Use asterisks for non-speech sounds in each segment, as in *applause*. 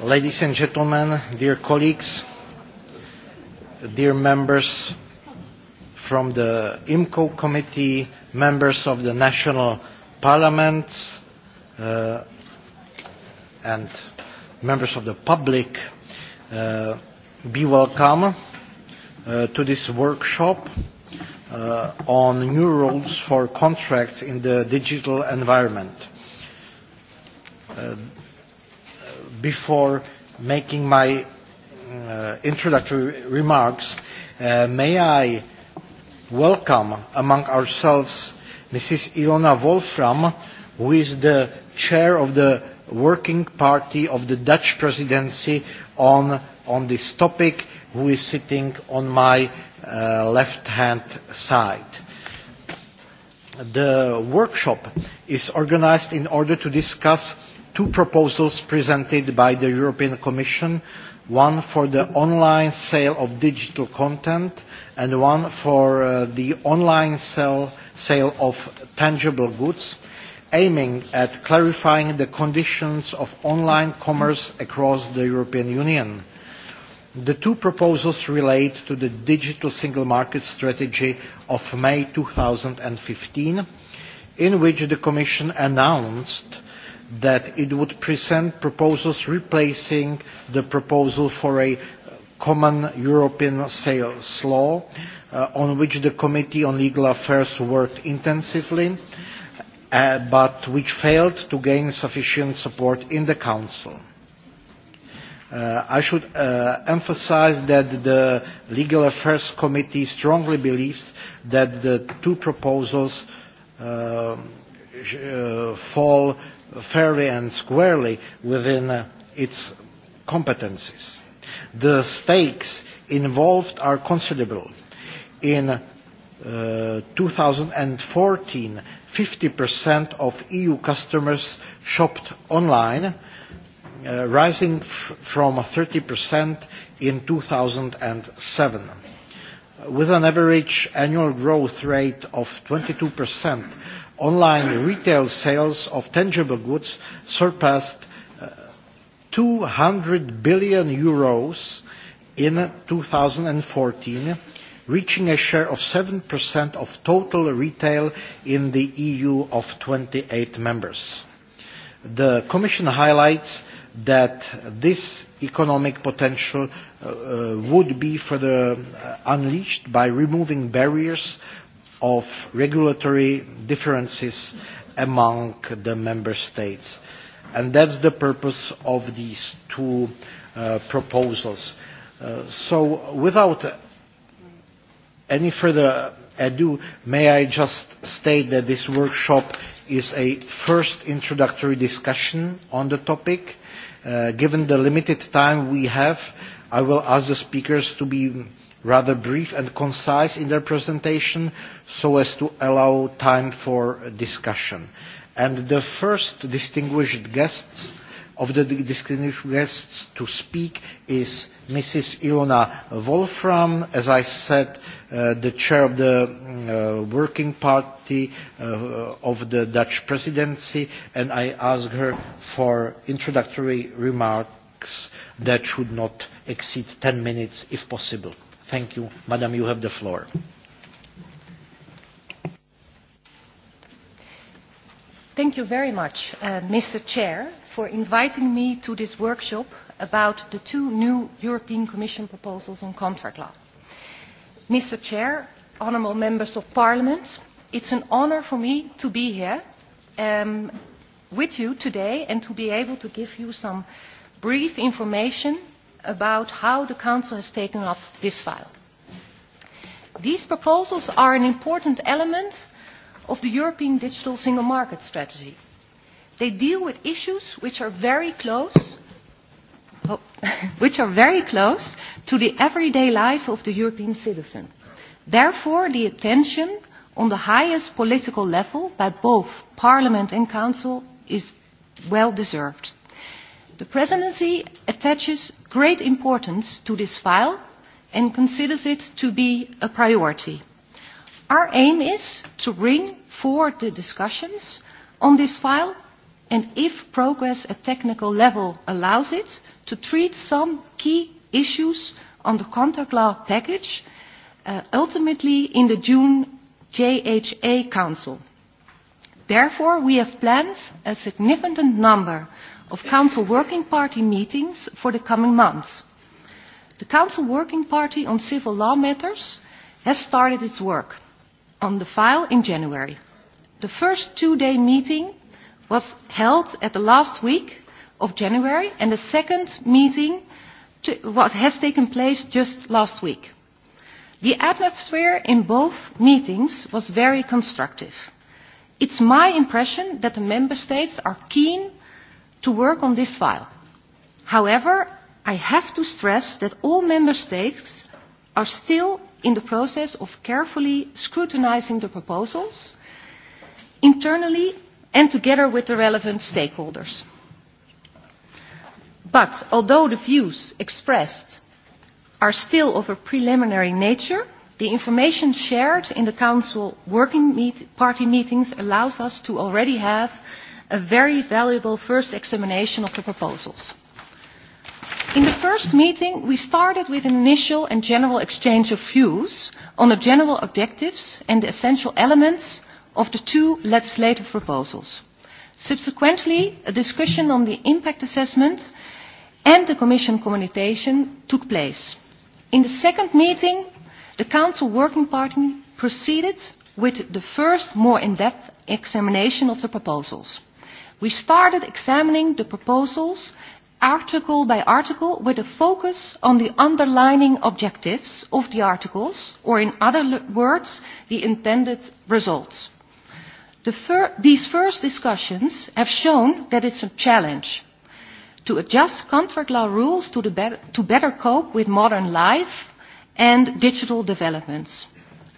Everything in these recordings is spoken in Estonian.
Ladies and gentlemen, dear colleagues, dear members from the IMCO committee, members of the national parliaments, uh, and members of the public, uh, be welcome uh, to this workshop uh, on new rules for contracts in the digital environment. Uh, before making my uh, introductory remarks, uh, may I welcome among ourselves Mrs. Ilona Wolfram, who is the chair of the working party of the Dutch presidency on, on this topic, who is sitting on my uh, left-hand side. The workshop is organized in order to discuss uh, two proposals presented by the European Commission, one for the online sale of digital content and one for uh, the online sell, sale of tangible goods, aiming at clarifying the conditions of online commerce across the European Union. The two proposals relate to the digital single market strategy of May 2015, in which the Commission announced uh, that it would present proposals replacing the proposal for a common European sales law, uh, on which the Committee on Legal Affairs worked intensively, uh, but which failed to gain sufficient support in the Council. Uh, I should uh, emphasize that the Legal Affairs Committee strongly believes that the two proposals uh, uh, fall fairly and squarely within uh, its competencies. The stakes involved are considerable. In uh, 2014, 50% of EU customers shopped online, uh, rising f from 30% in 2007. With an average annual growth rate of 22%, online retail sales of tangible goods surpassed uh, 200 billion euros in 2014, reaching a share of 7% of total retail in the EU of 28 members. The Commission highlights that this economic potential uh, uh would be further uh, unleashed by removing barriers uh, of regulatory differences among the member states. And that's the purpose of these two uh, proposals. Uh, so without any further ado, may I just state that this workshop is a first introductory discussion on the topic. Uh, given the limited time we have, I will ask the speakers to be rather brief and concise in their presentation so as to allow time for discussion. And the first distinguished guests of the distinguished guests to speak is Mrs. Ilona Wolfram, as I said, uh, the chair of the uh, working party uh, of the Dutch presidency, and I ask her for introductory remarks that should not exceed 10 minutes if possible. Thank you. Madam, you have the floor. Thank you very much, uh, Mr. Chair, for inviting me to this workshop about the two new European Commission proposals on contract law. Mr. Chair, honourable members of Parliament, it's an honour for me to be here um, with you today and to be able to give you some brief information about how the Council has taken up this file. These proposals are an important element of the European Digital Single Market Strategy. They deal with issues which are very close oh, *laughs* which are very close to the everyday life of the European citizen. Therefore, the attention on the highest political level by both Parliament and Council is well deserved. The presidency attaches great importance to this file and considers it to be a priority. Our aim is to bring forward the discussions on this file and, if progress at technical level allows it, to treat some key issues on the contract law package, uh, ultimately in the June JHA Council. Therefore, we have planned a significant number of Council Working Party meetings for the coming months. The Council Working Party on Civil Law Matters has started its work on the file in January. The first two-day meeting was held at the last week of January and the second meeting to, was, has taken place just last week. The atmosphere in both meetings was very constructive. It's my impression that the member states are keen to work on this file. However, I have to stress that all member states are still in the process of carefully scrutinizing the proposals internally and together with the relevant stakeholders. But although the views expressed are still of a preliminary nature, the information shared in the Council working meet party meetings allows us to already have a very valuable first examination of the proposals. In the first meeting, we started with an initial and general exchange of views on the general objectives and the essential elements of the two legislative proposals. Subsequently, a discussion on the impact assessment and the Commission communication took place. In the second meeting, the Council Working Party proceeded with the first more in-depth examination of the proposals. We started examining the proposals article by article with a focus on the underlining objectives of the articles, or in other words, the intended results. The fir these first discussions have shown that it's a challenge to adjust contract law rules to, the be to better cope with modern life and digital developments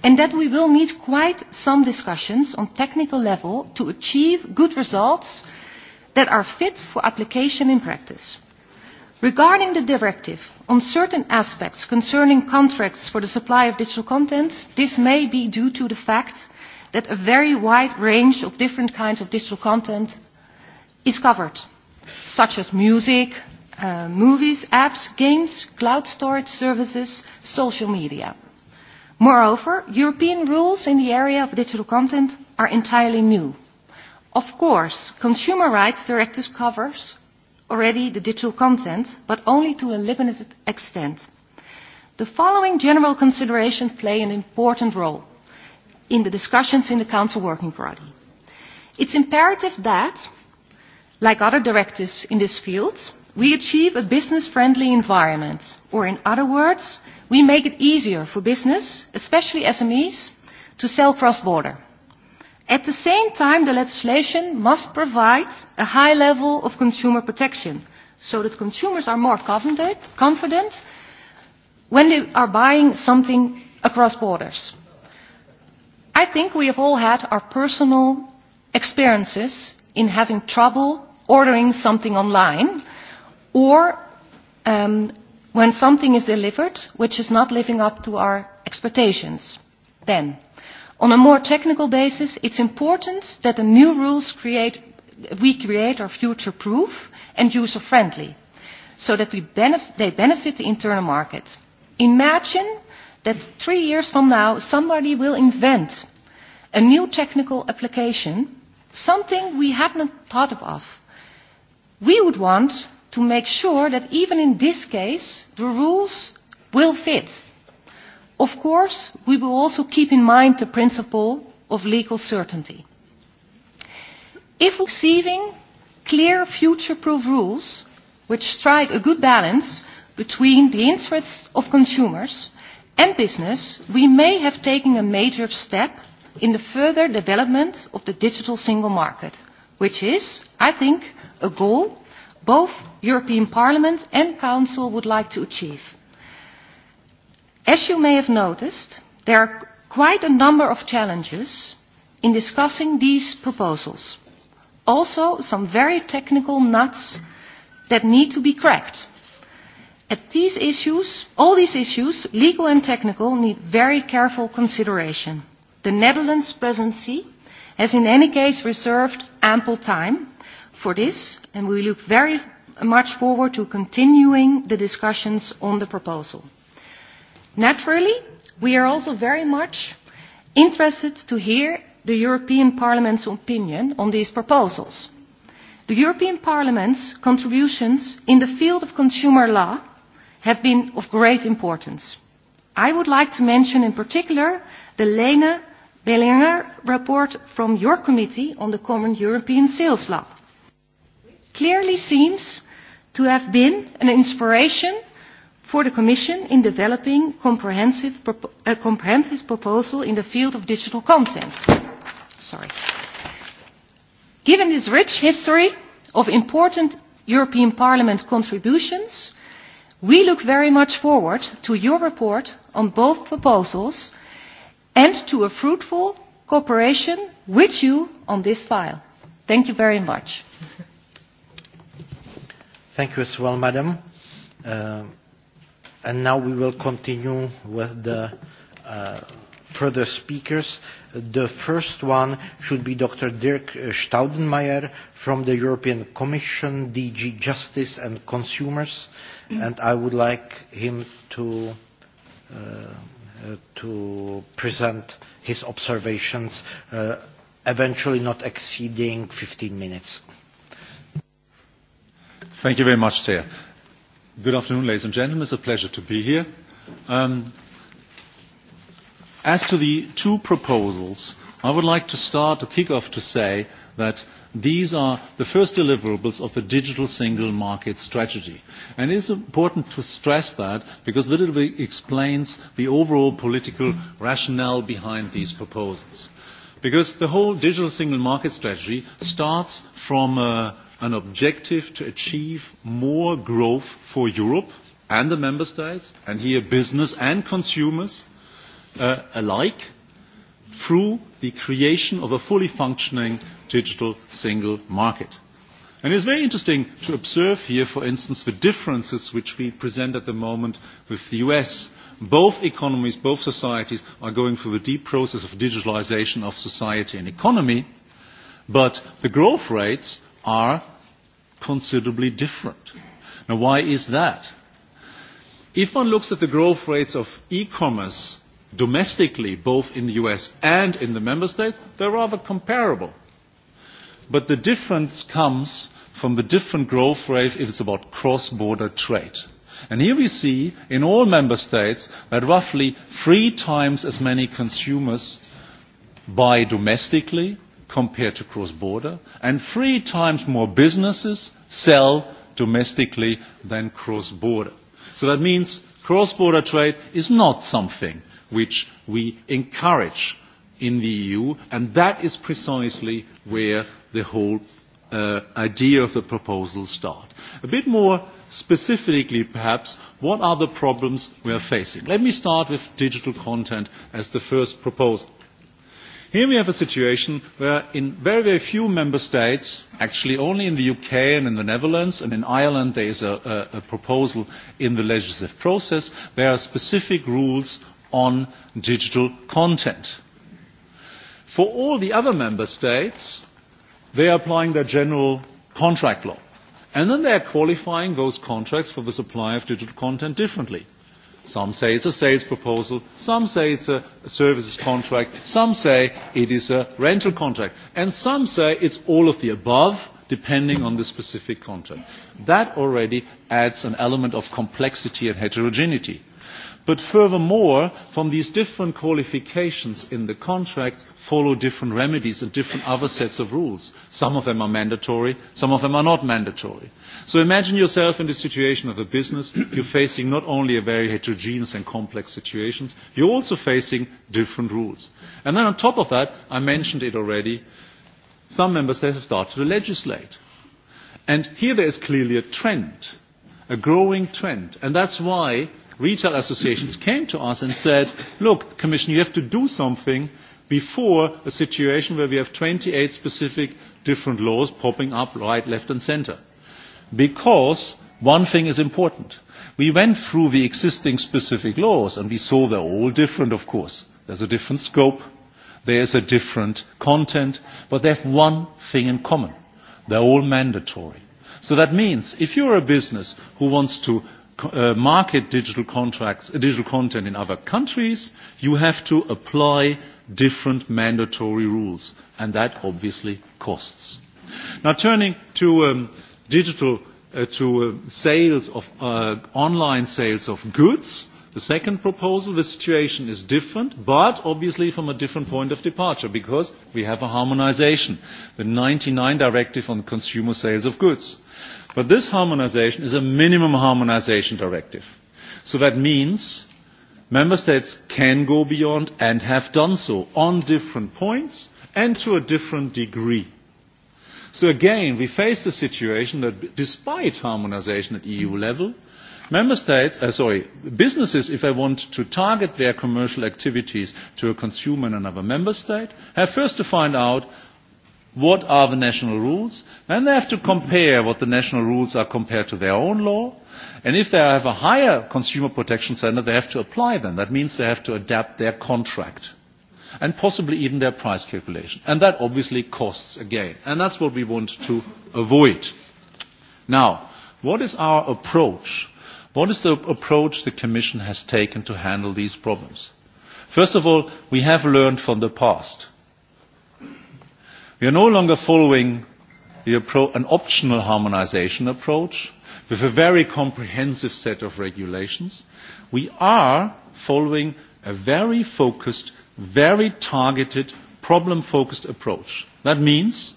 and that we will need quite some discussions on technical level to achieve good results that are fit for application in practice. Regarding the directive on certain aspects concerning contracts for the supply of digital content, this may be due to the fact that a very wide range of different kinds of digital content is covered, such as music, uh, movies, apps, games, cloud storage services, social media. Moreover, European rules in the area of digital content are entirely new. Of course, Consumer Rights Directive covers already the digital content, but only to a limited extent. The following general considerations play an important role in the discussions in the Council Working Party. It's imperative that, like other directives in this field, we achieve a business friendly environment or in other words we make it easier for business especially smes to sell cross border. at the same time the legislation must provide a high level of consumer protection so that consumers are more confident when they are buying something across borders. I think we have all had our personal experiences in having trouble ordering something online or um, when something is delivered which is not living up to our expectations. Then, on a more technical basis, it's important that the new rules create, we create are future-proof and user-friendly, so that we benef- they benefit the internal market. Imagine that three years from now, somebody will invent a new technical application, something we hadn't thought of. We would want to make sure that even in this case, the rules will fit. Of course, we will also keep in mind the principle of legal certainty. If receiving clear future-proof rules which strike a good balance between the interests of consumers and business, we may have taken a major step in the further development of the digital single market, which is, I think, a goal both European Parliament and Council would like to achieve. As you may have noticed, there are quite a number of challenges in discussing these proposals. Also, some very technical nuts that need to be cracked. At these issues, all these issues, legal and technical, need very careful consideration. The Netherlands presidency has in any case reserved ample time for this, and we look very much forward to continuing the discussions on the proposal. Naturally, we are also very much interested to hear the European Parliament's opinion on these proposals. The European Parliament's contributions in the field of consumer law have been of great importance. I would like to mention in particular the Lene Bellinger report from your committee on the common European sales law clearly seems to have been an inspiration for the Commission in developing comprehensive propo a uh, comprehensive proposal in the field of digital content. Sorry. Given this rich history of important European Parliament contributions, we look very much forward to your report on both proposals and to a fruitful cooperation with you on this file. Thank you very much. Thank you as well, madam. Uh, and now we will continue with the uh, further speakers. The first one should be Dr. Dirk uh, Staudenmayer from the European Commission, DG Justice and Consumers, and I would like him to, uh, uh, to present his observations, uh, eventually not exceeding 15 minutes. Thank you very much, Chair. Good afternoon, ladies and gentlemen. It's a pleasure to be here. Um, as to the two proposals, I would like to start to kick off to say that these are the first deliverables of the digital single market strategy. And it's important to stress that because that it explains the overall political rationale behind these proposals. Because the whole digital single market strategy starts from uh, an objective to achieve more growth for Europe and the member states, and here business and consumers uh, alike, through the creation of a fully functioning digital single market. And it's very interesting to observe here, for instance, the differences which we present at the moment with the US. Both economies, both societies are going through the deep process of digitalization of society and economy, but the growth rates are considerably different. Now, why is that? If one looks at the growth rates of e-commerce domestically, both in the US and in the member states, they're rather comparable. But the difference comes from the different growth rate if it's about cross-border trade. And here we see in all member states that roughly three times as many consumers buy domestically compared to cross-border, and three times more businesses sell domestically than cross-border. So that means cross-border trade is not something which we encourage in the EU, and that is precisely where the whole uh, idea of the proposal starts. A bit more specifically, perhaps, what are the problems we are facing? Let me start with digital content as the first proposal. Here we have a situation where in very, very few member states, actually only in the UK and in the Netherlands and in Ireland there is a, a, a proposal in the legislative process, there are specific rules on digital content. For all the other member states, they are applying their general contract law. And then they are qualifying those contracts for the supply of digital content differently. Some say it's a sales proposal, some say it's a services contract, some say it is a rental contract, and some say it's all of the above, depending on the specific contract. That already adds an element of complexity and heterogeneity But furthermore, from these different qualifications in the contracts follow different remedies and different other sets of rules. Some of them are mandatory, some of them are not mandatory. So imagine yourself in the situation of a business. You're facing not only a very heterogeneous and complex situations, you're also facing different rules. And then on top of that, I mentioned it already, some member states have started to legislate. And here there is clearly a trend, a growing trend. And that's why retail associations came to us and said, look, Commission, you have to do something before a situation where we have 28 specific different laws popping up right, left and center. Because one thing is important. We went through the existing specific laws and we saw they're all different, of course. There's a different scope, there's a different content, but they have one thing in common. They're all mandatory. So that means if you're a business who wants to uh, market digital contracts, uh, digital content in other countries, you have to apply different mandatory rules, and that obviously costs. Now, turning to um, digital uh, to uh, sales of uh, online sales of goods, The second proposal, the situation is different, but obviously from a different point of departure, because we have a harmonization, the 99 Directive on Consumer Sales of Goods. But this harmonization is a minimum harmonization directive. So that means member states can go beyond and have done so on different points and to a different degree. So again, we face the situation that despite harmonization at EU level, member states uh, sorry businesses if they want to target their commercial activities to a consumer in another member state have first to find out what are the national rules then they have to compare what the national rules are compared to their own law and if they have a higher consumer protection standard they have to apply them that means they have to adapt their contract and possibly even their price calculation and that obviously costs again and that's what we want to avoid now what is our approach What is the approach the Commission has taken to handle these problems? First of all, we have learned from the past. We are no longer following the appro- an optional harmonization approach with a very comprehensive set of regulations. We are following a very focused, very targeted, problem-focused approach. That means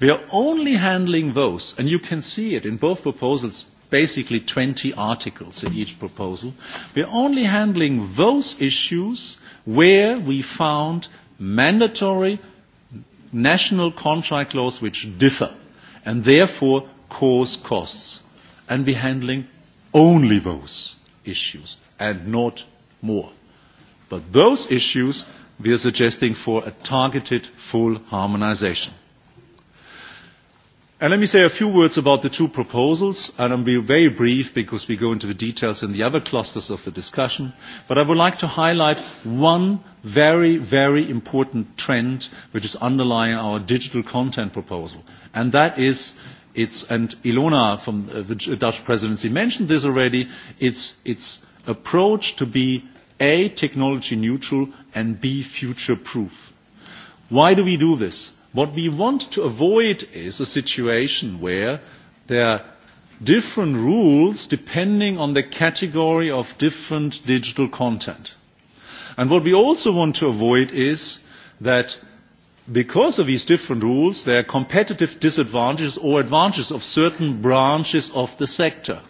we are only handling those, and you can see it in both proposals basically 20 articles in each proposal. We're only handling those issues where we found mandatory national contract laws which differ and therefore cause costs. And we're handling only those issues and not more. But those issues we are suggesting for a targeted full harmonization. And let me say a few words about the two proposals, and I'll be very brief because we go into the details in the other clusters of the discussion. But I would like to highlight one very, very important trend which is underlying our digital content proposal, and that is it's, and Ilona from the Dutch presidency mentioned this already, it's, it's approach to be A, technology neutral, and B, future proof. Why do we do this? What we want to avoid is a situation where there are different rules depending on the category of different digital content. And what we also want to avoid is that because of these different rules, there are competitive disadvantages or advantages of certain branches of the sector.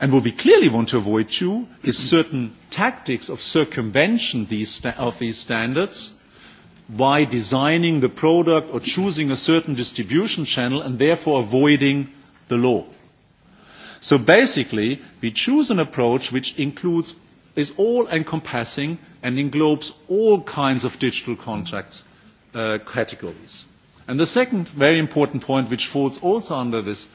And what we clearly want to avoid too is certain tactics of circumvention these sta- of these standards by designing the product or choosing a certain distribution channel and therefore avoiding the law. So basically, we choose an approach which includes, is all encompassing and englobes all kinds of digital contracts uh, categories. And the second very important point, which falls also under this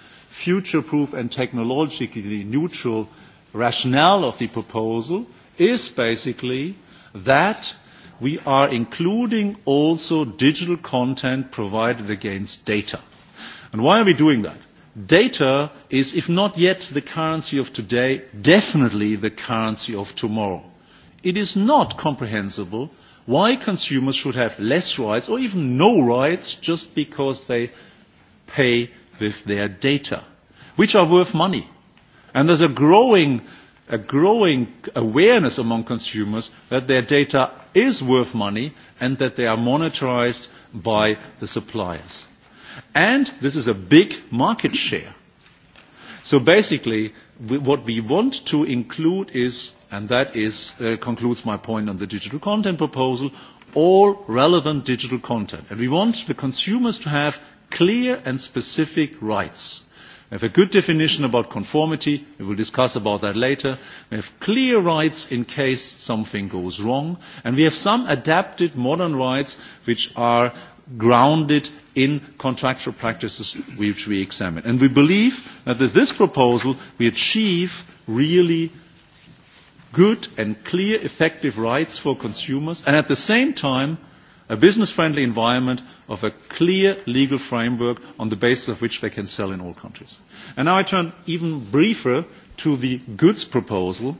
future-proof and technologically neutral rationale of the proposal, is basically that we are including also digital content provided against data. And why are we doing that? Data is, if not yet the currency of today, definitely the currency of tomorrow. It is not comprehensible why consumers should have less rights or even no rights just because they pay with their data, which are worth money. And there's a growing uh, a growing awareness among consumers that their data is worth money and that they are monetized by the suppliers. And this is a big market share. So basically, we, what we want to include is, and that is, uh, concludes my point on the digital content proposal, all relevant digital content. And we want the consumers to have clear and specific rights We have a good definition about conformity. We will discuss about that later. We have clear rights in case something goes wrong. And we have some adapted modern rights which are grounded in contractual practices which we examine. And we believe that with this proposal we achieve really good and clear effective rights for consumers and at the same time a business friendly environment of a clear legal framework on the basis of which they can sell in all countries. And now I turn even briefer to the goods proposal.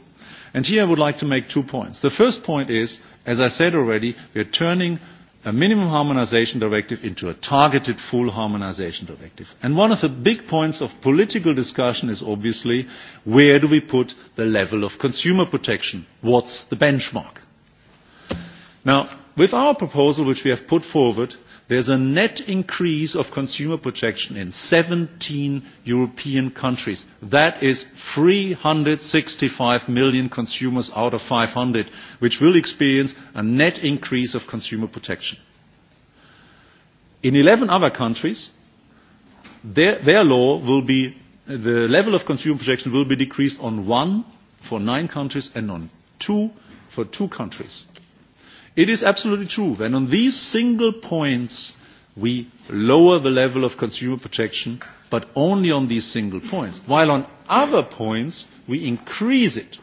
And here I would like to make two points. The first point is, as I said already, we are turning a minimum harmonization directive into a targeted full harmonization directive. And one of the big points of political discussion is obviously where do we put the level of consumer protection? What's the benchmark? Now, with our proposal which we have put forward there is a net increase of consumer protection in seventeen european countries that is three hundred and sixty five million consumers out of five hundred which will experience a net increase of consumer protection. in eleven other countries their, their law will be the level of consumer protection will be decreased on one for nine countries and on two for two countries It is absolutely true that on these single points we lower the level of consumer protection, but only on these single points, while on other points we increase it.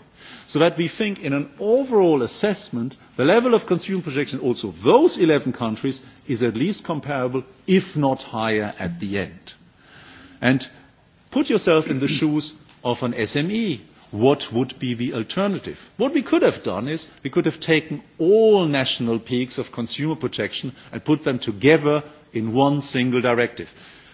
So that we think in an overall assessment, the level of consumer protection also those 11 countries is at least comparable, if not higher at the end. And put yourself in the shoes of an SME what would be the alternative? What we could have done is we could have taken all national peaks of consumer protection and put them together in one single directive,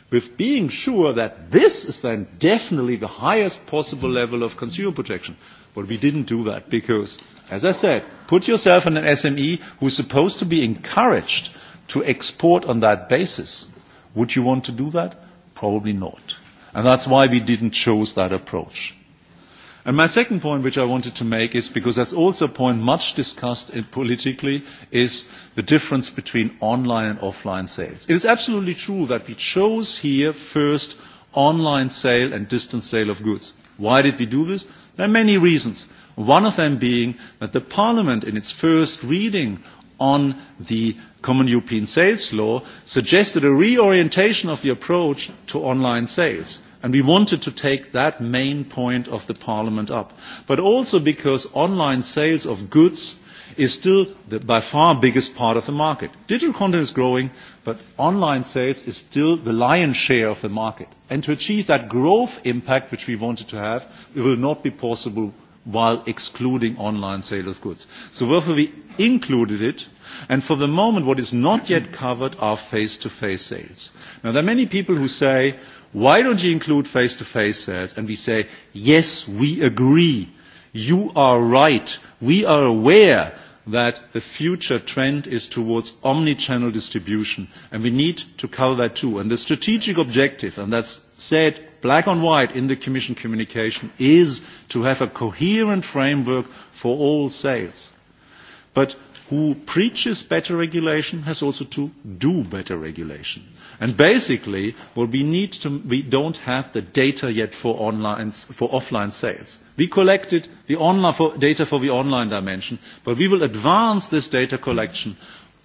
with being sure that this is then definitely the highest possible level of consumer protection. But we didn't do that because, as I said, put yourself in an SME who's supposed to be encouraged to export on that basis. Would you want to do that? Probably not. And that's why we didn't choose that approach. And my second point which i wanted to make is because that is also a point much discussed politically is the difference between online and offline sales. it is absolutely true that we chose here first online sale and distance sale of goods. why did we do this? there are many reasons one of them being that the parliament in its first reading on the common european sales law suggested a reorientation of the approach to online sales And we wanted to take that main point of the parliament up. But also because online sales of goods is still the by far biggest part of the market. Digital content is growing, but online sales is still the lion's share of the market. And to achieve that growth impact which we wanted to have, it will not be possible while excluding online sale of goods. So therefore we included it, and for the moment what is not yet covered are face-to-face -face sales. Now there are many people who say, Why don't you include face-to-face -face sales? And we say, yes, we agree. You are right. We are aware that the future trend is towards omni-channel distribution, and we need to cover that too. And the strategic objective, and that's said black on white in the Commission communication, is to have a coherent framework for all sales. But who preaches better regulation has also to do better regulation. And basically, what we need to, we don't have the data yet for online, for offline sales. We collected the online for, data for the online dimension, but we will advance this data collection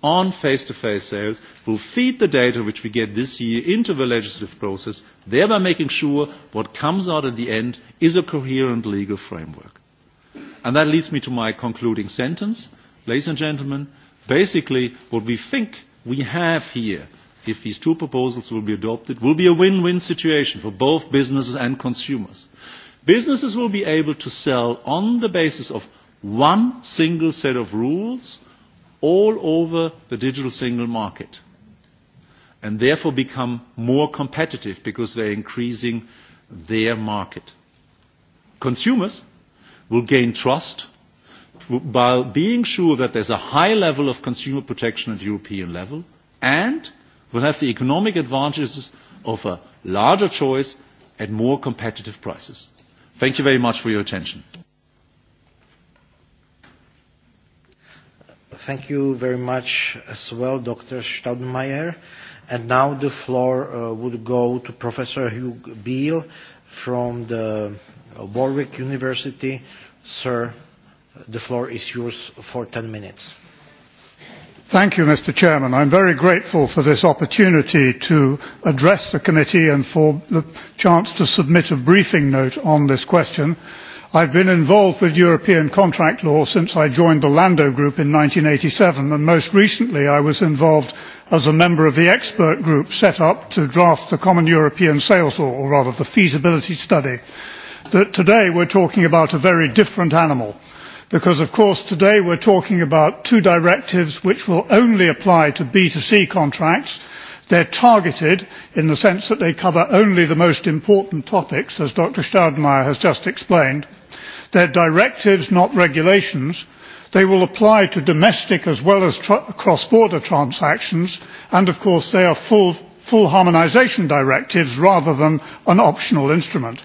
on face-to-face -face sales will feed the data which we get this year into the legislative process, thereby making sure what comes out at the end is a coherent legal framework. And that leads me to my concluding sentence. Ladies and gentlemen, basically what we think we have here, if these two proposals will be adopted, will be a win-win situation for both businesses and consumers. Businesses will be able to sell on the basis of one single set of rules all over the digital single market and therefore become more competitive because they're increasing their market. Consumers will gain trust by being sure that there's a high level of consumer protection at European level and will have the economic advantages of a larger choice at more competitive prices. Thank you very much for your attention. Thank you very much as well, Dr. Staudenmayer. And now the floor uh, would go to Professor Hugh Beale from the Warwick University. Sir, the floor is yours for 10 minutes. Thank you, Mr. Chairman. I'm very grateful for this opportunity to address the committee and for the chance to submit a briefing note on this question. I've been involved with European contract law since I joined the Lando Group in 1987, and most recently I was involved as a member of the expert group set up to draft the Common European Sales Law, or rather the feasibility study. That today we're talking about a very different animal because of course today we're talking about two directives which will only apply to B2C contracts. They're targeted in the sense that they cover only the most important topics, as Dr. Staudmeier has just explained. They're directives, not regulations. They will apply to domestic as well as tra- cross-border transactions, and of course they are full, full harmonisation directives rather than an optional instrument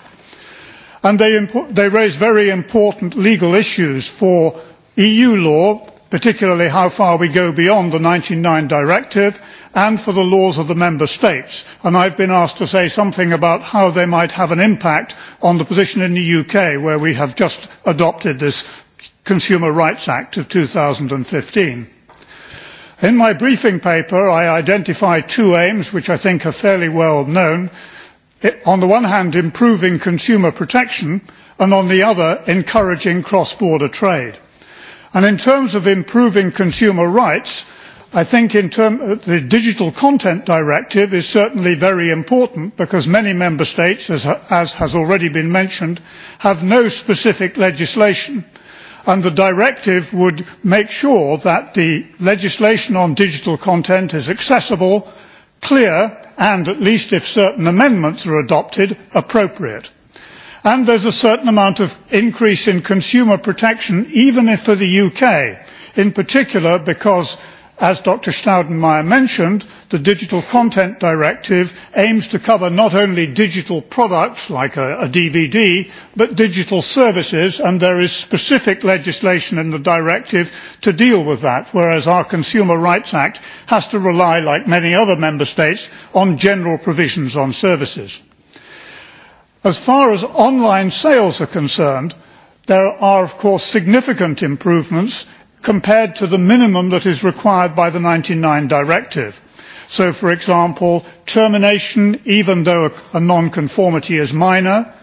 and they, they raise very important legal issues for eu law particularly how far we go beyond the one thousand nine hundred and ninety nine directive and for the laws of the member states and i have been asked to say something about how they might have an impact on the position in the uk where we have just adopted this consumer rights act of. two thousand and fifteen in my briefing paper i identify two aims which i think are fairly well known it, on the one hand improving consumer protection and on the other encouraging cross-border trade. And in terms of improving consumer rights, I think in term, uh, the Digital Content Directive is certainly very important because many member states, as, as has already been mentioned, have no specific legislation. And the directive would make sure that the legislation on digital content is accessible, clear and at least if certain amendments are adopted appropriate and there is a certain amount of increase in consumer protection even for the uk in particular because as dr staudenmayer mentioned the digital content directive aims to cover not only digital products like a, a dvd but digital services and there is specific legislation in the directive to deal with that whereas our consumer rights act has to rely like many other member states on general provisions on services. as far as online sales are concerned there are of course significant improvements compared to the minimum that is required by the 99 directive. So, for example, termination, even though a non-conformity is minor,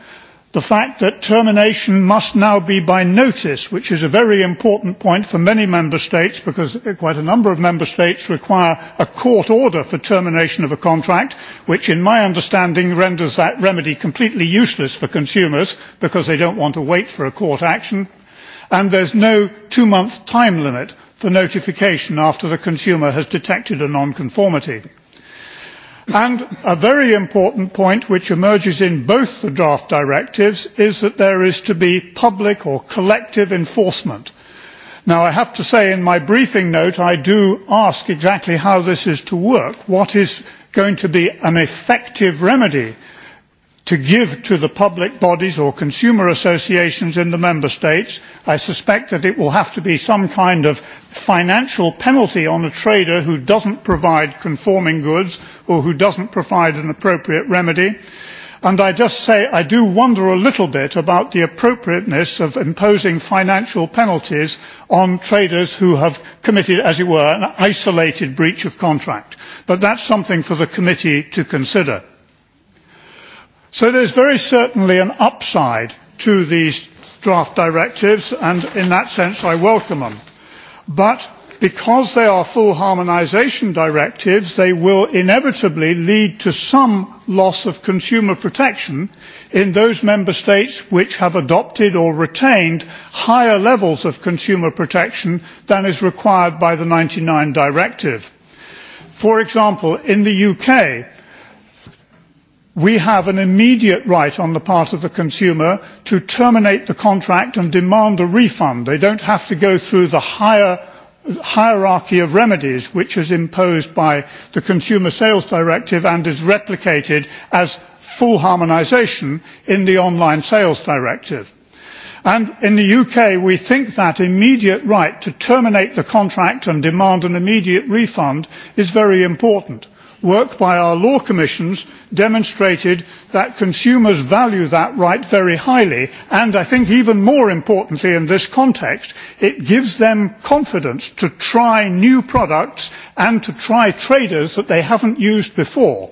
the fact that termination must now be by notice which is a very important point for many member states because quite a number of member states require a court order for termination of a contract which in my understanding renders that remedy completely useless for consumers because they don't want to wait for a court action and there is no two month time limit for notification after the consumer has detected a non conformity. And a very important point which emerges in both the draft directives is that there is to be public or collective enforcement. Now I have to say in my briefing note I do ask exactly how this is to work, what is going to be an effective remedy to give to the public bodies or consumer associations in the member states. I suspect that it will have to be some kind of financial penalty on a trader who doesn't provide conforming goods or who doesn't provide an appropriate remedy. And I just say I do wonder a little bit about the appropriateness of imposing financial penalties on traders who have committed, as it were, an isolated breach of contract. But that's something for the committee to consider So there's very certainly an upside to these draft directives, and in that sense I welcome them. But because they are full harmonisation directives, they will inevitably lead to some loss of consumer protection in those member states which have adopted or retained higher levels of consumer protection than is required by the 99 directive. For example, in the UK, we have an immediate right on the part of the consumer to terminate the contract and demand a refund. They don't have to go through the higher hierarchy of remedies which is imposed by the Consumer Sales Directive and is replicated as full harmonisation in the Online Sales Directive. And in the UK, we think that immediate right to terminate the contract and demand an immediate refund is very important work by our law commissions demonstrated that consumers value that right very highly and i think even more importantly in this context it gives them confidence to try new products and to try traders that they haven't used before.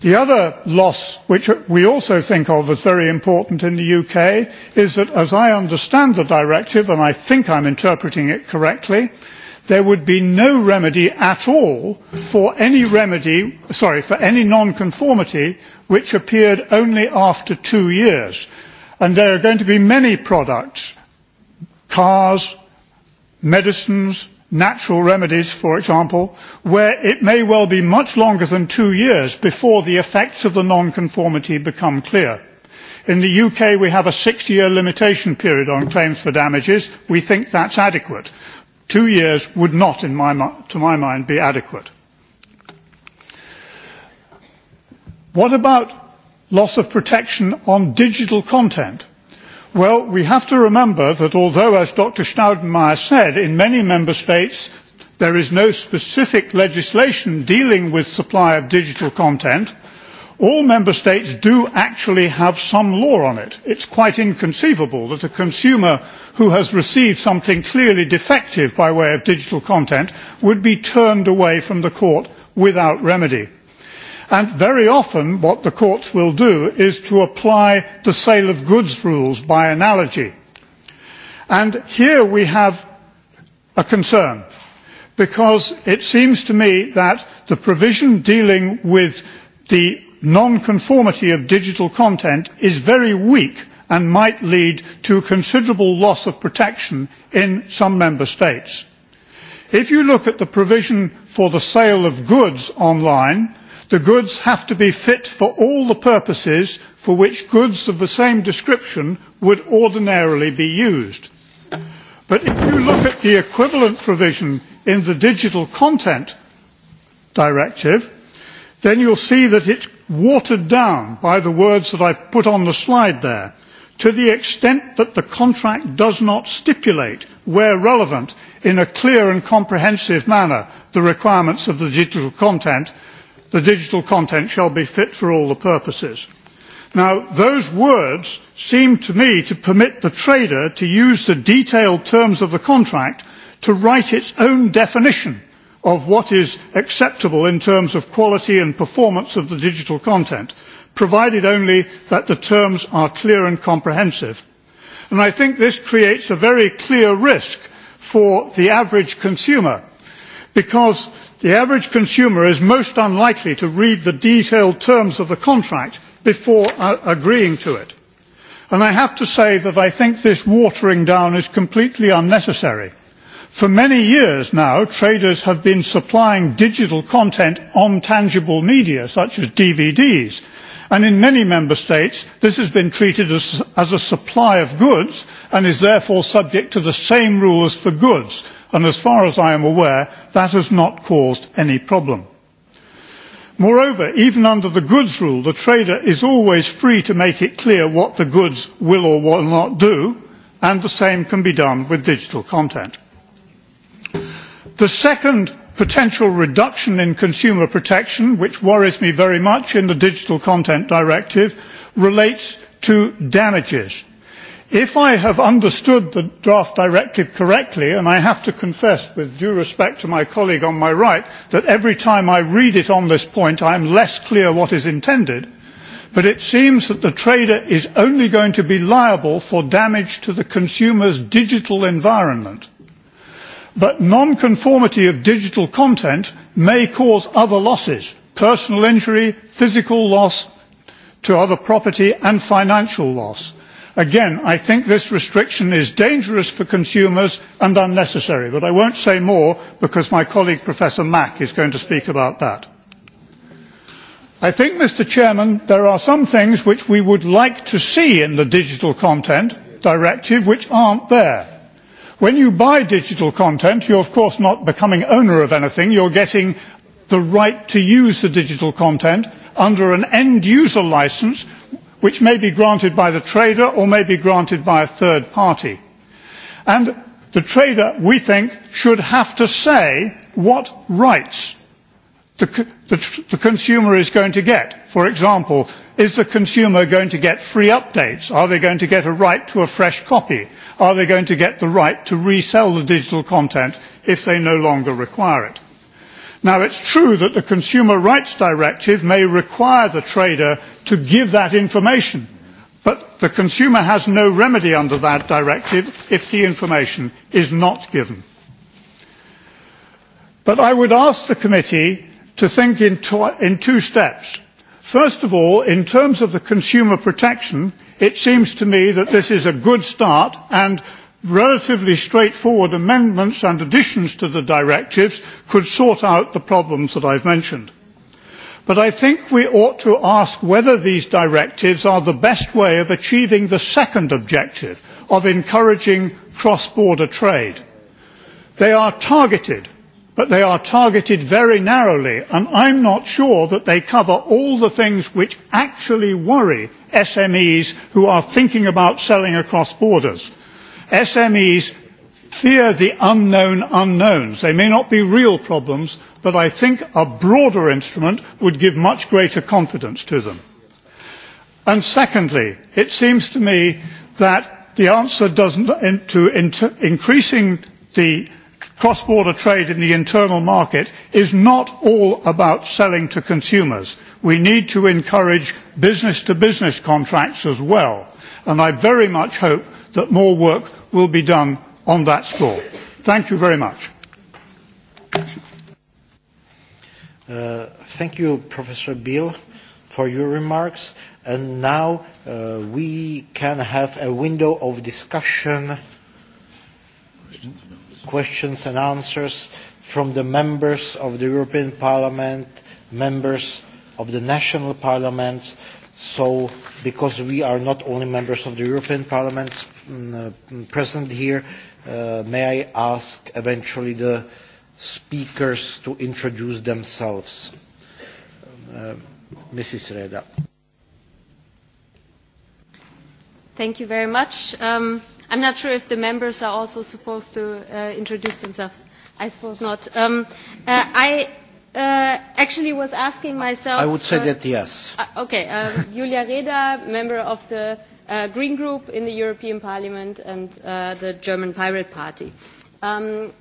The other loss, which we also think of as very important in the UK, is that as I understand the directive, and I think I'm interpreting it correctly, there would be no remedy at all for any remedy sorry for any non conformity which appeared only after two years and there are going to be many products cars medicines natural remedies for example where it may well be much longer than two years before the effects of the non conformity become clear. in the uk we have a six year limitation period on claims for damages we think that's adequate two years would not, in my, to my mind, be adequate. What about loss of protection on digital content? Well, we have to remember that although, as Dr. Staudenmayer said, in many member states there is no specific legislation dealing with supply of digital content, all member states do actually have some law on it. it is quite inconceivable that a consumer who has received something clearly defective by way of digital content would be turned away from the court without remedy. And very often what the courts will do is to apply the sale of goods rules by analogy. And here we have a concern because it seems to me that the provision dealing with the non-conformity of digital content is very weak and might lead to considerable loss of protection in some member states. If you look at the provision for the sale of goods online, the goods have to be fit for all the purposes for which goods of the same description would ordinarily be used. But if you look at the equivalent provision in the Digital Content Directive, then you'll see that it watered down by the words that I've put on the slide there, to the extent that the contract does not stipulate, where relevant, in a clear and comprehensive manner, the requirements of the digital content, the digital content shall be fit for all the purposes. Now, those words seem to me to permit the trader to use the detailed terms of the contract to write its own definition of what is acceptable in terms of quality and performance of the digital content, provided only that the terms are clear and comprehensive. And I think this creates a very clear risk for the average consumer, because the average consumer is most unlikely to read the detailed terms of the contract before uh, agreeing to it. And I have to say that I think this watering down is completely unnecessary For many years now, traders have been supplying digital content on tangible media, such as DVDs. And in many member states, this has been treated as, as a supply of goods and is therefore subject to the same rules for goods. And as far as I am aware, that has not caused any problem. Moreover, even under the goods rule, the trader is always free to make it clear what the goods will or will not do, and the same can be done with digital content the second potential reduction in consumer protection which worries me very much in the digital content directive relates to damages. if i have understood the draft directive correctly and i have to confess with due respect to my colleague on my right that every time i read it on this point i am less clear what is intended but it seems that the trader is only going to be liable for damage to the consumer's digital environment. But non-conformity of digital content may cause other losses, personal injury, physical loss to other property and financial loss. Again, I think this restriction is dangerous for consumers and unnecessary, but I won't say more because my colleague Professor Mack is going to speak about that. I think, Mr Chairman, there are some things which we would like to see in the Digital Content Directive which aren't there When you buy digital content, you're of course not becoming owner of anything. You're getting the right to use the digital content under an end user license which may be granted by the trader or may be granted by a third party. And the trader, we think, should have to say what rights the, the, the consumer is going to get. For example, is the consumer going to get free updates? Are they going to get a right to a fresh copy? are they going to get the right to resell the digital content if they no longer require it? Now, it's true that the Consumer Rights Directive may require the trader to give that information, but the consumer has no remedy under that directive if the information is not given. But I would ask the committee to think in, to in two steps. First of all, in terms of the consumer protection, it seems to me that this is a good start and relatively straightforward amendments and additions to the directives could sort out the problems that I've mentioned. But I think we ought to ask whether these directives are the best way of achieving the second objective of encouraging cross-border trade. They are targeted but they are targeted very narrowly and i'm not sure that they cover all the things which actually worry smes who are thinking about selling across borders. smes fear the unknown unknowns. they may not be real problems but i think a broader instrument would give much greater confidence to them. and secondly it seems to me that the answer to increasing the cross border trade in the internal market is not all about selling to consumers. we need to encourage business to business contracts as well and i very much hope that more work will be done on that score. thank you very much. Uh, thank you professor beale for your remarks and now uh, we can have a window of discussion questions and answers from the members of the European Parliament, members of the national parliaments. So, because we are not only members of the European Parliament um, present here, uh, may I ask eventually the speakers to introduce themselves? Uh, Mrs. Reda. Thank you very much. Um, I'm not sure if the members are also supposed to uh, introduce themselves. I suppose not. Um, uh, I uh, actually was asking myself. I would say uh, that yes. Uh, okay, uh, Julia Reda, member of the uh, Green Group in the European Parliament and uh, the German Pirate Party. Um,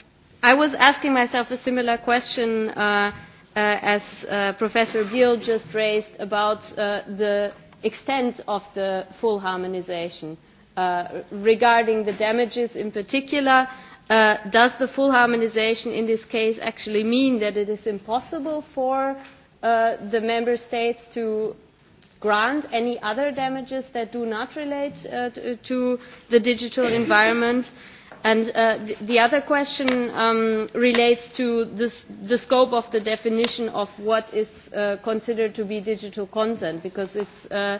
I was asking myself a similar question uh, uh, as uh, Professor Gill just raised about uh, the extent of the full harmonization. Uh, Uh, regarding the damages in particular, uh, does the full harmonization in this case actually mean that it is impossible for uh, the member states to grant any other damages that do not relate uh, to, to the digital environment? And uh, the, the other question um, relates to this, the scope of the definition of what is uh, considered to be digital content, because it's uh,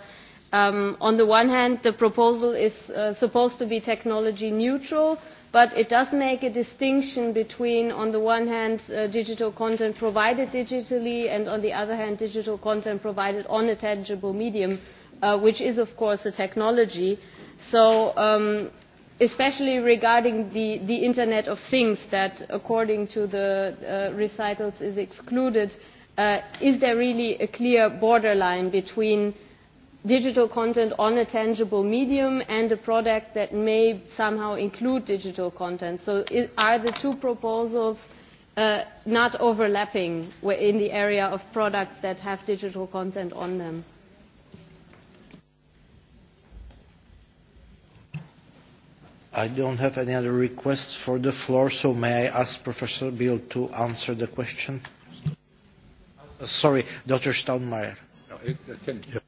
Um, on the one hand, the proposal is uh, supposed to be technology neutral, but it does make a distinction between, on the one hand, uh, digital content provided digitally, and on the other hand, digital content provided on a tangible medium, uh, which is, of course, a technology. So, um, especially regarding the, the Internet of Things that, according to the uh, recitals, is excluded, uh, is there really a clear borderline between uh, digital content on a tangible medium and a product that may somehow include digital content. So it, are the two proposals uh, not overlapping in the area of products that have digital content on them? I don't have any other requests for the floor, so may I ask Professor Bill to answer the question? Uh, sorry, Dr. Steinmeier. No, it, it uh, can, yeah.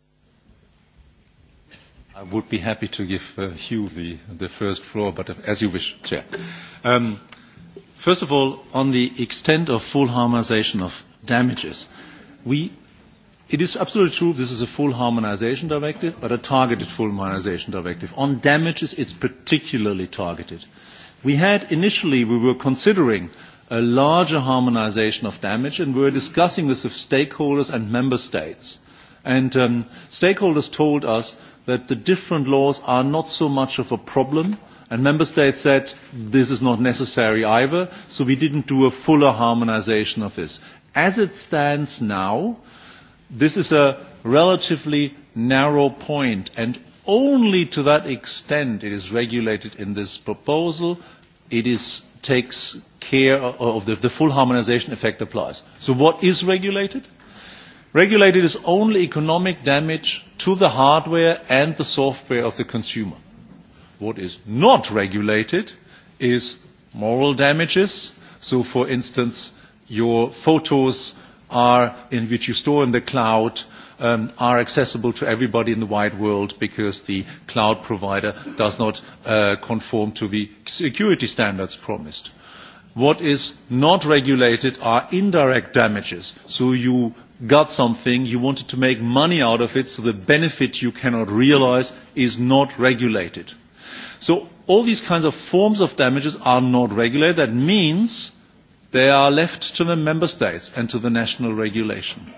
I would be happy to give uh, Hugh the, the first floor, but uh, as you wish, Chair. Um, first of all, on the extent of full harmonization of damages, we, it is absolutely true this is a full harmonization directive, but a targeted full harmonization directive. On damages, it's particularly targeted. We had initially, we were considering a larger harmonization of damage, and we were discussing this with stakeholders and member states. And um, stakeholders told us that the different laws are not so much of a problem and member states said this is not necessary either so we didn't do a fuller harmonization of this as it stands now this is a relatively narrow point and only to that extent it is regulated in this proposal it is takes care of the, the full harmonization effect applies so what is regulated Regulated is only economic damage to the hardware and the software of the consumer. What is not regulated is moral damages. So, for instance, your photos are in which you store in the cloud um, are accessible to everybody in the wide world because the cloud provider does not uh, conform to the security standards promised. What is not regulated are indirect damages. So you got something, you wanted to make money out of it, so the benefit you cannot realize is not regulated. So all these kinds of forms of damages are not regulated. That means they are left to the member states and to the national regulation.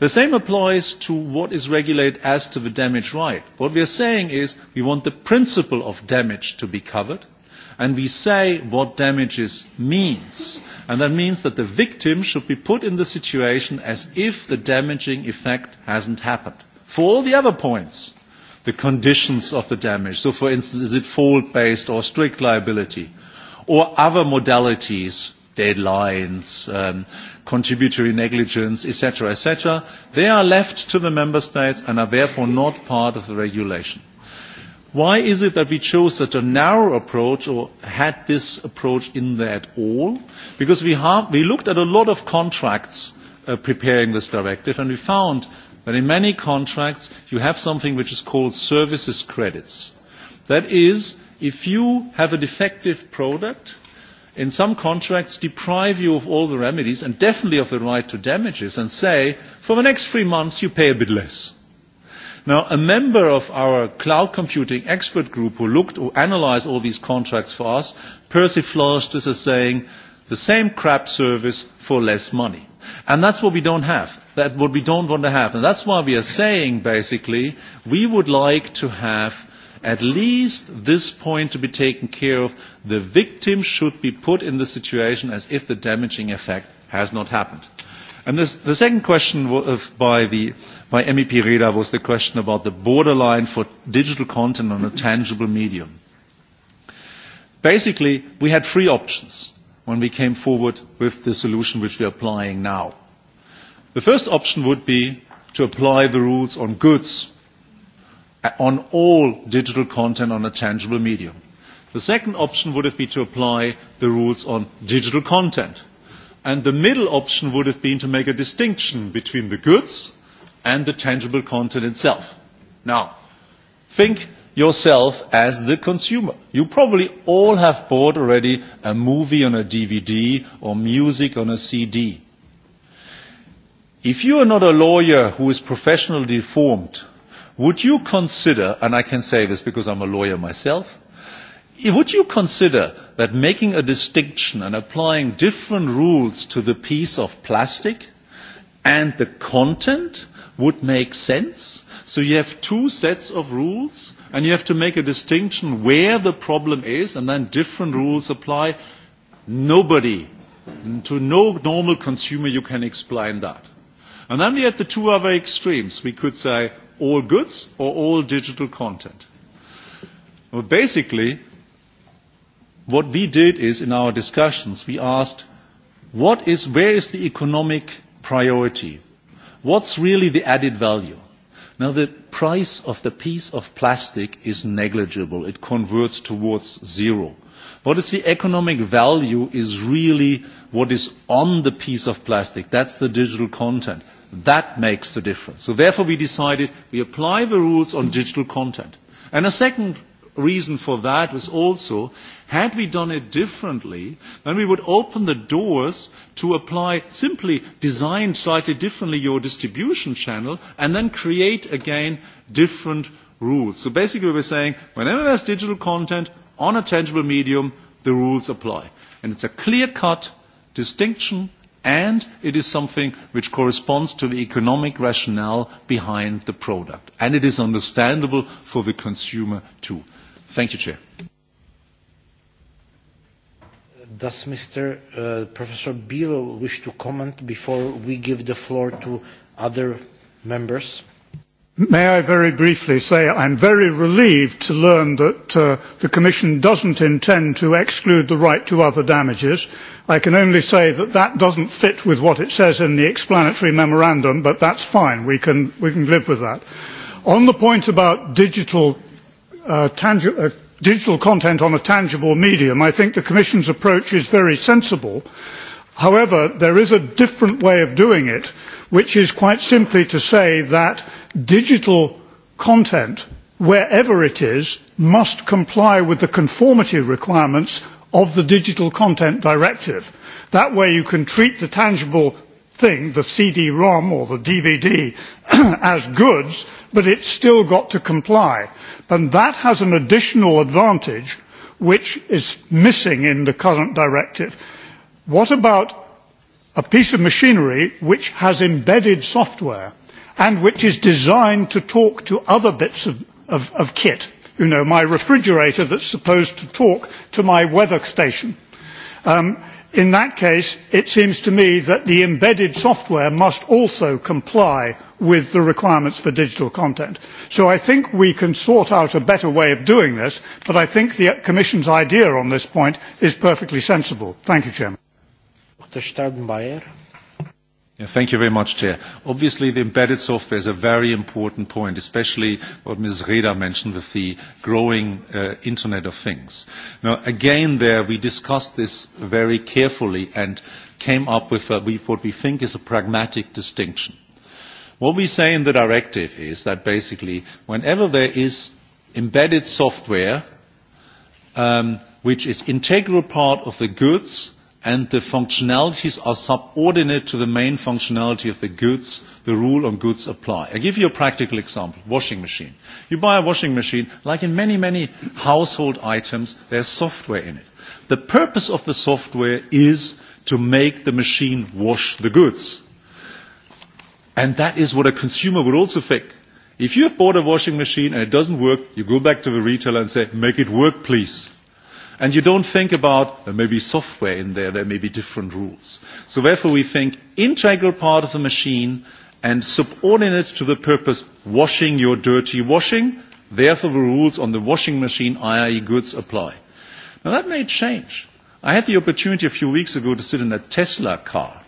The same applies to what is regulated as to the damage right. What we are saying is we want the principle of damage to be covered, and we say what damages means. And that means that the victim should be put in the situation as if the damaging effect hasn't happened. For all the other points, the conditions of the damage. So for instance, is it fault-based or strict liability? Or other modalities, deadlines, um, contributory negligence, etc., etc., they are left to the member states and are therefore not part of the regulation. Why is it that we chose such a narrow approach or had this approach in there at all? Because we, have, we looked at a lot of contracts uh, preparing this directive and we found that in many contracts you have something which is called services credits. That is, if you have a defective product, in some contracts deprive you of all the remedies and definitely of the right to damages and say, for the next three months you pay a bit less Now, a member of our cloud computing expert group who looked or analyzed all these contracts for us persiflaged this as saying, the same crap service for less money. And that's what we don't have. That's what we don't want to have. And that's why we are saying, basically, we would like to have at least this point to be taken care of. The victim should be put in the situation as if the damaging effect has not happened. And this, the second question of, by the by MEP Reda was the question about the borderline for digital content on a tangible medium. Basically, we had three options when we came forward with the solution which we are applying now. The first option would be to apply the rules on goods, uh, on all digital content on a tangible medium. The second option would have been to apply the rules on digital content. And the middle option would have been to make a distinction between the goods and the tangible content itself. Now, think yourself as the consumer. You probably all have bought already a movie on a DVD or music on a CD. If you are not a lawyer who is professionally formed, would you consider, and I can say this because I'm a lawyer myself, would you consider that making a distinction and applying different rules to the piece of plastic and the content would make sense. So you have two sets of rules and you have to make a distinction where the problem is and then different rules apply. Nobody, to no normal consumer you can explain that. And then we had the two other extremes. We could say all goods or all digital content. Well, basically, what we did is in our discussions, we asked, what is, where is the economic priority? What's really the added value? Now, the price of the piece of plastic is negligible. It converts towards zero. What is the economic value is really what is on the piece of plastic. That's the digital content. That makes the difference. So therefore we decided we apply the rules on digital content. And a second reason for that was also, had we done it differently, then we would open the doors to apply simply design slightly differently your distribution channel and then create again different rules. So basically we're saying whenever there's digital content on a tangible medium, the rules apply. And it's a clear-cut distinction and it is something which corresponds to the economic rationale behind the product. And it is understandable for the consumer too. Thank you, Chair. Does Mr. Uh, Professor Bilo wish to comment before we give the floor to other members? May I very briefly say I'm very relieved to learn that uh, the Commission doesn't intend to exclude the right to other damages. I can only say that that doesn't fit with what it says in the explanatory memorandum, but that's fine. We can, we can live with that. On the point about digital uh, tangi- uh, digital content on a tangible medium, I think the Commission's approach is very sensible. However, there is a different way of doing it, which is quite simply to say that digital content, wherever it is, must comply with the conformity requirements of the Digital Content Directive. That way you can treat the tangible thing, the CD-ROM or the DVD, *clears throat* as goods, but it's still got to comply. And that has an additional advantage which is missing in the current directive. What about a piece of machinery which has embedded software and which is designed to talk to other bits of, of, of kit? You know, my refrigerator that's supposed to talk to my weather station. Um, in that case it seems to me that the embedded software must also comply with the requirements for digital content. so i think we can sort out a better way of doing this but i think the commission's idea on this point is perfectly sensible. thank you. Thank you very much, Chair. Obviously, the embedded software is a very important point, especially what Ms. Reda mentioned with the growing uh, Internet of Things. Now, again, there we discussed this very carefully and came up with uh, we, what we think is a pragmatic distinction. What we say in the directive is that basically, whenever there is embedded software um, which is integral part of the goods and the functionalities are subordinate to the main functionality of the goods, the rule on goods apply. I give you a practical example, washing machine. You buy a washing machine, like in many, many household items, there's software in it. The purpose of the software is to make the machine wash the goods. And that is what a consumer would also think. If you have bought a washing machine and it doesn't work, you go back to the retailer and say, make it work please And you don't think about there may be software in there, there may be different rules. So therefore we think integral part of the machine and subordinate to the purpose washing your dirty washing, therefore the rules on the washing machine, i.e. goods, apply. Now that may change. I had the opportunity a few weeks ago to sit in a Tesla car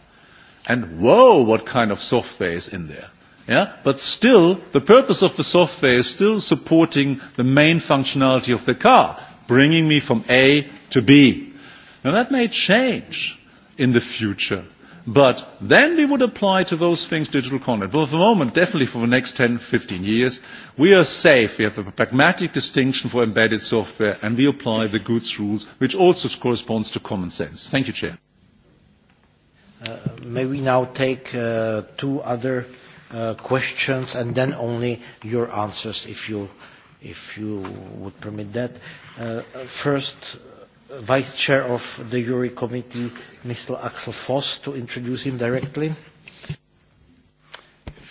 and whoa, what kind of software is in there. Yeah? But still, the purpose of the software is still supporting the main functionality of the car bringing me from A to B. Now that may change in the future. But then we would apply to those things digital content. But for the moment, definitely for the next 10, 15 years, we are safe. We have a pragmatic distinction for embedded software and we apply the goods rules, which also corresponds to common sense. Thank you, Chair. Uh, may we now take uh, two other uh, questions and then only your answers if you if you would permit that. Uh, first, uh, Vice Chair of the Jury Committee, Mr. Axel Voss, to introduce him directly.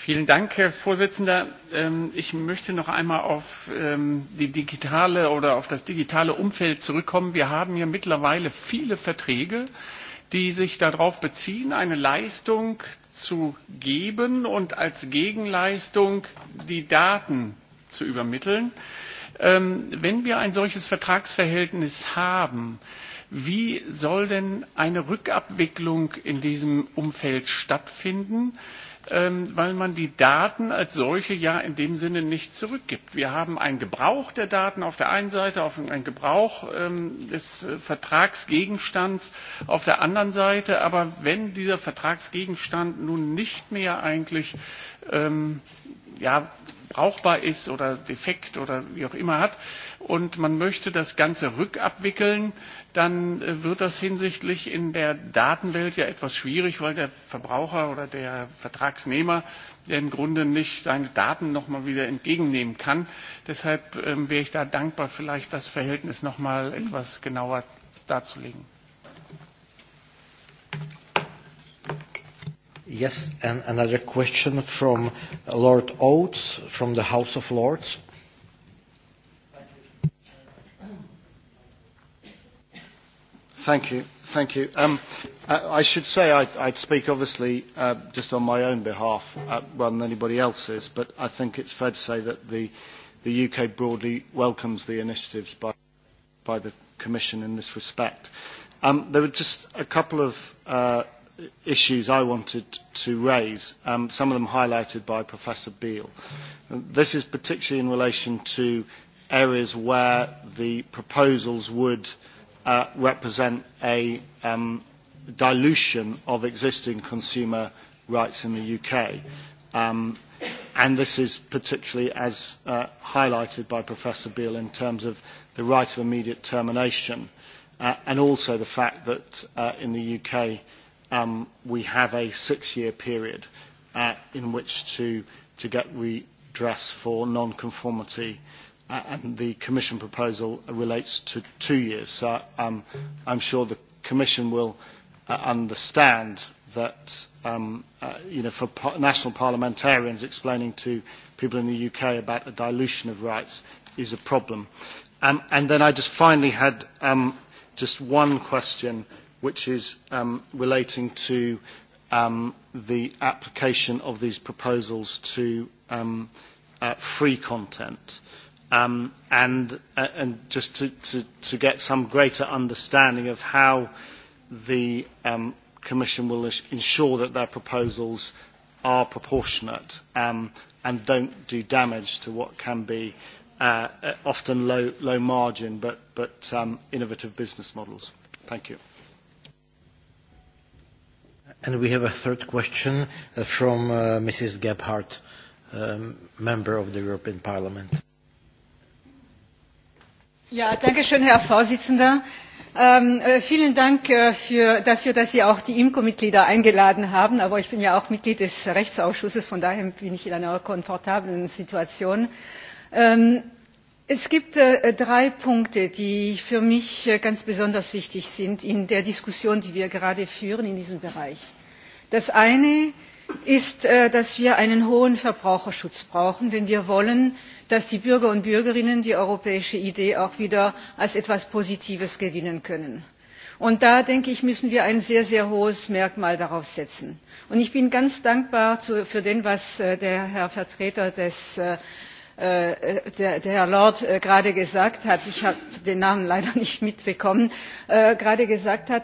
Vielen Dank, Herr Vorsitzender. Ähm, ich möchte noch einmal auf ähm, die digitale oder auf das digitale Umfeld zurückkommen. Wir haben hier mittlerweile viele Verträge, die sich darauf beziehen, eine Leistung zu geben und als Gegenleistung die Daten zu übermitteln. Ähm, wenn wir ein solches Vertragsverhältnis haben, wie soll denn eine Rückabwicklung in diesem Umfeld stattfinden? ähm, weil man die Daten als solche ja in dem Sinne nicht zurückgibt. Wir haben einen Gebrauch der Daten auf der einen Seite, auf einen Gebrauch ähm, des äh, Vertragsgegenstands auf der anderen Seite. Aber wenn dieser Vertragsgegenstand nun nicht mehr eigentlich ähm, ja, brauchbar ist oder defekt oder wie auch immer hat und man möchte das Ganze rückabwickeln, dann äh, wird das hinsichtlich in der Datenwelt ja etwas schwierig, weil der Verbraucher oder der Vertragsnehmer ja im Grunde nicht seine Daten nochmal wieder entgegennehmen kann. Deshalb ähm, wäre ich da dankbar, vielleicht das Verhältnis nochmal etwas genauer darzulegen. Yes, and another question from Lord Oates from the House of Lords. Thank you. Thank you. Um, I, I should say I, I'd speak obviously uh, just on my own behalf uh, rather than anybody else's, but I think it's fair to say that the, the UK broadly welcomes the initiatives by, by the Commission in this respect. Um, there were just a couple of uh, issues I wanted to raise, um, some of them highlighted by Professor Beale. This is particularly in relation to areas where the proposals would uh, represent a um, dilution of existing consumer rights in the UK. Um, and this is particularly as uh, highlighted by Professor Beale in terms of the right of immediate termination uh, and also the fact that uh, in the UK um, we have a six-year period uh, in which to, to get redress for non-conformity, uh, and the Commission proposal relates to two years. So um, I'm sure the Commission will uh, understand that um, uh, you know, for par national parliamentarians explaining to people in the UK about a dilution of rights is a problem. Um, and then I just finally had um, just one question uh, which is um, relating to um, the application of these proposals to um, uh, free content. Um, and, uh, and just to, to, to get some greater understanding of how the um, Commission will ensure that their proposals are proportionate um, and don't do damage to what can be uh, uh often low, low margin but, but um, innovative business models. Thank you. And we have a third question uh, from uh, Mrs. Gebhardt, um, member of the European Parliament. Ja, danke schön, Herr Vorsitzender. Ähm, äh, vielen Dank äh, für, dafür, dass Sie auch die IMCO-Mitglieder eingeladen haben. Aber ich bin ja auch Mitglied des Rechtsausschusses, von daher bin ich in einer komfortablen Situation. Ähm, es gibt äh, drei punkte die für mich äh, ganz besonders wichtig sind in der diskussion die wir gerade führen in diesem bereich. das eine ist äh, dass wir einen hohen verbraucherschutz brauchen wenn wir wollen dass die bürger und bürgerinnen die europäische idee auch wieder als etwas positives gewinnen können. und da denke ich müssen wir ein sehr sehr hohes merkmal darauf setzen. ich bin ganz dankbar für das was der herr vertreter des Äh, der herr lord äh, gerade gesagt hat ich habe den namen leider *laughs* nicht mitbekommen äh,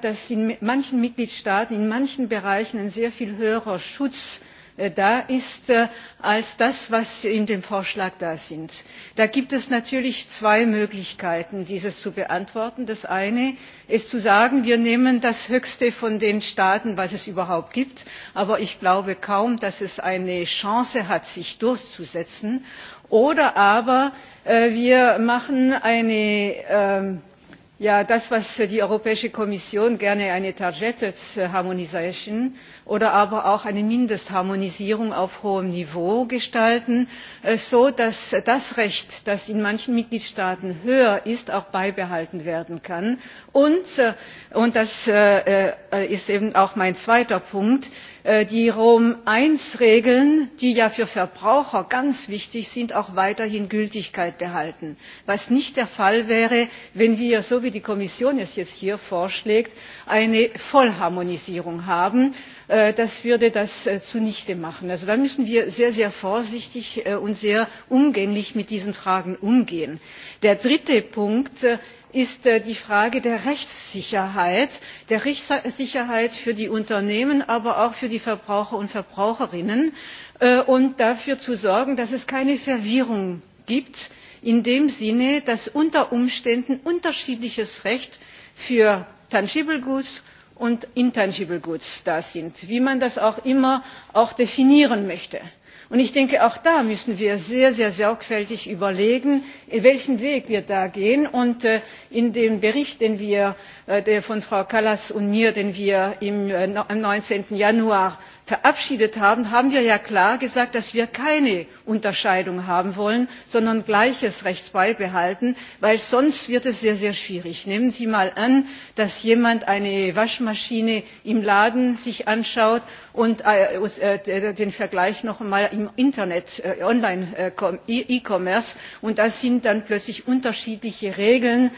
dass in manchen mitgliedstaaten in manchen bereichen ein sehr viel höherer schutz Äh, da ist äh, als das was in dem vorschlag ist. da gibt es natürlich zwei möglichkeiten dies zu beantworten. das eine ist zu sagen wir nehmen das höchste von den staaten was es überhaupt gibt aber ich glaube kaum dass es eine chance hat sich durchzusetzen. oder aber äh, wir machen eine ähm, ja das was die europäische kommission gerne eine targeted harmonisation oder aber auch eine mindestharmonisierung auf hohem niveau gestalten äh, sodass das recht das in manchen mitgliedstaaten höher ist auch beibehalten werden kann und äh, und das äh, ist eben auch mein zweiter punkt Äh, die rom i regeln die ja für verbraucher ganz wichtig sind auch weiterhin gültigkeit behalten was nicht der fall wäre wenn wir so wie die kommission es jetzt hier vorschlägt eine vollharmonisierung haben. Äh, das würde das äh, zunichte machen. also da müssen wir sehr sehr vorsichtig und sehr umgänglich mit diesen fragen umgehen. der dritte punkt ist äh, die frage der rechtssicherheit der rechtssicherheit für die unternehmen aber auch für die verbraucher und verbraucherinnen äh, und dafür zu sorgen dass es keine verwirrung gibt in dem sinne dass unter umständen unterschiedliches recht für tangible goods und intangible goods da ist wie man das auch immer definieren möchte und ich denke auch da müssen wir sehr sehr sorgfältig überlegen welchen weg wir da gehen und äh, in dem bericht äh, von frau kallas und mir den wir äh, am. neunzehn januar verabschiedet haben haben wir ja klar gesagt dass wir keine unterscheidung haben wollen sondern gleiches recht beibehalten weil es sonst sehr sehr schwierig wird. nehmen sie mal an dass jemand sich eine waschmaschine im laden anschaut und äh, äh, den vergleich noch einmal im internet äh, online e commerce und da sind dann plötzlich unterschiedliche regeln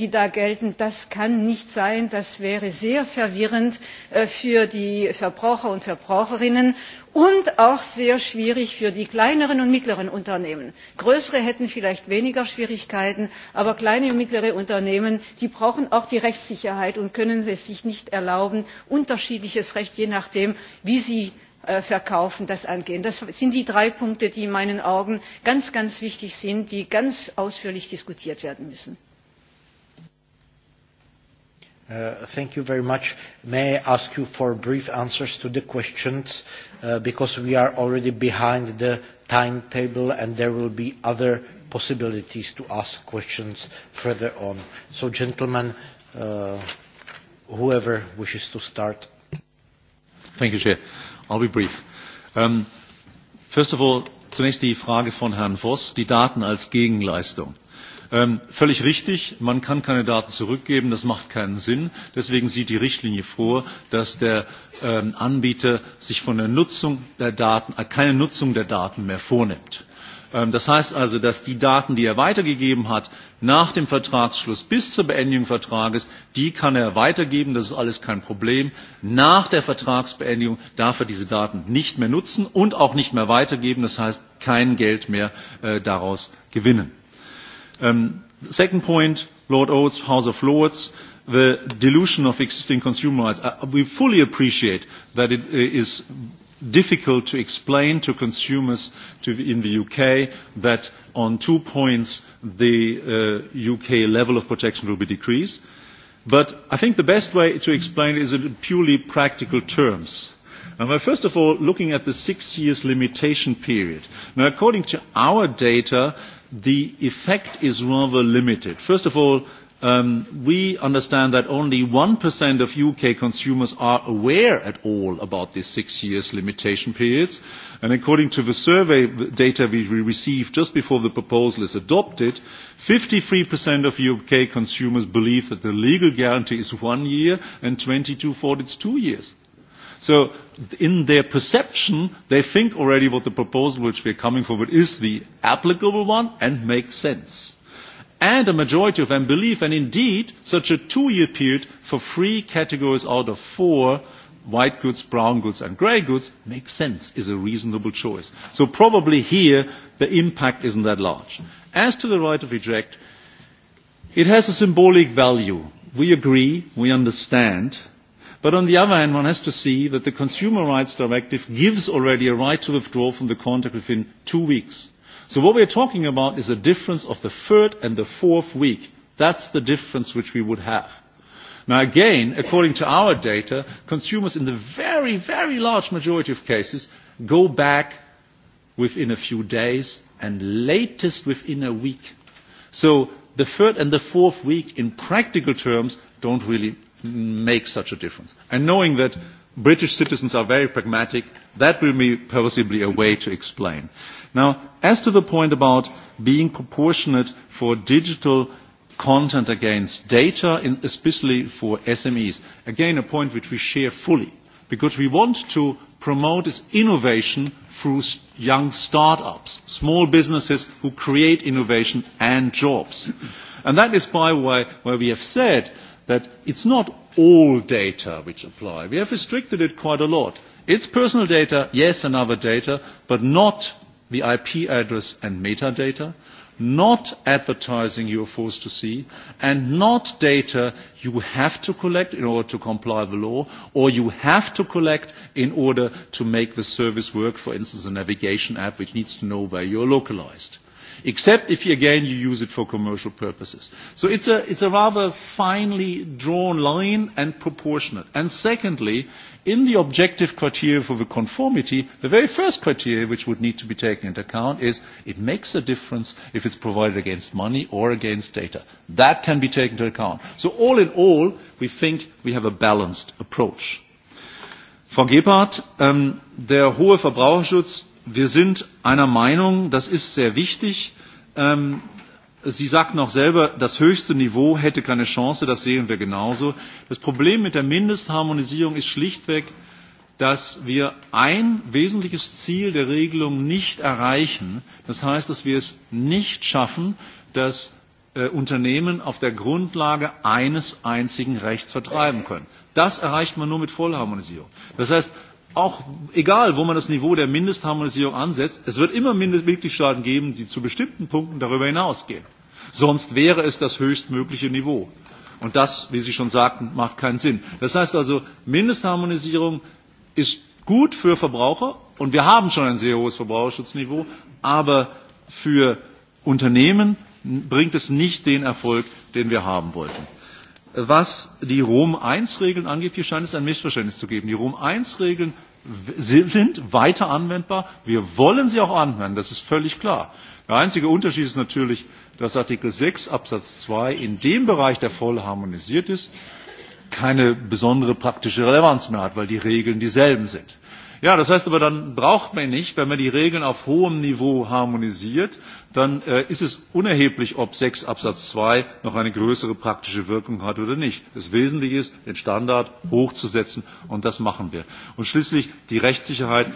die da gelten. das kann nicht sein das wäre sehr verwirrend für die verbraucher und verbraucherinnen und auch sehr schwierig für die kleineren und mittleren unternehmen. größere hätten vielleicht weniger schwierigkeiten aber kleine und mittlere unternehmen brauchen auch die rechtssicherheit und können es sich nicht erlauben unterschiedliches recht je nachdem wie sie äh, verkaufen anzugehen. das sind die drei punkte die in meinen augen ganz wichtig sind die ganz ausführlich diskutiert werden müssen. Uh, thank you very much. May I ask you for brief answers to the questions uh, because we are already behind the timetable and there will be other possibilities to ask questions further on. So gentlemen, uh, whoever wishes to start. Thank you, Chair. I'll be brief. Um, first of all, zunächst die Frage von Herrn Voss, die Daten als Gegenleistung. Ähm, völlig richtig, man kann keine Daten zurückgeben, das macht keinen Sinn. Deswegen sieht die Richtlinie vor, dass der ähm, Anbieter sich von der Nutzung der Daten, äh, keine Nutzung der Daten mehr vornimmt. Ähm, das heißt also, dass die Daten, die er weitergegeben hat, nach dem Vertragsschluss bis zur Beendigung des Vertrages, die kann er weitergeben, das ist alles kein Problem. Nach der Vertragsbeendigung darf er diese Daten nicht mehr nutzen und auch nicht mehr weitergeben, das heißt kein Geld mehr äh, daraus gewinnen. Um, second point, Lord Oates, House of Lords, the dilution of existing consumer rights. Uh, we fully appreciate that it is difficult to explain to consumers to the, in the UK that on two points the uh, UK level of protection will be decreased. But I think the best way to explain it is in purely practical terms. And well, first of all, looking at the six years limitation period. Now, according to our data, the effect is rather limited. First of all, um, we understand that only 1% of UK consumers are aware at all about these six years limitation periods. And according to the survey data we received just before the proposal is adopted, 53% of UK consumers believe that the legal guarantee is one year and 22 thought it's two years. So in their perception, they think already what the proposal which we're coming forward is the applicable one and makes sense. And a majority of them believe, and indeed, such a two-year period for three categories out of four white goods, brown goods, and grey goods makes sense, is a reasonable choice. So probably here the impact isn't that large. As to the right of reject, it has a symbolic value. We agree, we understand, But on the other hand, one has to see that the Consumer Rights Directive gives already a right to withdraw from the contract within two weeks. So what we're talking about is a difference of the third and the fourth week. That's the difference which we would have. Now again, according to our data, consumers in the very, very large majority of cases go back within a few days and latest within a week. So the third and the fourth week in practical terms don't really make such a difference. And knowing that British citizens are very pragmatic, that will be possibly a way to explain. Now, as to the point about being proportionate for digital content against data, in, especially for SMEs, again, a point which we share fully, because we want to promote is innovation through young startups, small businesses who create innovation and jobs. And that is by way where we have said that it's not all data which apply. We have restricted it quite a lot. It's personal data, yes, and other data, but not the IP address and metadata, not advertising you are forced to see, and not data you have to collect in order to comply with the law, or you have to collect in order to make the service work, for instance, a navigation app which needs to know where you're localized except if, again, you use it for commercial purposes. So it's a, it's a rather finely drawn line and proportionate. And secondly, in the objective criteria for the conformity, the very first criteria which would need to be taken into account is it makes a difference if it's provided against money or against data. That can be taken into account. So all in all, we think we have a balanced approach. Frau Gebhardt, ähm, der hohe Verbraucherschutz wir sind einer Meinung, das ist sehr wichtig. Ähm, Sie sagten auch selber, das höchste Niveau hätte keine Chance, das sehen wir genauso. Das Problem mit der Mindestharmonisierung ist schlichtweg, dass wir ein wesentliches Ziel der Regelung nicht erreichen. Das heißt, dass wir es nicht schaffen, dass äh, Unternehmen auf der Grundlage eines einzigen Rechts vertreiben können. Das erreicht man nur mit Vollharmonisierung. Das heißt, auch egal, wo man das Niveau der Mindestharmonisierung ansetzt, es wird immer Mitgliedstaaten geben, die zu bestimmten Punkten darüber hinausgehen. Sonst wäre es das höchstmögliche Niveau. Und das, wie Sie schon sagten, macht keinen Sinn. Das heißt also, Mindestharmonisierung ist gut für Verbraucher und wir haben schon ein sehr hohes Verbraucherschutzniveau, aber für Unternehmen bringt es nicht den Erfolg, den wir haben wollten was die Rom-1-Regeln angeht, hier scheint es ein Missverständnis zu geben. Die Rom-1-Regeln sind weiter anwendbar. Wir wollen sie auch anwenden, das ist völlig klar. Der einzige Unterschied ist natürlich, dass Artikel 6 Absatz 2 in dem Bereich, der voll harmonisiert ist, keine besondere praktische Relevanz mehr hat, weil die Regeln dieselben sind. Ja, das heißt aber, dann braucht man nicht, wenn man die Regeln auf hohem Niveau harmonisiert, dann äh, ist es unerheblich, ob 6 Absatz 2 noch eine größere praktische Wirkung hat oder nicht. Das Wesentliche ist, den Standard hochzusetzen und das machen wir. Und schließlich die Rechtssicherheit.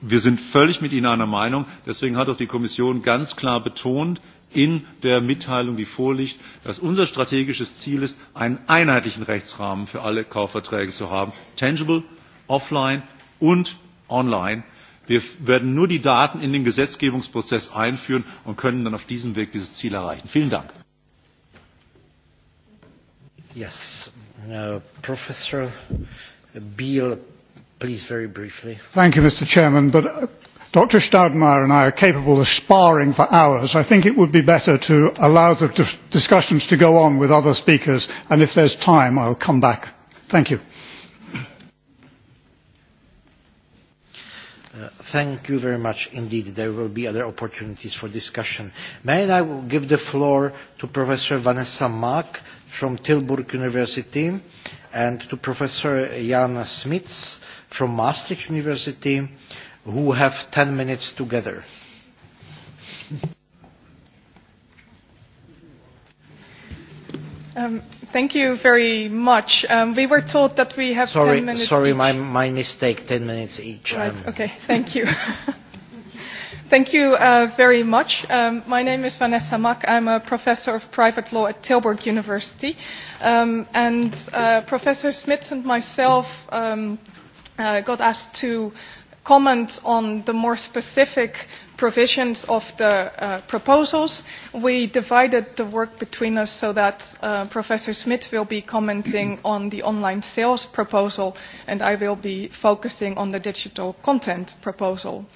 Wir sind völlig mit Ihnen einer Meinung. Deswegen hat auch die Kommission ganz klar betont, in der Mitteilung, die vorliegt, dass unser strategisches Ziel ist, einen einheitlichen Rechtsrahmen für alle Kaufverträge zu haben. Tangible, offline, und online. Wir werden nur die Daten in den Gesetzgebungsprozess einführen und können dann auf diesem Weg dieses Ziel erreichen. Vielen Dank. Yes, uh, Professor Beal, please very briefly. Thank you, Mr. Chairman. But uh, Dr. Staudmeier and I are capable of sparring for hours. I think it would be better to allow the discussions to go on with other speakers, and if there's time, I'll come back. Thank you. Thank you very much indeed. There will be other opportunities for discussion. May I now give the floor to Professor Vanessa Mack from Tilburg University and to Professor Jan Smits from Maastricht University who have 10 minutes together. Um, Thank you very much. Um, we were told that we have sorry, 10 minutes Sorry, each. My, my mistake, 10 minutes each. Right, um, okay, thank you. *laughs* thank you uh, very much. Um, my name is Vanessa Mack. I'm a professor of private law at Tilburg University. Um, and uh, Professor Smith and myself um, uh, got asked to comment on the more specific uh, provisions of the uh, proposals. We divided the work between us so that uh, Professor Smith will be commenting *clears throat* on the online sales proposal and I will be focusing on the digital content proposal.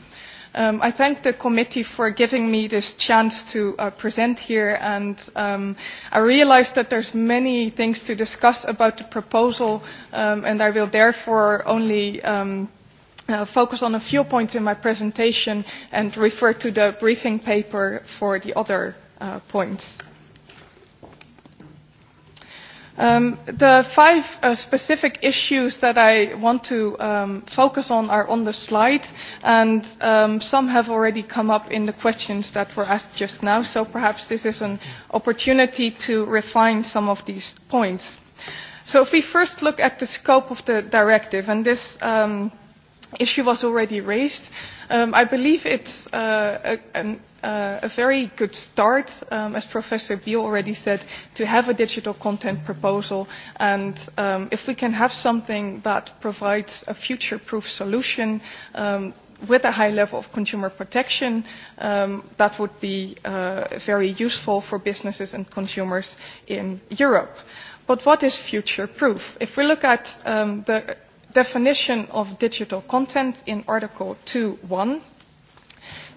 Um, I thank the committee for giving me this chance to uh, present here and um, I realize that there's many things to discuss about the proposal um, and I will therefore only um, uh, focus on a few points in my presentation and refer to the briefing paper for the other uh, points. Um, the five uh, specific issues that I want to um, focus on are on the slide, and um, some have already come up in the questions that were asked just now, so perhaps this is an opportunity to refine some of these points. So if we first look at the scope of the directive, and this um, – issue was already raised. Um, I believe it's uh, a, an, uh, a very good start, um, as Professor Beal already said, to have a digital content proposal. And um, if we can have something that provides a future-proof solution um, with a high level of consumer protection, um, that would be uh, very useful for businesses and consumers in Europe. But what is future-proof? If we look at um, the definition of digital content in Article 2.1,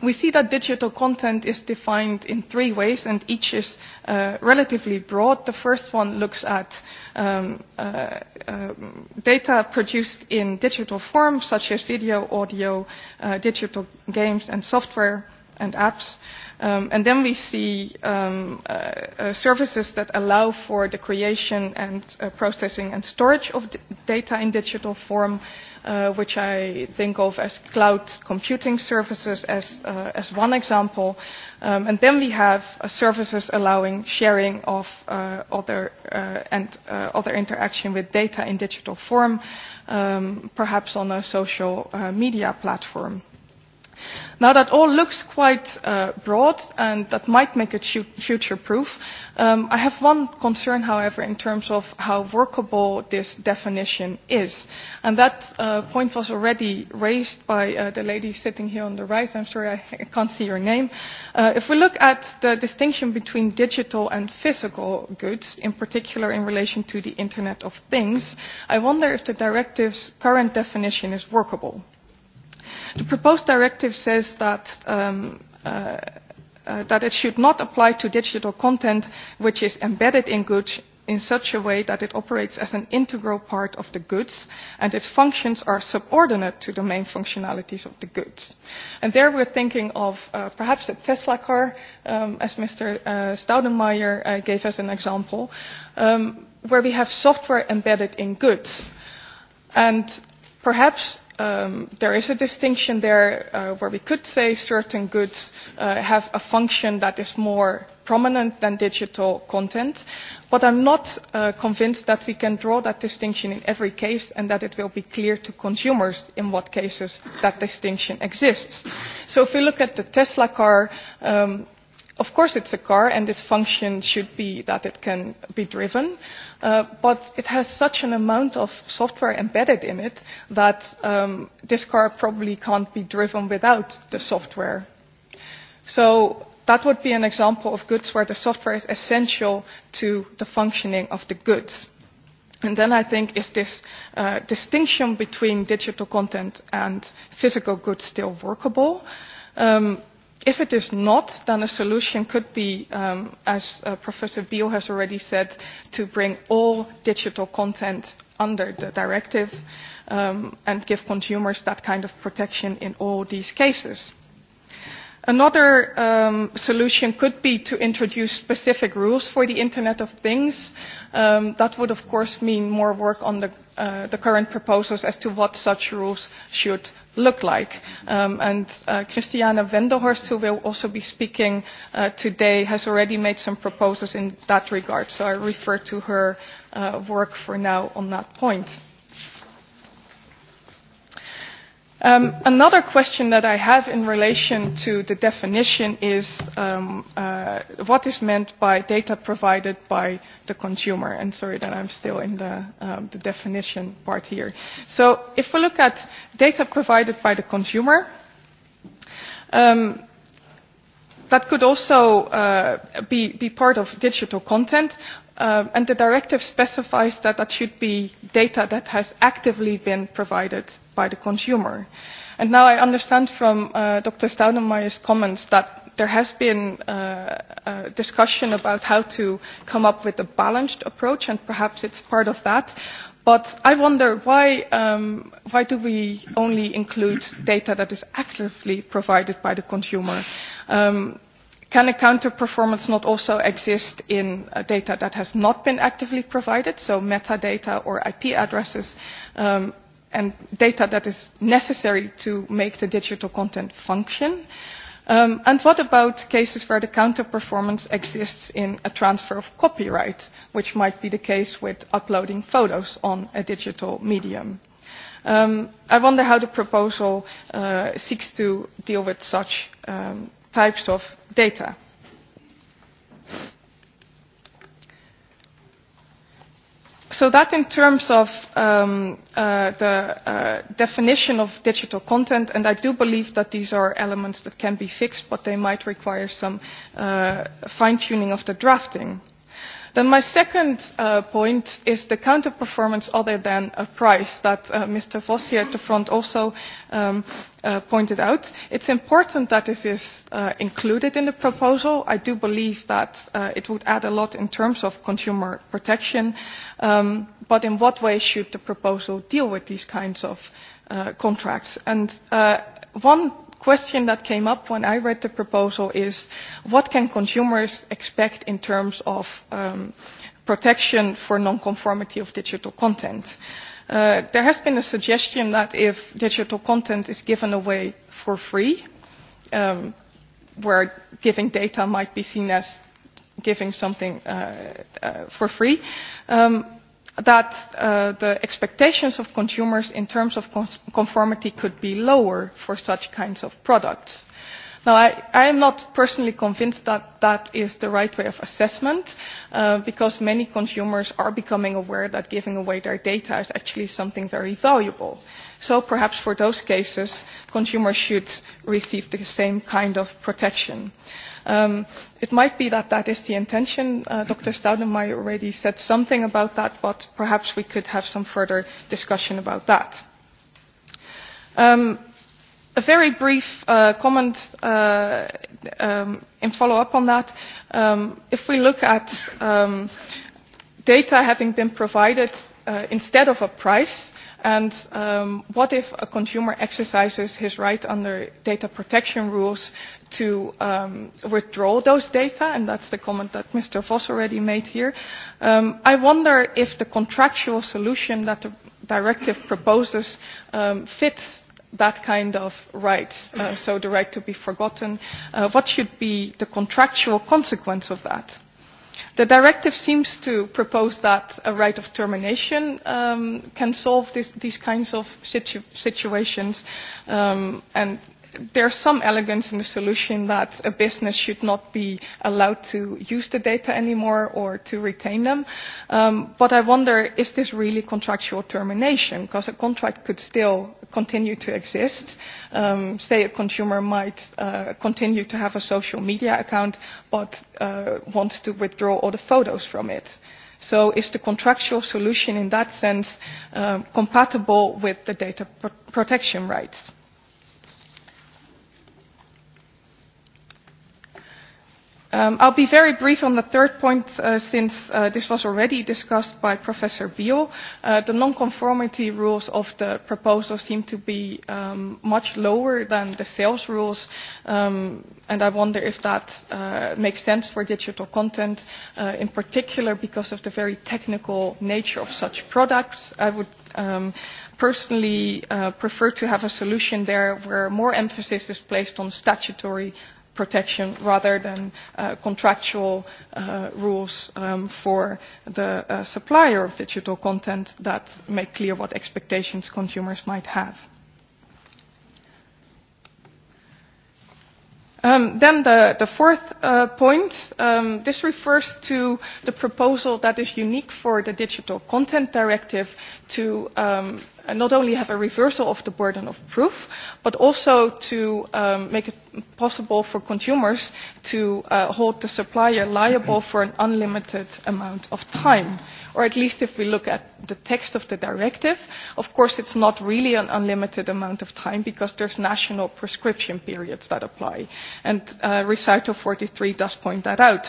we see that digital content is defined in three ways, and each is uh, relatively broad. The first one looks at um, uh, uh, data produced in digital form, such as video, audio, uh, digital games, and software and apps. Uh, Um, and then we see um, uh, uh, services that allow for the creation and uh, processing and storage of d data in digital form, uh, which I think of as cloud computing services as, uh, as one example. Um, and then we have uh, services allowing sharing of uh, other uh, and uh, other interaction with data in digital form, um, perhaps on a social uh, media platform. Now that all looks quite uh, broad and that might make it future-proof, um, I have one concern, however, in terms of how workable this definition is. And that uh, point was already raised by uh, the lady sitting here on the right. I'm sorry, I *laughs* can't see your name. Uh, if we look at the distinction between digital and physical goods, in particular in relation to the Internet of Things, I wonder if the directive's current definition is workable The proposed directive says that um, uh, uh, that it should not apply to digital content which is embedded in goods in such a way that it operates as an integral part of the goods and its functions are subordinate to the main functionalities of the goods. And there we're thinking of uh, perhaps the Tesla car, um, as Mr. Uh, Staudenmayer uh, gave as an example, um, where we have software embedded in goods. And perhaps um, there is a distinction there uh, where we could say certain goods uh, have a function that is more prominent than digital content, but I'm not uh, convinced that we can draw that distinction in every case and that it will be clear to consumers in what cases that distinction exists. So if we look at the Tesla car, um, of course it's a car and its function should be that it can be driven uh, but it has such an amount of software embedded in it that um, this car probably can't be driven without the software so that would be an example of goods where the software is essential to the functioning of the goods and then i think is this uh, distinction between digital content and physical goods still workable um, if it is not, then a solution could be, um, as uh, Professor Beale has already said, to bring all digital content under the directive um, and give consumers that kind of protection in all these cases. Another um, solution could be to introduce specific rules for the Internet of Things. Um, that would, of course, mean more work on the, uh, the current proposals as to what such rules should look like. Um, and uh, Christiane Wendelhorst, who will also be speaking uh, today, has already made some proposals in that regard, so I refer to her uh, work for now on that point. Um, another question that I have in relation to the definition is um, uh, what is meant by data provided by the consumer? And sorry that I'm still in the, um, the definition part here. So if we look at data provided by the consumer, um, that could also uh, be, be part of digital content, Uh, and the directive specifies that that should be data that has actively been provided by the consumer. And now I understand from uh, Dr. Staudenmayer's comments that there has been uh, a discussion about how to come up with a balanced approach, and perhaps it's part of that. But I wonder why, um, why do we only include data that is actively provided by the consumer? Um, Can a counter-performance not also exist in uh, data that has not been actively provided, so metadata or IP addresses, um, and data that is necessary to make the digital content function? Um, and what about cases where the counter-performance exists in a transfer of copyright, which might be the case with uploading photos on a digital medium? Um, I wonder how the proposal uh, seeks to deal with such um, types of data. So that in terms of um, uh, the uh, definition of digital content, and I do believe that these are elements that can be fixed, but they might require some uh, fine-tuning of the drafting. Then my second uh, point is the counter-performance other than a price that uh, Mr. Voss here at the front also um, uh, pointed out. It's important that this is uh, included in the proposal. I do believe that uh, it would add a lot in terms of consumer protection. Um, but in what way should the proposal deal with these kinds of uh, contracts? And uh, one question that came up when I read the proposal is what can consumers expect in terms of um, protection for non-conformity of digital content? Uh, there has been a suggestion that if digital content is given away for free, um, where giving data might be seen as giving something uh, uh, for free, um, that uh, the expectations of consumers in terms of conformity could be lower for such kinds of products. Now, I, I am not personally convinced that that is the right way of assessment uh, because many consumers are becoming aware that giving away their data is actually something very valuable. So perhaps for those cases, consumers should receive the same kind of protection. Uh, Um, it might be that that is the intention. Uh, Dr. Staudenmayer already said something about that, but perhaps we could have some further discussion about that. Um, a very brief uh, comment uh, um, in follow-up on that. Um, if we look at um, data having been provided uh, instead of a price, And um, what if a consumer exercises his right under data protection rules to um, withdraw those data? And that's the comment that Mr. Voss already made here. Um, I wonder if the contractual solution that the directive proposes um, fits that kind of right, uh, so the right to be forgotten. Uh, what should be the contractual consequence of that? The directive seems to propose that a right of termination um, can solve this, these kinds of situ situations, um, and there's some elegance in the solution that a business should not be allowed to use the data anymore or to retain them. Um, but I wonder, is this really contractual termination? Because a contract could still continue to exist. Um, say a consumer might uh, continue to have a social media account but uh, wants to withdraw all the photos from it. So is the contractual solution in that sense um, compatible with the data pr protection rights? Um, I'll be very brief on the third point uh, since uh, this was already discussed by Professor Beal. Uh, the non-conformity rules of the proposal seem to be um, much lower than the sales rules um, and I wonder if that uh, makes sense for digital content uh, in particular because of the very technical nature of such products. I would um, personally uh, prefer to have a solution there where more emphasis is placed on statutory protection rather than uh, contractual uh, rules um, for the uh, supplier of digital content that make clear what expectations consumers might have. Um, then the, the fourth uh, point, um, this refers to the proposal that is unique for the Digital Content Directive to um, not only have a reversal of the burden of proof, but also to um, make it possible for consumers to uh, hold the supplier liable for an unlimited amount of time or at least if we look at the text of the directive. Of course, it's not really an unlimited amount of time because there's national prescription periods that apply. And uh, Recital 43 does point that out.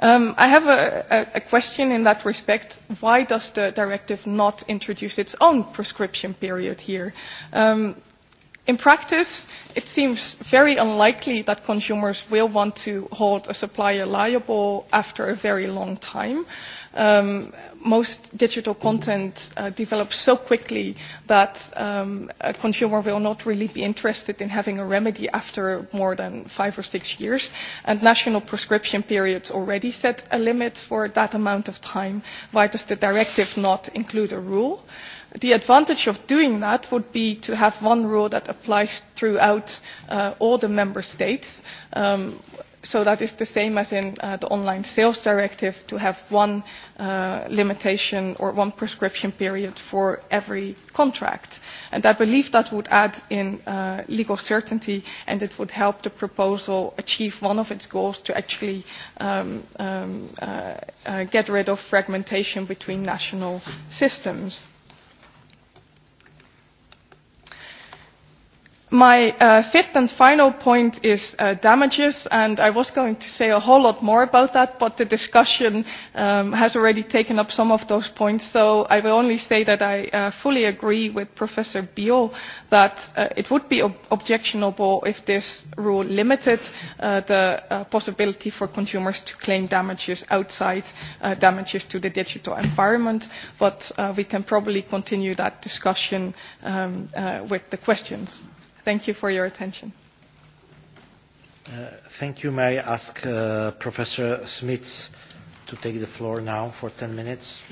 Um, I have a, a, a question in that respect. Why does the directive not introduce its own prescription period here? Um, in practice it seems very unlikely that consumers will want to hold a supplier liable after a very long time. Um, most digital content uh, develops so quickly that um, a consumer will not really be interested in having a remedy after more than five or six years. And national prescription periods already set a limit for that amount of time. Why does the directive not include a rule? Uh, the advantage of doing that would be to have one rule that applies throughout uh, all the member states. Um, so that is the same as in uh, the online sales directive to have one uh, limitation or one prescription period for every contract. And I believe that would add in uh, legal certainty and it would help the proposal achieve one of its goals to actually um, um, uh, uh, get rid of fragmentation between national systems. my uh, fifth and final point is uh, damages and i was going to say a whole lot more about that but the discussion um, has already taken up some of those points so i will only say that i uh, fully agree with professor biot that uh, it would be ob objectionable if this rule limited uh, the uh, possibility for consumers to claim damages outside damages to the digital environment but we can probably continue that discussion um, with the questions. Thank you for your attention. Uh, thank you. May I ask uh, Professor Smits to take the floor now for 10 minutes?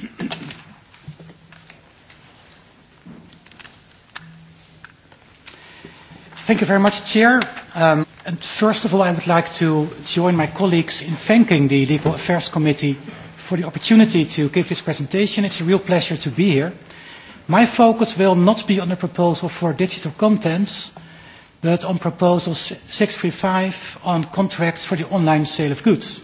Thank you very much, Chair. Um, and first of all, I would like to join my colleagues in thanking the Legal Affairs Committee for the opportunity to give this presentation. It's a real pleasure to be here. Uh, My focus will not be on the proposal for digital contents, but on proposal 635 on contracts for the online sale of goods.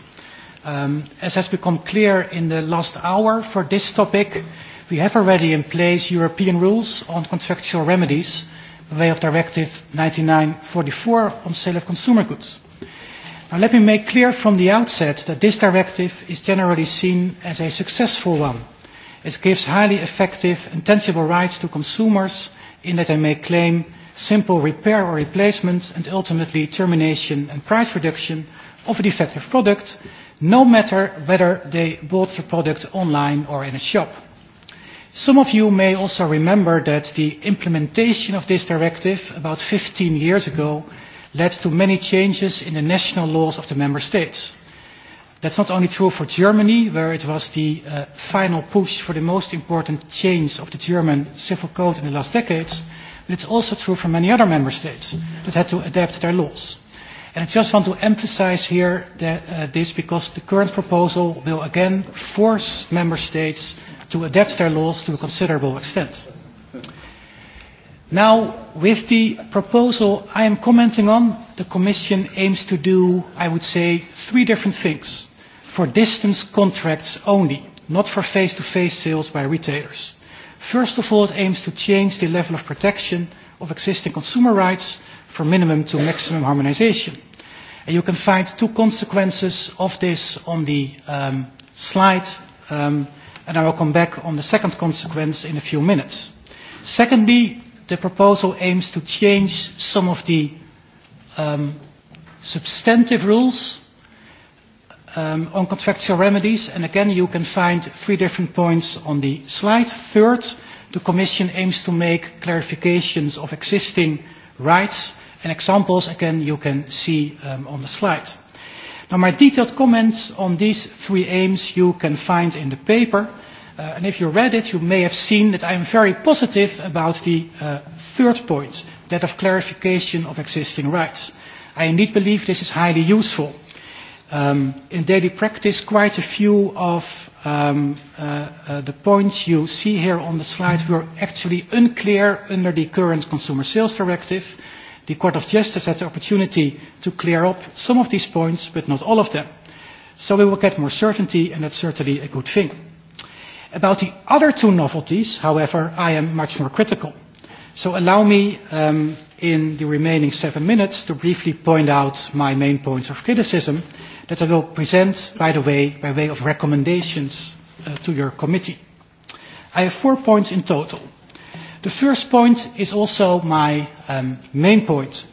Um, as has become clear in the last hour for this topic, we have already in place European rules on contractual remedies by way of Directive 9944 on sale of consumer goods. Now let me make clear from the outset that this directive is generally seen as a successful one It gives highly effective and tangible rights to consumers in that they may claim simple repair or replacement and ultimately termination and price reduction of a defective product, no matter whether they bought the product online or in a shop. Some of you may also remember that the implementation of this directive about 15 years ago led to many changes in the national laws of the member states. That's not only true for Germany, where it was the uh, final push for the most important change of the German civil code in the last decades, but it's also true for many other member states that had to adapt their laws. And I just want to emphasize here that, uh, this because the current proposal will again force member states to adapt their laws to a considerable extent. Now, with the proposal I am commenting on, the Commission aims to do, I would say, three different things for distance contracts only, not for face-to-face -face sales by retailers. First of all, it aims to change the level of protection of existing consumer rights from minimum to maximum harmonization. And you can find two consequences of this on the um, slide, um, and I will come back on the second consequence in a few minutes. Secondly, the proposal aims to change some of the um, substantive rules Um, on contractual remedies, and again, you can find three different points on the slide. Third, the Commission aims to make clarifications of existing rights, and examples, again, you can see um, on the slide. Now, my detailed comments on these three aims you can find in the paper, uh, and if you read it, you may have seen that I am very positive about the uh, third point, that of clarification of existing rights. I indeed believe this is highly useful um, in daily practice, quite a few of um, uh, uh, the points you see here on the slide were actually unclear under the current Consumer Sales Directive. The Court of Justice had the opportunity to clear up some of these points, but not all of them. So we will get more certainty, and that's certainly a good thing. About the other two novelties, however, I am much more critical. So allow me, um, in the remaining seven minutes, to briefly point out my main points of criticism. Uh, that I will present right away by way of recommendations uh, to your committee. I have four points in total. The first point is also my um, main point.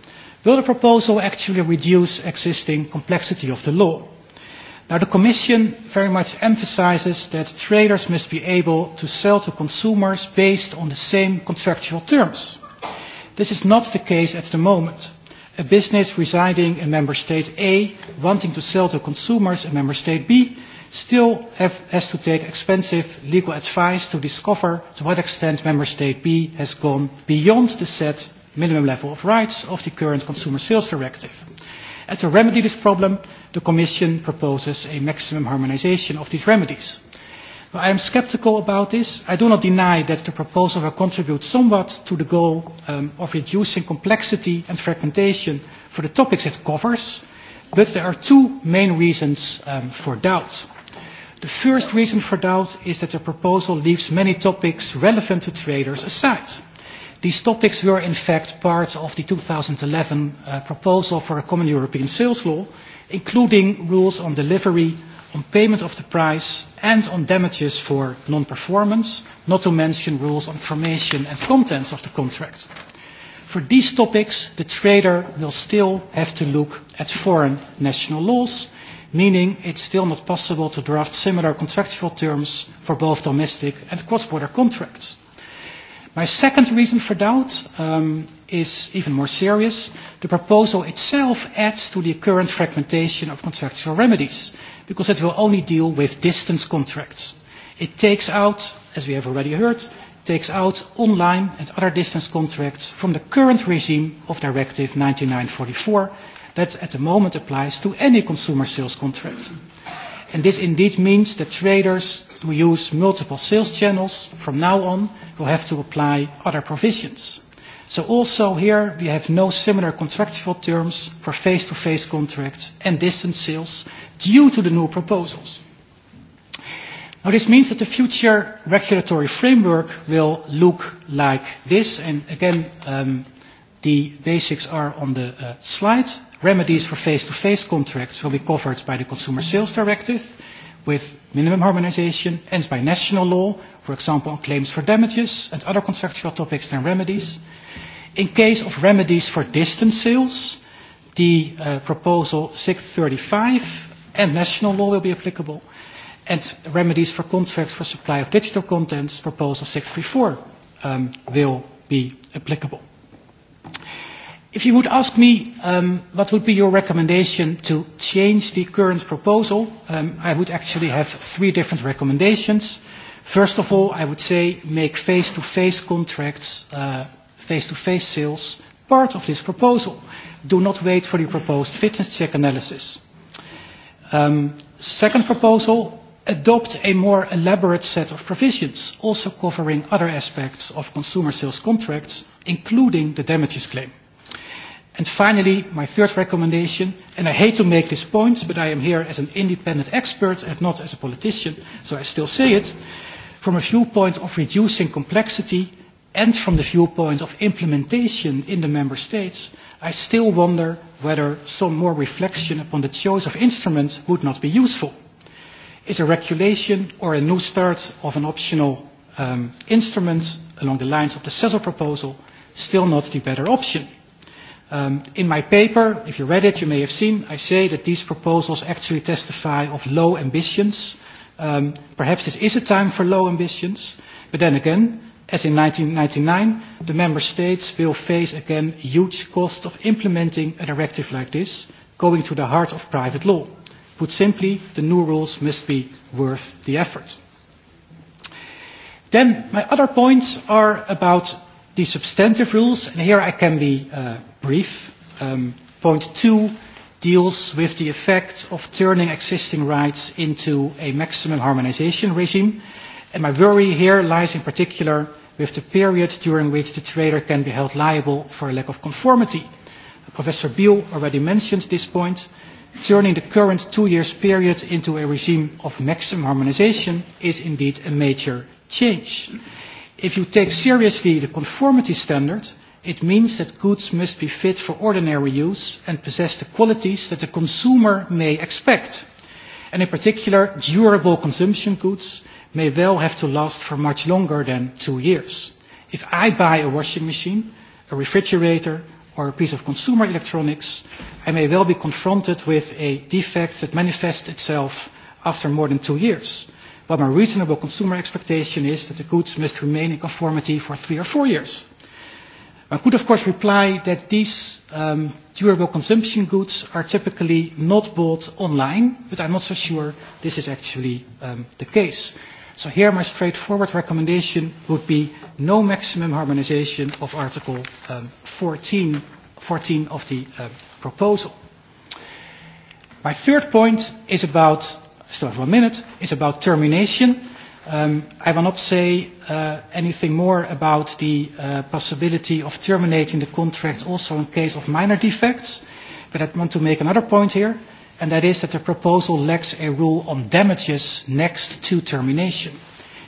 Will the proposal actually reduce existing complexity of the law? Now, the Commission very much emphasizes that traders must be able to sell to consumers based on the same contractual terms. This is not the case at the moment a business residing in member state A wanting to sell to consumers in member state B still have, has to take expensive legal advice to discover to what extent member state B has gone beyond the set minimum level of rights of the current Consumer Sales Directive. And to remedy this problem, the Commission proposes a maximum harmonization of these remedies. But I am sceptical about this. I do not deny that the proposal will contribute somewhat to the goal um, of reducing complexity and fragmentation for the topics it covers, but there are two main reasons um, for doubt. The first reason for doubt is that the proposal leaves many topics relevant to traders aside. These topics were in fact part of the 2011 uh, proposal for a common European sales law, including rules on delivery, on payment of the price and on damages for non-performance, not to mention rules on formation and contents of the contract. For these topics, the trader will still have to look at foreign national laws, meaning it's still not possible to draft similar contractual terms for both domestic and cross-border contracts. My second reason for doubt um, is even more serious. The proposal itself adds to the current fragmentation of contractual remedies, because it will only deal with distance contracts. It takes out, as we have already heard, takes out online and other distance contracts from the current regime of Directive 9944 that at the moment applies to any consumer sales contract. And this indeed means that traders who use multiple sales channels from now on will have to apply other provisions. So also here we have no similar contractual terms for face-to-face -face contracts and distance sales due to the new proposals. Now this means that the future regulatory framework will look like this and again um, the basics are on the uh, slide. Remedies for face-to-face -face contracts will be covered by the Consumer Sales Directive. Uh, with minimum harmonization and by national law, for example, on claims for damages and other contractual topics than remedies. In case of remedies for distance sales, the uh, proposal 635 and national law will be applicable, and remedies for contracts for supply of digital contents, proposal 634 um, will be applicable. If you would ask me um, what would be your recommendation to change the current proposal, um, I would actually have three different recommendations. First of all, I would say make face-to-face -face contracts, uh, face-to-face uh, -face sales part of this proposal. Do not wait for the proposed fitness check analysis. Um, second proposal, adopt a more elaborate set of provisions, also covering other aspects of consumer sales contracts, including the damages claim. And finally, my third recommendation, and I hate to make this point, but I am here as an independent expert and not as a politician, so I still say it, from a viewpoint of reducing complexity and from the viewpoint of implementation in the member states, I still wonder whether some more reflection upon the choice of instruments would not be useful. Is a regulation or a new start of an optional um, instrument along the lines of the CESAR proposal still not the better option? Um, in my paper, if you read it, you may have seen, I say that these proposals actually testify of low ambitions. Um, perhaps this is a time for low ambitions, but then again, as in 1999, the member states will face again huge cost of implementing a directive like this, going to the heart of private law. Put simply, the new rules must be worth the effort. Then my other points are about the substantive rules, and here I can be uh, brief. Um, point two deals with the effect of turning existing rights into a maximum harmonization regime. And my worry here lies in particular with the period during which the trader can be held liable for a lack of conformity. Professor Beale already mentioned this point. Turning the current two years period into a regime of maximum harmonization is indeed a major change. Mm-hmm. If you take seriously the conformity standard, it means that goods must be fit for ordinary use and possess the qualities that the consumer may expect. And in particular, durable consumption goods may well have to last for much longer than two years. If I buy a washing machine, a refrigerator, or a piece of consumer electronics, I may well be confronted with a defect that manifests itself after more than two years what my reasonable consumer expectation is that the goods must remain in conformity for three or four years. I could, of course, reply that these um, durable consumption goods are typically not bought online, but I'm not so sure this is actually um, the case. So here my straightforward recommendation would be no maximum harmonization of Article um, 14, 14 of the um, proposal. My third point is about still have one minute, is about termination. Um, I will not say uh, anything more about the uh, possibility of terminating the contract also in case of minor defects, but I want to make another point here, and that is that the proposal lacks a rule on damages next to termination.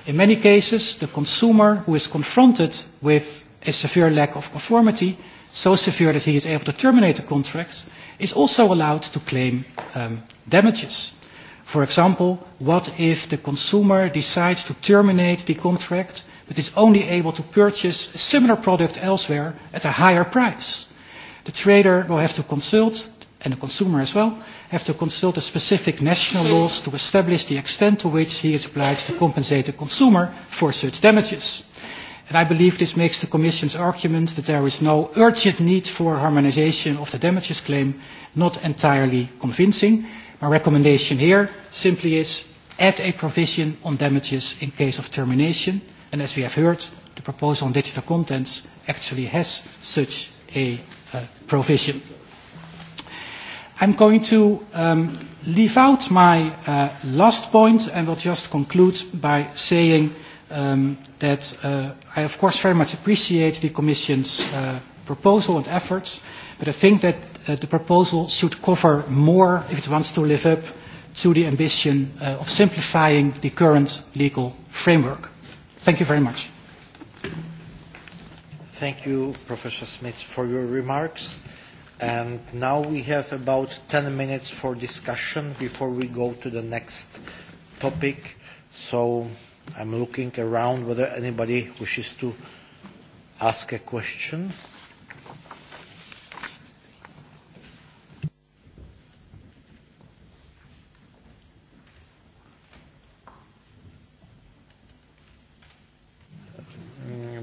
In many cases, the consumer who is confronted with a severe lack of conformity, so severe that he is able to terminate the contract, is also allowed to claim um, damages. For example, what if the consumer decides to terminate the contract but is only able to purchase a similar product elsewhere at a higher price? The trader will have to consult, and the consumer as well, have to consult the specific national laws to establish the extent to which he is obliged to compensate the consumer for such damages. And I believe this makes the Commission's argument that there is no urgent need for harmonization of the damages claim not entirely convincing, Our recommendation here simply is add a provision on damages in case of termination. And as we have heard, the proposal on digital contents actually has such a uh, provision. I'm going to um, leave out my uh, last point and will just conclude by saying um, that uh, I of course very much appreciate the Commission's uh, proposal and efforts, but I think that uh, the proposal should cover more if it wants to live up to the ambition uh, of simplifying the current legal framework. Thank you very much. Thank you, Professor Smith, for your remarks. And now we have about 10 minutes for discussion before we go to the next topic. So I'm looking around whether anybody wishes to ask a question.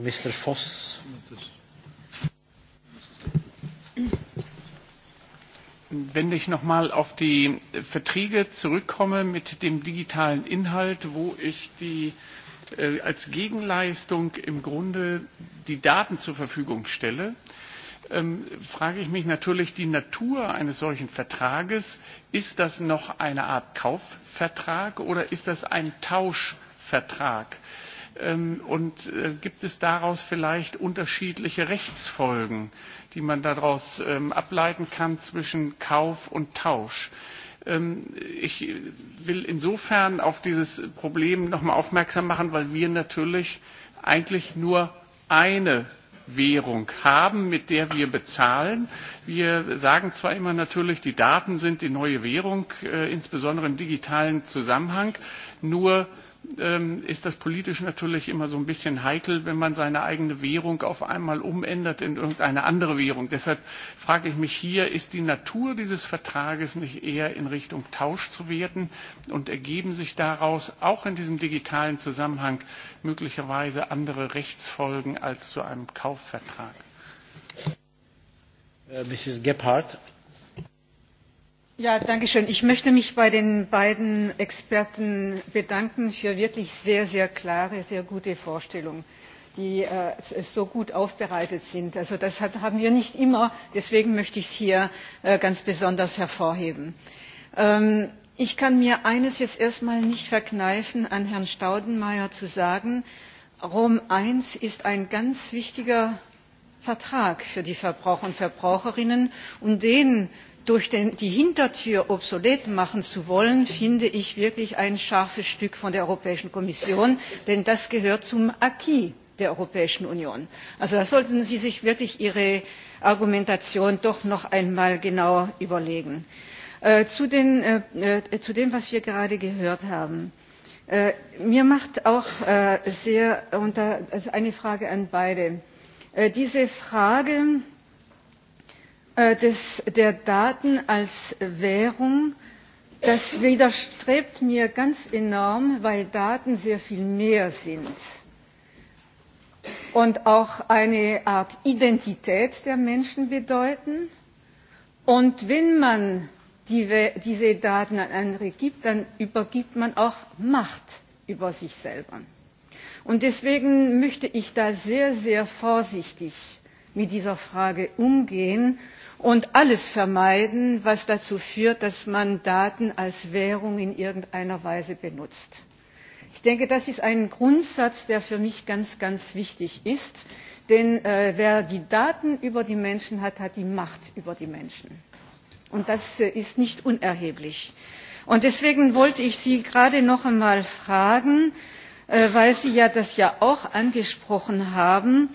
Mr Foss. Wenn ich nochmal auf die Verträge zurückkomme mit dem digitalen Inhalt, wo ich die äh, als Gegenleistung im Grunde die Daten zur Verfügung stelle, ähm, frage ich mich natürlich die Natur eines solchen Vertrages. Ist das noch eine Art Kaufvertrag oder ist das ein Tauschvertrag? Äh, Ähm, und äh, gibt es daraus vielleicht unterschiedliche Rechtsfolgen, die man daraus ähm, ableiten kann zwischen Kauf und Tausch? Ähm, ich will insofern auf dieses Problem nochmal aufmerksam machen, weil wir natürlich eigentlich nur eine Währung haben, mit der wir bezahlen. Wir sagen zwar immer natürlich, die Daten sind die neue Währung, äh, insbesondere im digitalen Zusammenhang, nur ähm, ist das politisch natürlich immer so ein bisschen heikel, wenn man seine eigene Währung auf einmal umändert in irgendeine andere Währung. Deshalb frage ich mich hier, ist die Natur dieses Vertrages nicht eher in Richtung Tausch zu werten und ergeben sich daraus auch in diesem digitalen Zusammenhang möglicherweise andere Rechtsfolgen als zu einem Kaufvertrag? Uh, Mrs. Gebhardt herr präsident! ich möchte mich bei den beiden experten bedanken für wirklich sehr sehr klare sehr gute vorstellungen die äh, so gut aufbereitet sind. das haben wir nicht immer deswegen möchte ich es hier äh, ganz besonders hervorheben. Ähm, ich kann mir eines jetzt erst einmal nicht verkneifen an herrn staudenmayer zu sagen rom i ist ein ganz wichtiger vertrag für die verbraucher und verbraucherinnen und um den durch die hintertür obsolet machen zu wollen finde ich wirklich ein scharfes stück von der europäischen kommission denn das gehört zum acquis der europäischen union. also da sollten sie sich wirklich ihre argumentation doch noch einmal genau überlegen. Äh, äh, äh, zu dem was wir gerade gehört haben mir macht auch eine frage an beide Äh, diese frage äh, des, der daten als währung das widerstrebt mir ganz enorm weil daten sehr viel mehr sind und auch eine art identität der menschen bedeuten. und wenn man die, diese daten an andere gibt dann übergibt man auch macht über sich selber und deswegen möchte ich da sehr sehr vorsichtig mit dieser frage umgehen und alles vermeiden was dazu führt dass man daten als währung in irgendeiner weise benutzt. ich denke das ist ein grundsatz der für mich ganz ganz wichtig ist denn äh, wer die daten über die menschen hat hat die macht über die menschen und das äh, ist nicht unerheblich. Und deswegen wollte ich sie gerade noch einmal fragen Äh, weil sie ja das ja auch angesprochen haben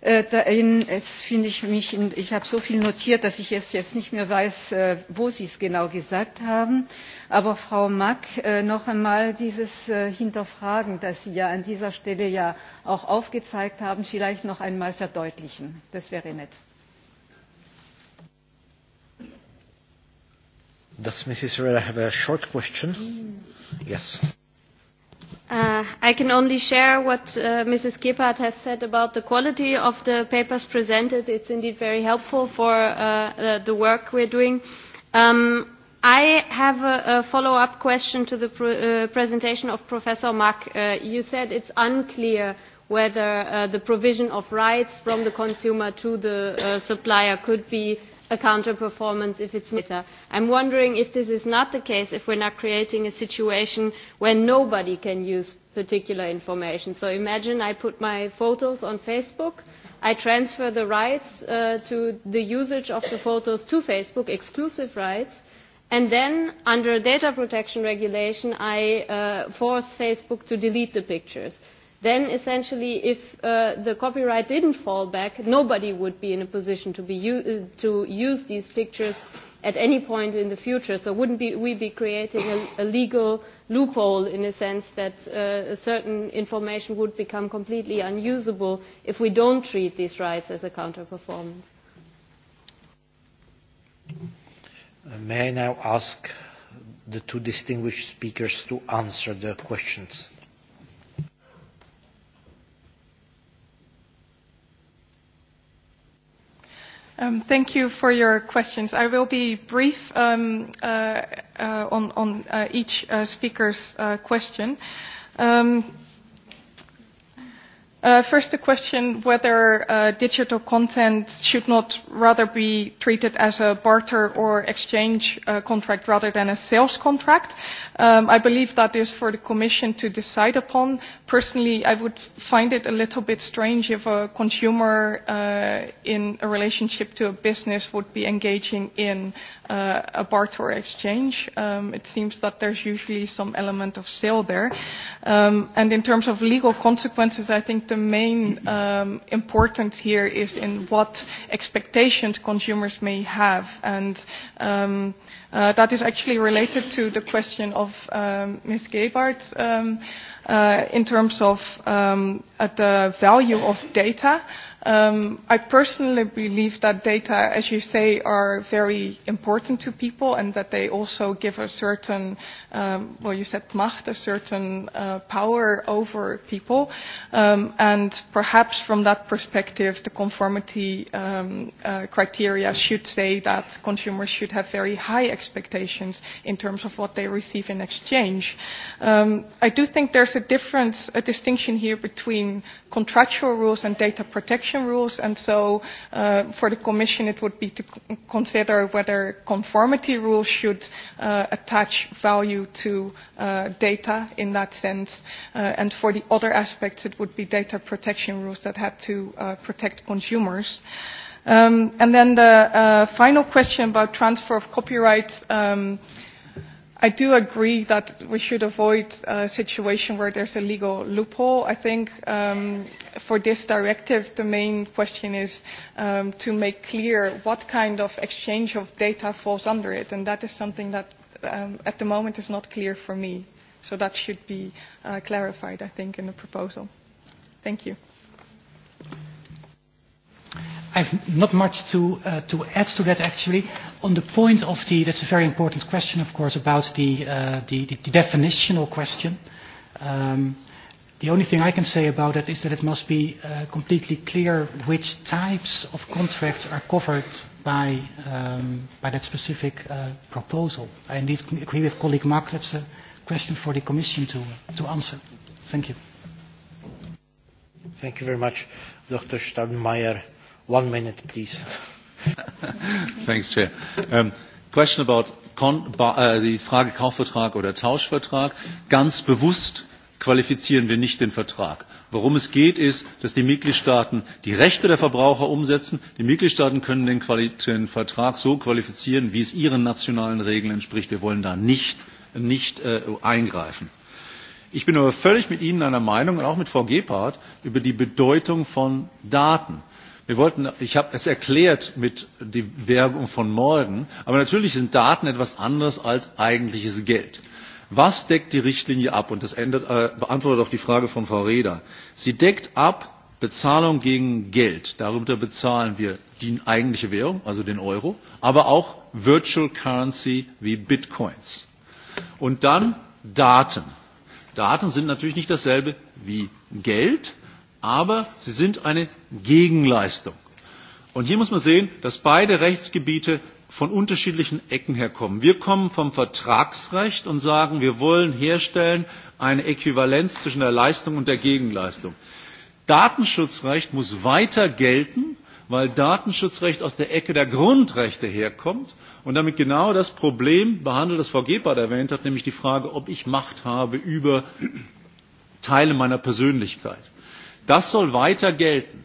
äh, in, jetzt finde ich mich in, ich habe so viel notiert dass ich es jetzt nicht mehr weiß äh, wo sie es genau gesagt haben aber frau mack noch einmal dieses hinterfragen das sie ja an dieser stelle ja auch aufgezeigt haben vielleicht noch einmal verdeutlichen das wäre nett. does mrs reda have a short question? Mm. yes. Uh, I can only share what uh, Mrs. Gebhardt has said about the quality of the papers presented. It's indeed very helpful for uh, uh, the work we're doing. Um, I have a, a follow-up question to the pr uh, presentation of Professor Mack. Uh, you said it's unclear whether uh, the provision of rights from the consumer to the uh, supplier could be uh, a counter performance if it's later. I'm wondering if this is not the case, if we're not creating a situation where nobody can use particular information. So imagine I put my photos on Facebook, I transfer the rights uh, to the usage of the photos to Facebook, exclusive rights, and then under data protection regulation, I uh, force Facebook to delete the pictures then essentially if uh, the copyright didn't fall back, nobody would be in a position to, be u- uh, to use these pictures at any point in the future. So wouldn't be, we be creating a, a legal loophole in a sense that uh, certain information would become completely unusable if we don't treat these rights as a counter-performance? Uh, may I now ask the two distinguished speakers to answer the questions? Um, thank you for your questions. I will be brief um, uh, uh, on, on uh, each uh, speaker's uh, question. Um, Uh, first, a question whether uh, digital content should not rather be treated as a barter or exchange uh, contract rather than a sales contract. Um, I believe that is for the Commission to decide upon. Personally, I would find it a little bit strange if a consumer uh, in a relationship to a business would be engaging in uh, a barter exchange. Um, it seems that there's usually some element of sale there. Um, and in terms of legal consequences, I think the main um, important here is in what expectations consumers may have. And um, uh, that is actually related to the question of um, Ms. Gebhardt um, uh, in terms of um, at the value of data. Uh, Um, I personally believe that data, as you say, are very important to people and that they also give a certain, um, well, you said macht, a certain uh, power over people. Um, and perhaps from that perspective, the conformity um, uh, criteria should say that consumers should have very high expectations in terms of what they receive in exchange. Um, I do think there's a difference, a distinction here between contractual rules and data protection competition rules, and so uh, for the Commission it would be to consider whether conformity rules should uh, attach value to uh, data in that sense, uh, and for the other aspects it would be data protection rules that had to uh, protect consumers. Um, and then the uh, final question about transfer of copyright. Um, uh, I do agree that we should avoid a situation where there's a legal loophole. I think um, for this directive, the main question is um, to make clear what kind of exchange of data falls under it, and that is something that um, at the moment is not clear for me. So that should be uh, clarified, I think, in the proposal. Thank you. Thank you. I've not much to, uh, to add to that, actually. On the point of the, that's a very important question, of course, about the, uh, the, the, the definitional question. Um, the only thing I can say about it is that it must be uh, completely clear which types of contracts are covered by, um, by that specific uh, proposal. I indeed agree with colleague Mark. That's a question for the Commission to, to answer. Thank you. Thank you very much, Dr. Staudenmayer. One minute, please. *laughs* Thanks, Chair. Um, question about Kon äh, die Frage Kaufvertrag oder Tauschvertrag. Ganz bewusst qualifizieren wir nicht den Vertrag. Worum es geht, ist, dass die Mitgliedstaaten die Rechte der Verbraucher umsetzen. Die Mitgliedstaaten können den, Quali den Vertrag so qualifizieren, wie es ihren nationalen Regeln entspricht. Wir wollen da nicht, nicht äh, eingreifen. Ich bin aber völlig mit Ihnen einer Meinung und auch mit Frau Gebhardt über die Bedeutung von Daten Wir wollten, ich habe es erklärt mit der Werbung von morgen, aber natürlich sind Daten etwas anderes als eigentliches Geld. Was deckt die Richtlinie ab? Und das ändert, äh, beantwortet auf die Frage von Frau Reda. Sie deckt ab Bezahlung gegen Geld. Darunter bezahlen wir die eigentliche Währung, also den Euro, aber auch Virtual Currency wie Bitcoins. Und dann Daten. Daten sind natürlich nicht dasselbe wie Geld, aber sie sind eine Gegenleistung. Und hier muss man sehen, dass beide Rechtsgebiete von unterschiedlichen Ecken herkommen. Wir kommen vom Vertragsrecht und sagen, wir wollen herstellen eine Äquivalenz zwischen der Leistung und der Gegenleistung. Datenschutzrecht muss weiter gelten, weil Datenschutzrecht aus der Ecke der Grundrechte herkommt und damit genau das Problem behandelt, das Frau Gebhardt erwähnt hat, nämlich die Frage, ob ich Macht habe über Teile meiner Persönlichkeit. Das soll weiter gelten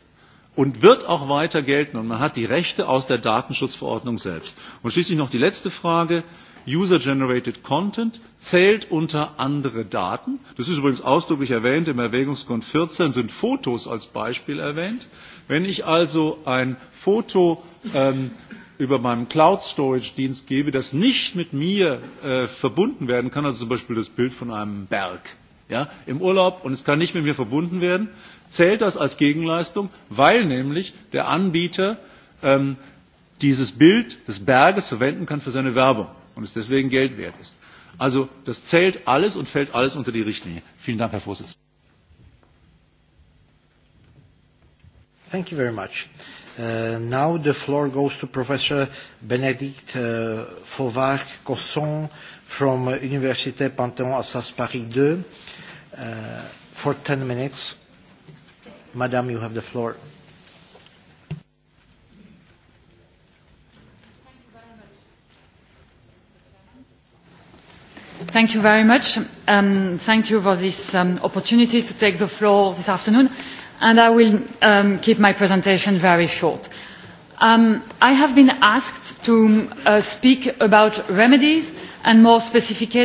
und wird auch weiter gelten. Und man hat die Rechte aus der Datenschutzverordnung selbst. Und schließlich noch die letzte Frage. User-generated Content zählt unter andere Daten. Das ist übrigens ausdrücklich erwähnt. Im Erwägungsgrund 14 sind Fotos als Beispiel erwähnt. Wenn ich also ein Foto ähm, über meinem Cloud Storage Dienst gebe, das nicht mit mir äh, verbunden werden kann, also zum Beispiel das Bild von einem Berg ja, im Urlaub und es kann nicht mit mir verbunden werden, zählt das als Gegenleistung, weil nämlich der Anbieter ähm, dieses Bild des Berges verwenden kann für seine Werbung und es deswegen Geld wert ist. Also das zählt alles und fällt alles unter die Richtlinie. Vielen Dank, Herr Vorsitzender. Thank you very much. Uh, now the floor goes to Professor Benedict uh, Fauvard-Cosson from uh, Université Panthéon-Assas Paris II uh, for 10 minutes. Madam, you have the floor. Thank you very much. Um, thank you for this um, opportunity to take the floor this afternoon, and I will um, keep my presentation very short. Um, I have been asked to uh, speak about remedies and more, specific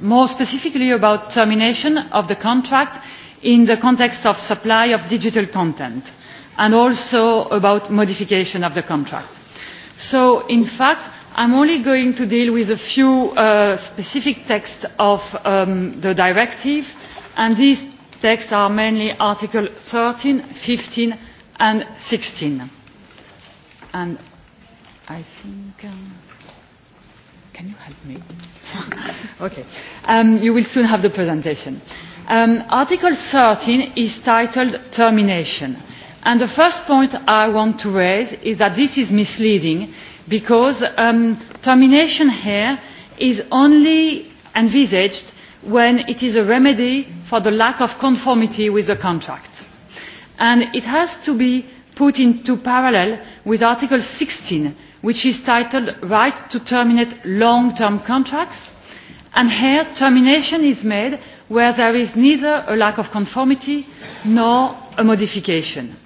more specifically about termination of the contract in the context of supply of digital content and also about modification of the contract. so in fact i am only going to deal with a few uh, specific texts of um, the directive and these texts are mainly articles thirteen fifteen and sixteen and i think um, can you help me? *laughs* okay. Um, you will soon have the presentation. Uh, Um, Article 13 is titled Termination. And the first point I want to raise is that this is misleading because um, termination here is only envisaged when it is a remedy for the lack of conformity with the contract. And it has to be put into parallel with Article 16, which is titled Right to Terminate Long-Term Contracts. And here, termination is made where there is neither a lack of conformity nor a modification.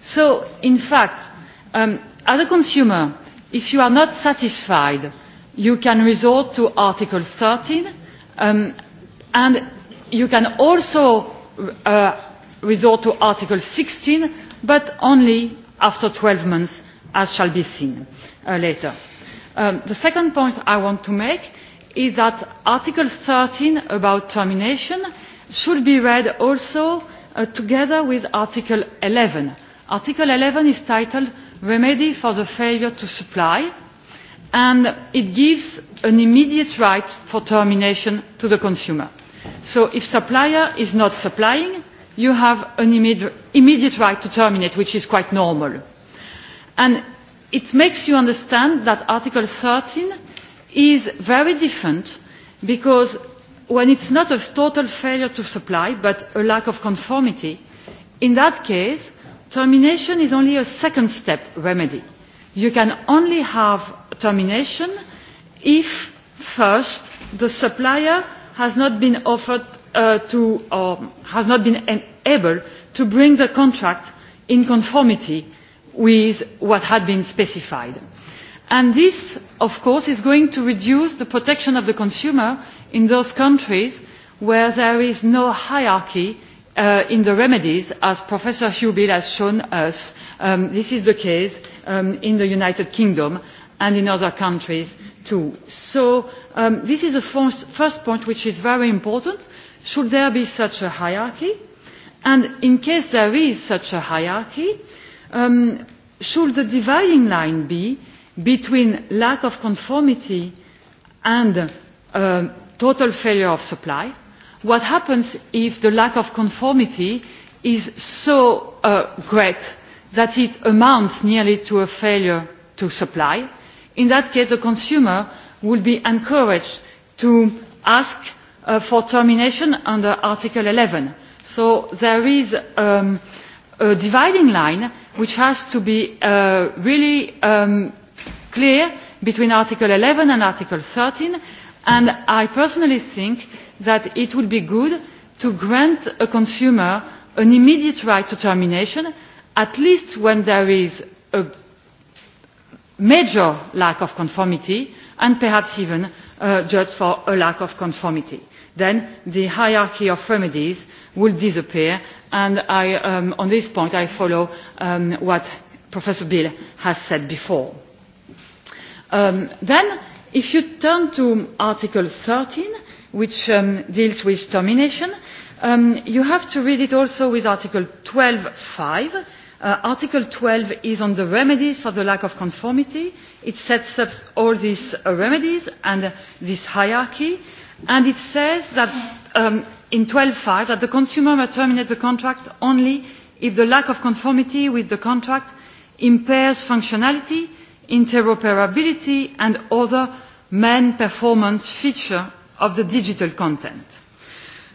so in fact um, as a consumer if you are not satisfied you can resort to article thirteen um, and you can also uh, resort to article sixteen but only after twelve months as shall be seen uh, later. Um, the second point i want to make is that Article 13 about termination should be read also uh, together with Article 11. Article 11 is titled Remedy for the Failure to Supply and it gives an immediate right for termination to the consumer. So if supplier is not supplying, you have an immediate right to terminate, which is quite normal. And it makes you understand that Article 13 is very different because when it is not a total failure to supply but a lack of conformity in that case termination is only a second step remedy. you can only have termination if first the supplier has not been offered uh, to or um, has not been able to bring the contract in conformity with what had been specified and this of course is going to reduce the protection of the consumer in those countries where there is no hierarchy uh, in the remedies as professor hubil has shown us um, this is the case um, in the united kingdom and in other countries too. so um, this is the first, first point which is very important should there be such a hierarchy and in case there is such a hierarchy um, should the dividing line be between lack of conformity and uh, total failure of supply. What happens if the lack of conformity is so uh, great that it amounts nearly to a failure to supply? In that case, the consumer will be encouraged to ask uh, for termination under Article 11. So there is um, a dividing line which has to be uh, really um, clear between article eleven and article thirteen and i personally think that it would be good to grant a consumer an immediate right to termination at least when there is a major lack of conformity and perhaps even uh, just for a lack of conformity. Then the hierarchy of remedies will disappear and I, um, on this point I follow um, what Professor Bill has said before. Um, then, if you turn to Article 13, which um, deals with termination, um, you have to read it also with Article 12.5. Uh, Article 12 is on the remedies for the lack of conformity. It sets up all these uh, remedies and uh, this hierarchy, and it says that um, in 12.5 that the consumer may terminate the contract only if the lack of conformity with the contract impairs functionality, interoperability and other main performance features of the digital content.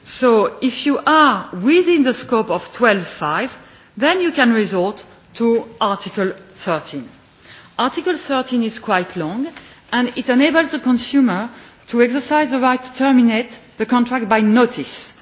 So if you are within the scope of 12.5, then you can resort to Article 13. Article 13 is quite long and it enables the consumer to exercise the right to terminate the contract by notice.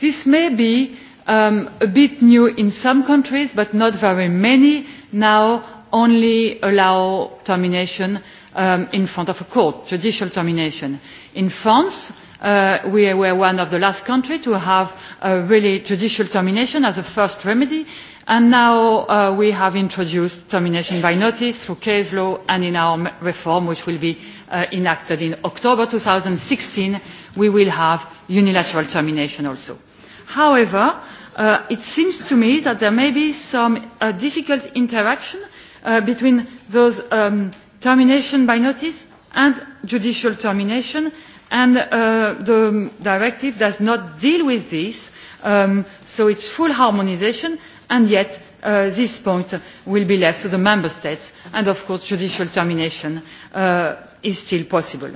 This may be um, a bit new in some countries, but not very many now only allow termination um, in front of a court, judicial termination. In France, uh, we were one of the last countries to have uh, really judicial termination as a first remedy, and now uh, we have introduced termination by notice through case law and in our reform, which will be uh, enacted in October 2016, we will have unilateral termination also. However, uh, it seems to me that there may be some uh, difficult interaction uh, between those um, termination by notice and judicial termination and uh, the directive does not deal with this um, so it is full harmonisation and yet uh, this point will be left to the member states and of course judicial termination uh, is still possible.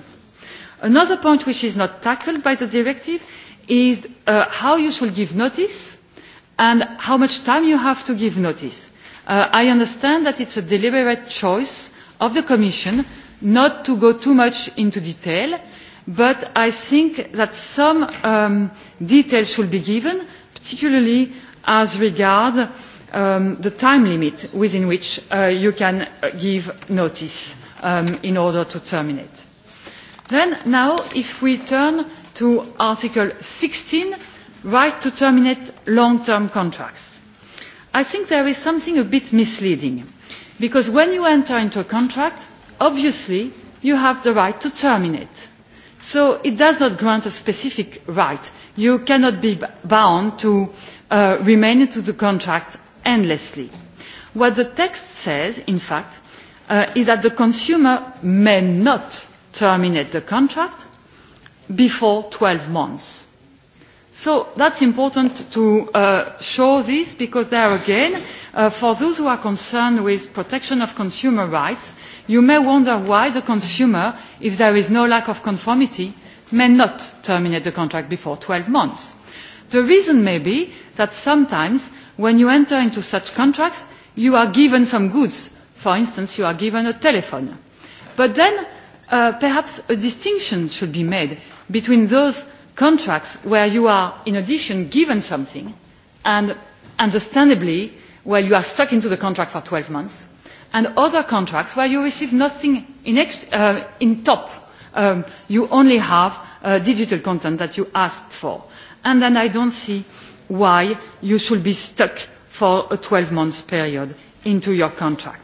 another point which is not tackled by the directive is uh, how you should give notice and how much time you have to give notice Uh, i understand that it is a deliberate choice of the commission not to go too much into detail but i think that some um, detail should be given particularly as regards um, the time limit within which uh, you can uh, give notice um, in order to terminate. Then, now if we turn to article sixteen right to terminate long term contracts i think there is something a bit misleading because when you enter into a contract obviously you have the right to terminate so it does not grant a specific right you cannot be bound to uh, remain in the contract endlessly. what the text says in fact uh, is that the consumer may not terminate the contract before twelve months So that's important to uh, show this because there again, uh, for those who are concerned with protection of consumer rights, you may wonder why the consumer, if there is no lack of conformity, may not terminate the contract before 12 months. The reason may be that sometimes when you enter into such contracts, you are given some goods. For instance, you are given a telephone. But then uh, perhaps a distinction should be made between those contracts where you are in addition given something and understandably well you are stuck into the contract for 12 months and other contracts where you receive nothing in, ex uh, in top um, you only have uh, digital content that you asked for and then I don't see why you should be stuck for a 12 month period into your contract.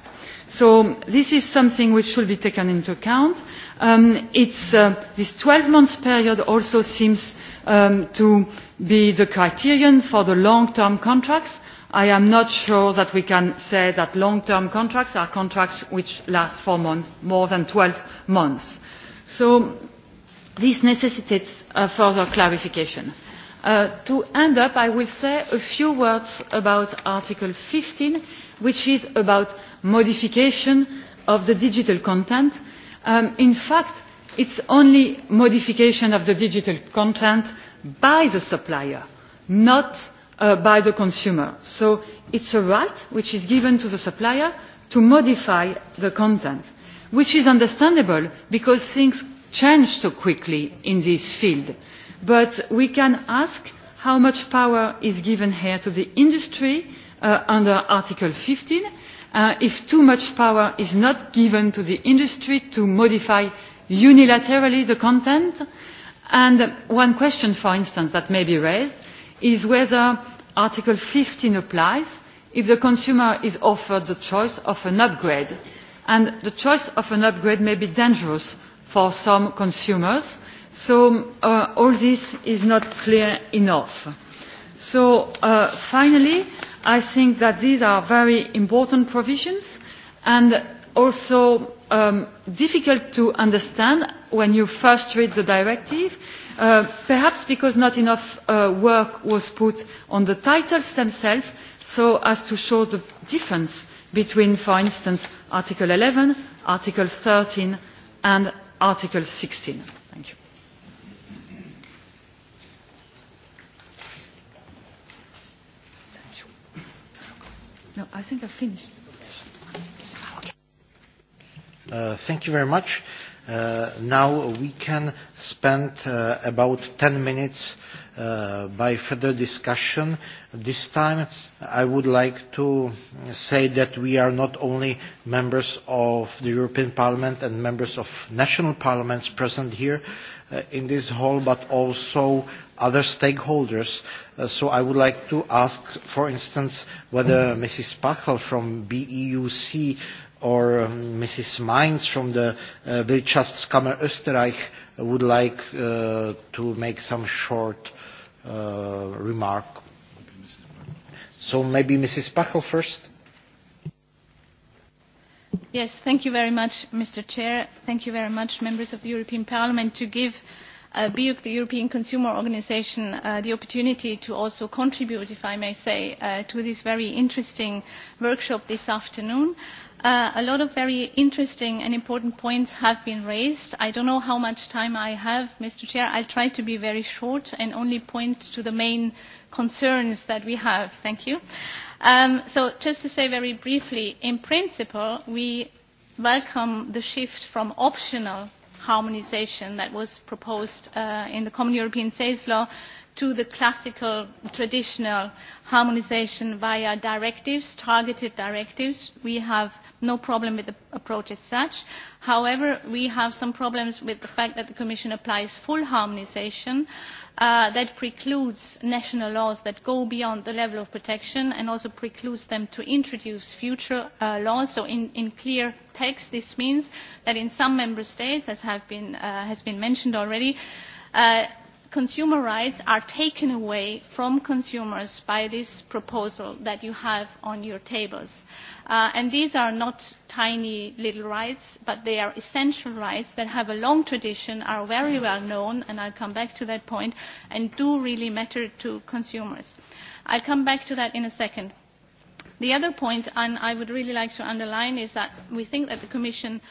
So this is something which should be taken into account. Uh, um, it's, uh, this 12 months period also seems um, to be the criterion for the long-term contracts. I am not sure that we can say that long-term contracts are contracts which last for month, more than 12 months. So this necessitates uh, further clarification. Uh, to end up, I will say a few words about Article 15, which is about modification of the digital content uh, Um, in fact, it's only modification of the digital content by the supplier, not uh, by the consumer. So it's a right which is given to the supplier to modify the content, which is understandable because things change so quickly in this field. But we can ask how much power is given here to the industry uh, under Article 15 uh, if too much power is not given to the industry to modify unilaterally the content. And one question, for instance, that may be raised is whether Article 15 applies if the consumer is offered the choice of an upgrade. And the choice of an upgrade may be dangerous for some consumers. So uh, all this is not clear enough. So uh, finally, I think that these are very important provisions and also um, difficult to understand when you first read the directive, uh, perhaps because not enough uh, work was put on the titles themselves so as to show the difference between, for instance, Article 11, Article 13 and Article 16. Thank you. No, I think I finished. Yes. Uh, thank you very much. Uh, now we can spend uh, about 10 minutes uh, by further discussion. This time I would like to say that we are not only members of the European Parliament and members of national parliaments present here, uh, uh, in this hall, but also other stakeholders. Uh, so I would like to ask, for instance, whether Mrs. Pachel from BEUC or um, Mrs. Mainz from the uh, Wirtschaftskammer Österreich would like uh, to make some short uh, remark. So maybe Mrs. Pachel first. Yes, thank you very much, Mr. Chair. Thank you very much, members of the European Parliament, to give uh, BEUC, the European Consumer Organization, uh, the opportunity to also contribute, if I may say, uh, to this very interesting workshop this afternoon. Uh, a lot of very interesting and important points have been raised. I don't know how much time I have, Mr. Chair. I'll try to be very short and only point to the main concerns that we have. Thank you. Uh, Um, so just to say very briefly, in principle, we welcome the shift from optional harmonization that was proposed uh, in the Common European Sales Law to the classical, traditional harmonization via directives, targeted directives. We have no problem with the approach as such. However, we have some problems with the fact that the Commission applies full harmonization. Uh, uh, that precludes national laws that go beyond the level of protection and also precludes them to introduce future uh, laws. So in, in clear text, this means that in some member states, as have been, uh, has been mentioned already, uh, consumer rights are taken away from consumers by this proposal that you have on your tables. Uh, and these are not tiny little rights, but they are essential rights that have a long tradition, are very well known, and I'll come back to that point, and do really matter to consumers. I'll come back to that in a second. The other point, and I would really like to underline, is that we think that the Commission uh,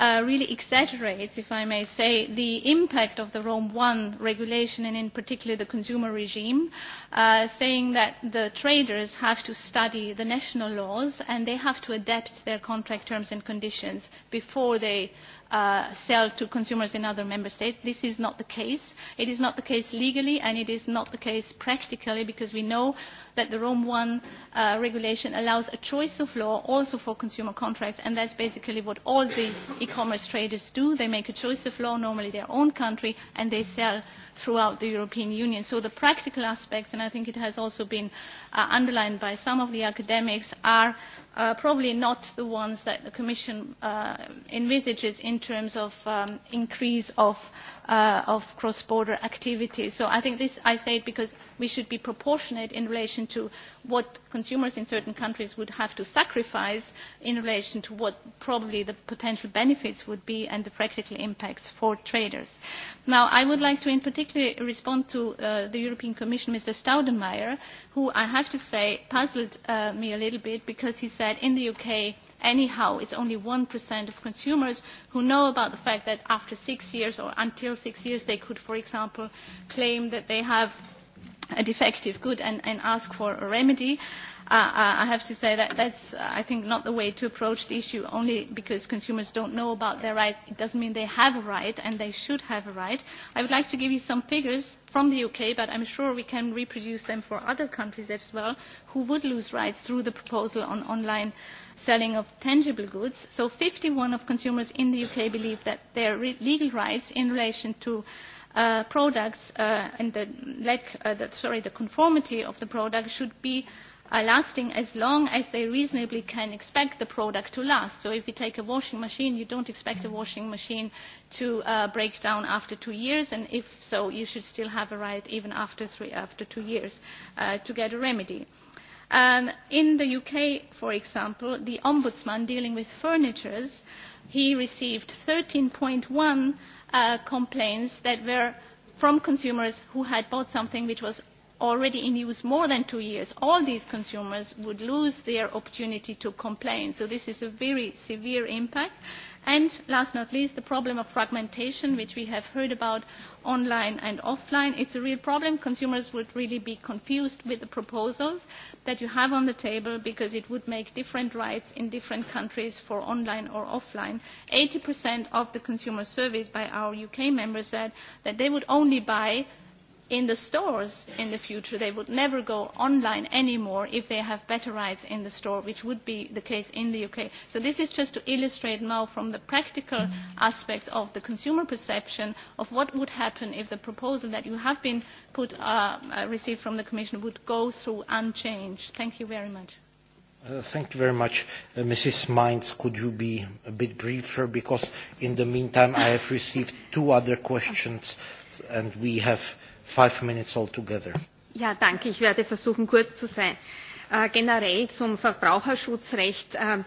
uh, really exaggerates, if I may say, the impact of the Rome I regulation and in particular the consumer regime, uh, saying that the traders have to study the national laws and they have to adapt their contract terms and conditions before they uh, uh, sell to consumers in other member states. This is not the case. It is not the case legally and it is not the case practically because we know that the Rome 1 uh, regulation allows a choice of law also for consumer contracts and that's basically what all the e-commerce traders do. They make a choice of law, normally their own country, and they sell throughout the European Union. So the practical aspects, and I think it has also been uh, underlined by some of the academics, are uh, probably not the ones that the Commission uh, envisages in terms of um, increase of uh, of cross-border activities. So I think this, I say it because we should be proportionate in relation to what consumers in certain countries would have to sacrifice in relation to what probably the potential benefits would be and the practical impacts for traders. Now, I would like to in particular respond to uh, the European Commission, Mr. Staudenmayer, who I have to say puzzled uh, me a little bit because he said in the UK anyhow it's only 1% of consumers who know about the fact that after six years or until six years they could, for example, claim that they have a defective good and, and ask for a remedy. I have to say that that's, I think, not the way to approach the issue. Only because consumers don't know about their rights, it doesn't mean they have a right, and they should have a right. I would like to give you some figures from the UK, but I'm sure we can reproduce them for other countries as well, who would lose rights through the proposal on online selling of tangible goods. So 51 of consumers in the UK believe that their re legal rights in relation to uh, products uh, and the, lack, uh, the, sorry, the conformity of the product should be uh, are lasting as long as they reasonably can expect the product to last. So if you take a washing machine, you don't expect a washing machine to uh, break down after two years, and if so, you should still have a right even after, three, after two years uh, to get a remedy. Um, in the UK, for example, the ombudsman dealing with furnitures, he received 13.1 uh, complaints that were from consumers who had bought something which was already in use more than two years, all these consumers would lose their opportunity to complain. So this is a very severe impact. And last but not least, the problem of fragmentation, which we have heard about online and offline. It's a real problem. Consumers would really be confused with the proposals that you have on the table because it would make different rights in different countries for online or offline. 80% of the consumer surveyed by our UK members said that they would only buy in the stores in the future. They would never go online anymore if they have better rights in the store, which would be the case in the UK. So this is just to illustrate now from the practical aspect of the consumer perception of what would happen if the proposal that you have been put, uh, uh, received from the Commission would go through unchanged. Thank you very much. Uh, thank you very much. Uh, Mrs. Mines, could you be a bit briefer? Because in the meantime, I have received two other questions, and we have uh, five minutes altogether. Ja, danke. Ich werde versuchen, kurz zu sein. Äh, generell zum Verbraucherschutzrecht. Äh,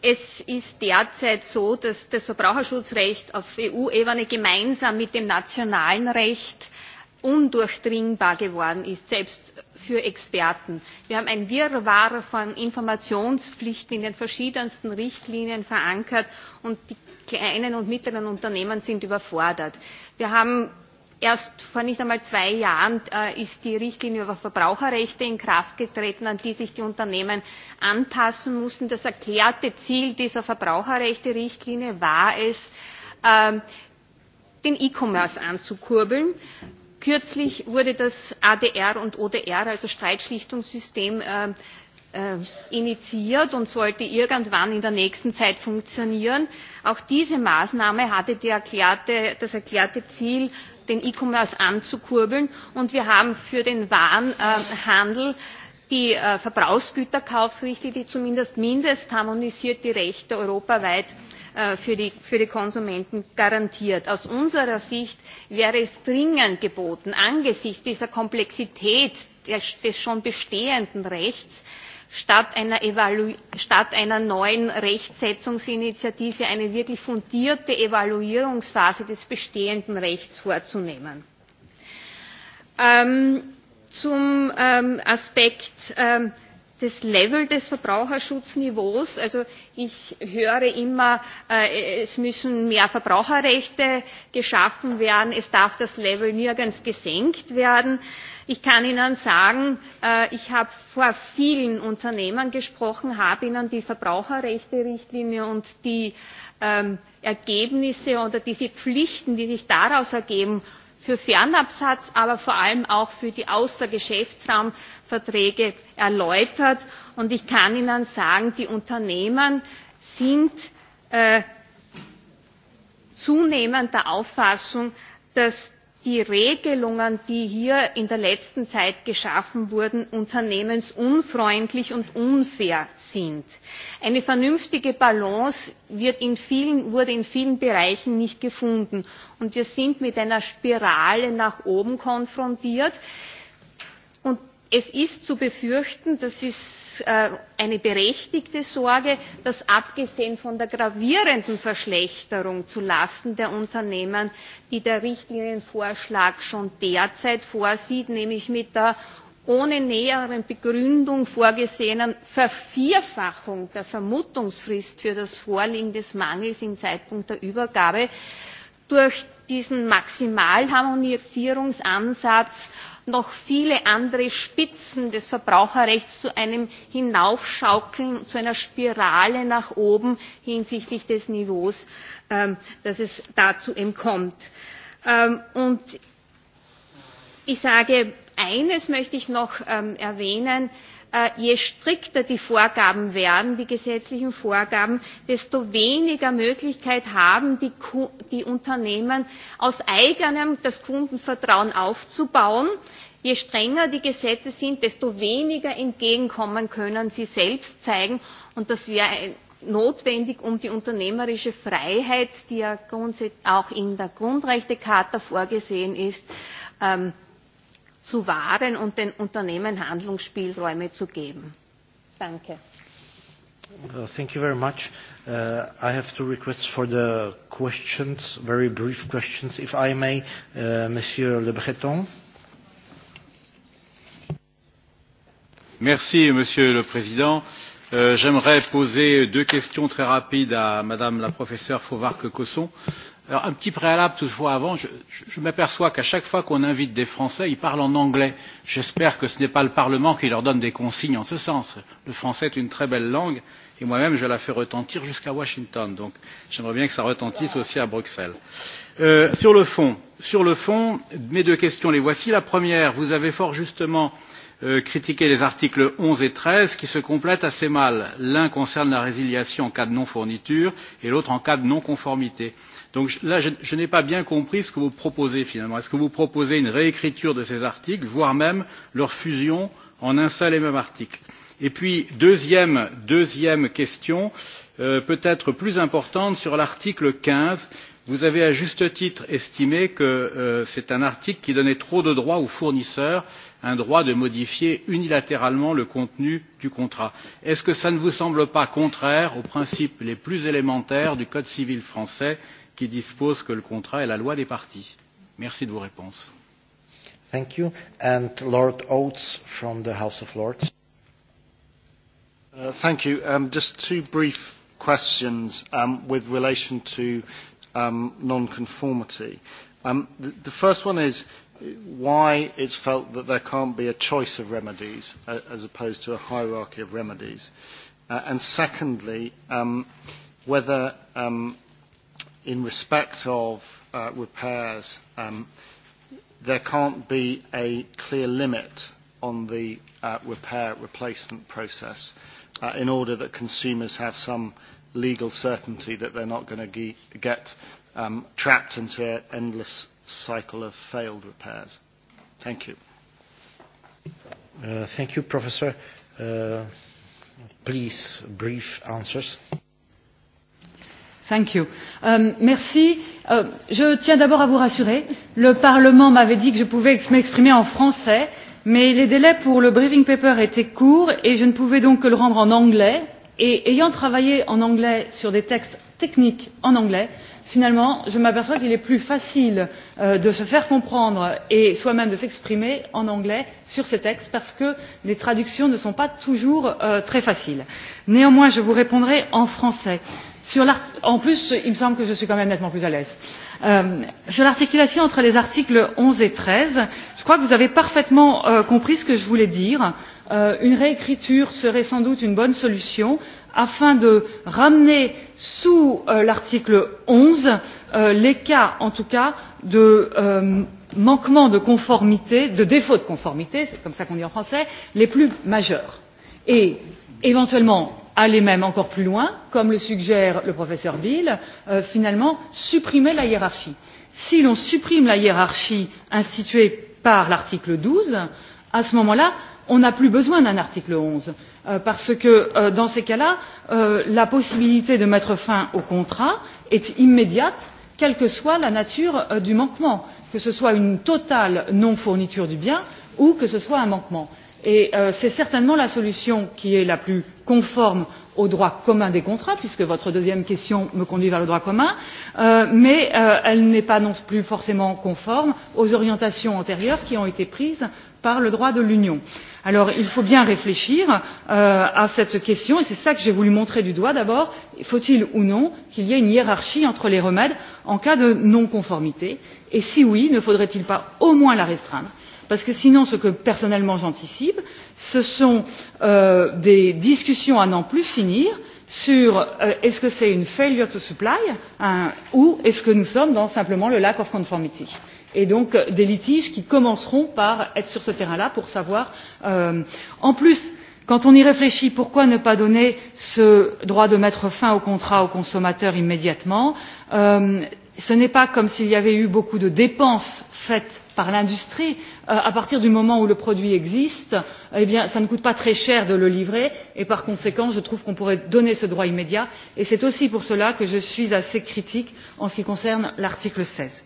es ist derzeit so, dass das Verbraucherschutzrecht auf EU-Ebene gemeinsam mit dem nationalen Recht undurchdringbar geworden ist, selbst für Experten. Wir haben ein Wirrwarr von Informationspflichten in den verschiedensten Richtlinien verankert und die kleinen und mittleren Unternehmen sind überfordert. Wir haben erst vor nicht einmal zwei jahren äh, ist die richtlinie über verbraucherrechte in kraft getreten an die sich die unternehmen anpassen mussten. das erklärte ziel dieser verbraucherrechte richtlinie war es äh, den e commerce anzukurbeln. kürzlich wurde das adr und odr also streitschlichtungssystem äh, äh, initiiert und sollte irgendwann in der nächsten Zeit funktionieren. Auch diese Maßnahme hatte die erklärte, das erklärte Ziel, den E-Commerce anzukurbeln. Und wir haben für den Warenhandel äh, die äh, Verbrauchsgüterkaufsrichtlinie, die zumindest mindestharmonisierte Rechte europaweit äh, für die, für die Konsumenten garantiert. Aus unserer Sicht wäre es dringend geboten, angesichts dieser Komplexität des, des schon bestehenden Rechts statt einer, Evalu statt einer neuen Rechtsetzungsinitiative eine wirklich fundierte Evaluierungsphase des bestehenden Rechts vorzunehmen. Ähm, zum ähm, Aspekt ähm, das Level des Verbraucherschutzniveaus. Also ich höre immer, äh, es müssen mehr Verbraucherrechte geschaffen werden, es darf das Level nirgends gesenkt werden. Äh, ich kann ihnen sagen äh, ich habe vor vielen unternehmern gesprochen habe ihnen die verbraucherrechte richtlinie und die ähm, ergebnisse oder diese pflichten die sich daraus ergeben für fernabsatz aber vor allem auch für die außergeschäftsraumverträge erläutert und ich kann ihnen sagen die unternehmen sind äh, zunehmend der auffassung dass die regelungen die hier in der letzten zeit geschaffen wurden unternehmensunfreundlich und unfair sind. eine vernünftige balance wurde in vielen bereichen nicht gefunden und wir sind mit einer spirale nach oben konfrontiert es ist zu befürchten das ist äh, eine berechtigte sorge dass abgesehen von der gravierenden verschlechterung zulasten der unternehmen die der richtlinienvorschlag schon derzeit vorsieht nämlich mit der ohne nähere begründung vorgesehenen vervierfachung der vermutungsfrist für das vorliegen des mangels zum zeitpunkt der übergabe durch diesen maximalharmonisierungsansatz noch viele andere spitzen des verbraucherrechts zu einem hinaufschaukeln zu einer spirale nach oben hinsichtlich des niveaus ähm, dass es dazu eben kommt. Ähm, und ich sage eines möchte ich noch ähm, erwähnen Äh, je strikter die Vorgaben werden, die gesetzlichen Vorgaben, desto weniger Möglichkeit haben die, die Unternehmen aus eigenem das Kundenvertrauen aufzubauen. Je strenger die Gesetze sind, desto weniger Entgegenkommen können sie selbst zeigen. Und das wäre notwendig, um die unternehmerische Freiheit, die ja auch in der Grundrechtecharta vorgesehen ist, ähm, zu wahren und den Unternehmen Handlungsspielräume zu geben. Danke. Uh, thank you very much. Uh, I have two requests for the questions, very brief questions, if I may. Uh, Monsieur Le Breton. Merci, Monsieur le Président. Euh, J'aimerais poser deux questions très rapides à Madame la professeure Fauvarque-Cosson. Euh, Alors, un petit préalable toutefois avant, je, je, je m'aperçois qu'à chaque fois qu'on invite des Français, ils parlent en anglais. J'espère que ce n'est pas le Parlement qui leur donne des consignes en ce sens. Le français est une très belle langue et moi-même je la fais retentir jusqu'à Washington. Donc j'aimerais bien que ça retentisse aussi à Bruxelles. Euh, sur le fond, sur le fond, mes deux questions les voici. La première, vous avez fort justement euh, critiqué les articles 11 et 13 qui se complètent assez mal. L'un concerne la résiliation en cas de non-fourniture et l'autre en cas de non-conformité. Euh, Donc là, je, je n'ai pas bien compris ce que vous proposez finalement. Est-ce que vous proposez une réécriture de ces articles, voire même leur fusion en un seul et même article Et puis, deuxième, deuxième question, euh, peut-être plus importante, sur l'article 15, vous avez à juste titre estimé que euh, c'est un article qui donnait trop de droits aux fournisseurs un droit de modifier unilatéralement le contenu du contrat. est ce que cela ne vous semble pas contraire aux principes les plus élémentaires du code civil français qui dispose que le contrat est la loi des parties. Merci de vos réponses. Thank you. And Lord Oates from the House of Lords. Uh, thank you. Um, just two brief questions um, with relation to um, non-conformity. Um, the, the first one is why it's felt that there can't be a choice of remedies uh, as opposed to a hierarchy of remedies. Uh, and secondly, um, whether um, in respect of uh, repairs, um, there can't be a clear limit on the uh, repair replacement process uh, in order that consumers have some legal certainty that they're not going to get um, trapped into an endless cycle of failed repairs. Thank you. Uh, thank you, Professor. Uh, please, brief answers. Uh, Thank you. Euh, merci. Euh, je tiens d'abord à vous rassurer. Le Parlement m'avait dit que je pouvais m'exprimer en français, mais les délais pour le briefing paper étaient courts et je ne pouvais donc que le rendre en anglais. Et ayant travaillé en anglais sur des textes techniques en anglais, finalement je m'aperçois qu'il est plus facile euh, de se faire comprendre et soi même de s'exprimer en anglais sur ces textes parce que les traductions ne sont pas toujours euh, très faciles. néanmoins je vous répondrai en français. en plus il me semble que je suis quand même nettement plus à l'aise. Euh, sur l'articulation entre les articles onze et treize je crois que vous avez parfaitement compris ce que je voulais dire. une réécriture serait sans doute une bonne solution afin de ramener sous euh, l'article onze euh, les cas en tout cas de euh, manquement de conformité de défaut de conformité c'est comme cela qu'on dit en français les plus majeurs et éventuellement aller même encore plus loin comme le suggère le professeur beal finalement supprimer la hiérarchie. si l'on supprime la hiérarchie instituée par l'article douze à ce moment là on n'a plus besoin d'un article onze euh, parce que euh, dans ces cas là euh, la possibilité de mettre fin au contrat est immédiate quelle que soit la nature du manquement que ce soit une totale non fourniture du bien ou que ce soit un manquement. c'est certainement la solution qui est la plus conforme au droit commun des contrats puisque votre deuxième question me conduit vers le droit commun mais elle n'est pas non plus forcément conforme aux orientations antérieures qui ont été prises par le droit de l'union alors il faut bien réfléchir euh, à cette question et c'est ça que j'ai voulu montrer du doigt d'abord faut il ou non qu'il y ait une hiérarchie entre les remèdes en cas de non conformité et si oui ne faudrait il pas au moins la restreindre parce que sinon ce que personnellement j'anticipe ce sont euh, des discussions à n'en plus finir sur euh, est ce que c'est une failure to supply hein, ou est ce que nous sommes dans simplement le lack of conformity? et donc euh, des litiges qui commenceront par être sur ce terrain là pour savoir euh, en plus quand on y réfléchit pourquoi ne pas donner ce droit de mettre fin au contrat aux consommateurs immédiatement? Euh, ce n'est pas comme s'il y avait eu beaucoup de dépenses faites par l'industrie euh, à partir du moment où le produit existe eh bien ça ne coûte pas très cher de le livrer et par conséquent je trouve qu'on pourrait donner ce droit immédiat et c'est aussi pour cela que je suis assez critique en ce qui concerne l'article seize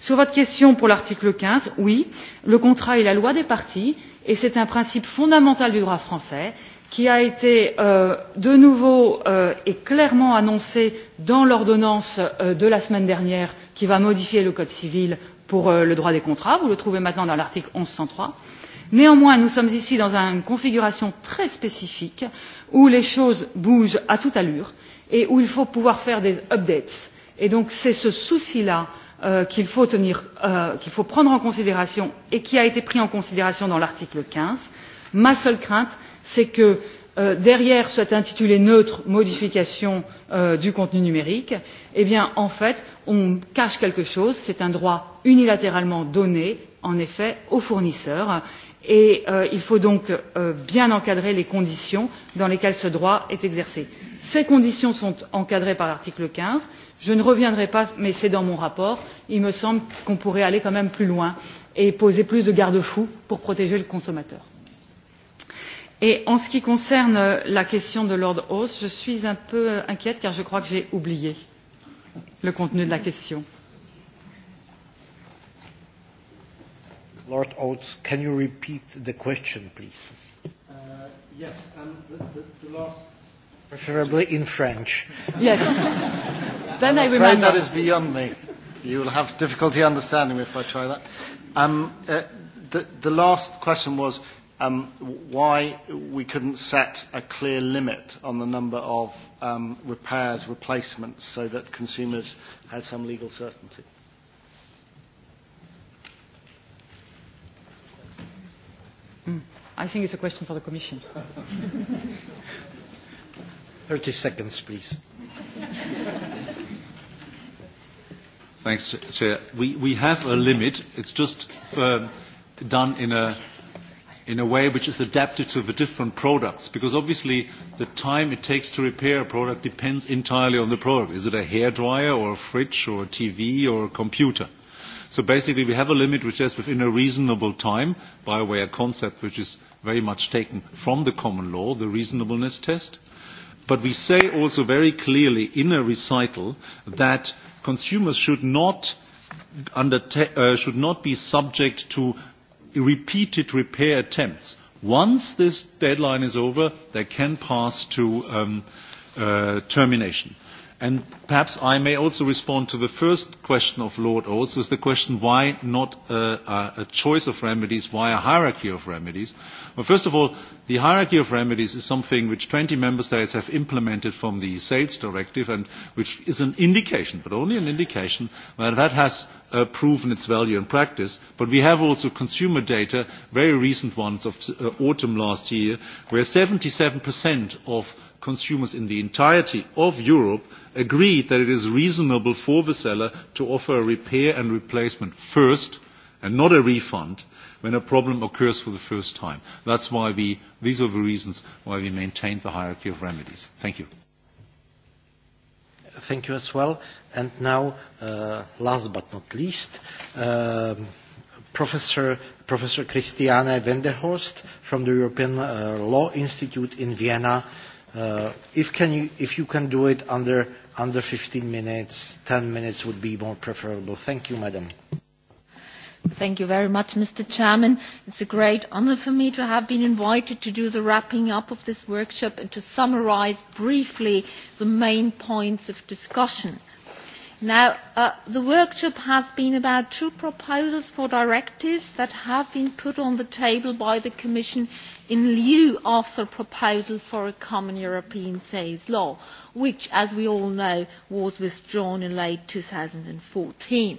sur votre question pour l'article quinze oui le contrat est la loi des parties et c'est un principe fondamental du droit français qui a été euh, de nouveau euh, et clairement annoncé dans l'ordonnance euh, de la semaine dernière qui va modifier le code civil pour euh, le droit des contrats vous le trouvez maintenant dans l'article mille cent trois néanmoins nous sommes ici dans une configuration très spécifique où les choses bougent à toute allure et où il faut pouvoir faire des updates et donc c'est ce souci là Euh, qu'il faut, tenir, euh, qu'il faut prendre en considération et qui a été pris en considération dans l'article quinze ma seule crainte c'est que euh, derrière cet intitulé neutre modification euh, du contenu numérique eh bien en fait on cache quelque chose c'est un droit unilatéralement donné en effet aux fournisseurs et euh, il faut donc euh, bien encadrer les conditions dans lesquelles ce droit est exercé. ces conditions sont encadrées par l'article quinze je ne reviendrai pas mais c'est dans mon rapport il me semble qu'on pourrait aller quand même plus loin et poser plus de garde fous pour protéger le consommateur. Et en ce qui concerne euh, la question de Lord House, je suis un peu euh, inquiète car je crois que j'ai oublié le contenu de la question. Lord Oates, can you repeat the question, please? Uh, yes, and um, the, the, the last Preferably in French. Yes. then I'm I remember. Afraid that is beyond me. You will have difficulty understanding me if I try that. Um, uh, the, the last question was um, why we couldn't set a clear limit on the number of um, repairs, replacements, so that consumers had some legal certainty. Mm, I think it's a question for the Commission. *laughs* 30 seconds, please. Thanks, Chair. We, we have a limit. It's just for, um, done in a, in a way which is adapted to the different products, because obviously the time it takes to repair a product depends entirely on the product. Is it a hairdryer or a fridge or a TV or a computer? So basically we have a limit which says within a reasonable time, by way a concept which is very much taken from the common law, the reasonableness test. But we say also very clearly in a recital that consumers should not, underta- uh, should not be subject to repeated repair attempts. Once this deadline is over, they can pass to um, uh, termination. Uh, And perhaps I may also respond to the first question of Lord Oates, is the question why not uh, a choice of remedies, why a hierarchy of remedies? Well, first of all, the hierarchy of remedies is something which 20 member states have implemented from the sales directive and which is an indication, but only an indication, that that has uh, proven its value in practice. But we have also consumer data, very recent ones of uh, autumn last year, where 77% of consumers in the entirety of Europe agreed that it is reasonable for the seller to offer a repair and replacement first and not a refund when a problem occurs for the first time. That's why we, these are the reasons why we maintained the hierarchy of remedies. Thank you. Thank you as well. And now, uh, last but not least, uh, Professor, Professor Christiane Wenderhorst from the European uh, Law Institute in Vienna Uh, if, can you, if you can do it under, under 15 minutes, 10 minutes would be more preferable. Thank you, Madam. Thank you very much, Mr. Chairman. It's a great honor for me to have been invited to do the wrapping up of this workshop and to summarize briefly the main points of discussion. Now, uh, the workshop has been about two proposals for directives that have been put on the table by the Commission in lieu of the proposal for a common European sales law, which, as we all know, was withdrawn in late 2014.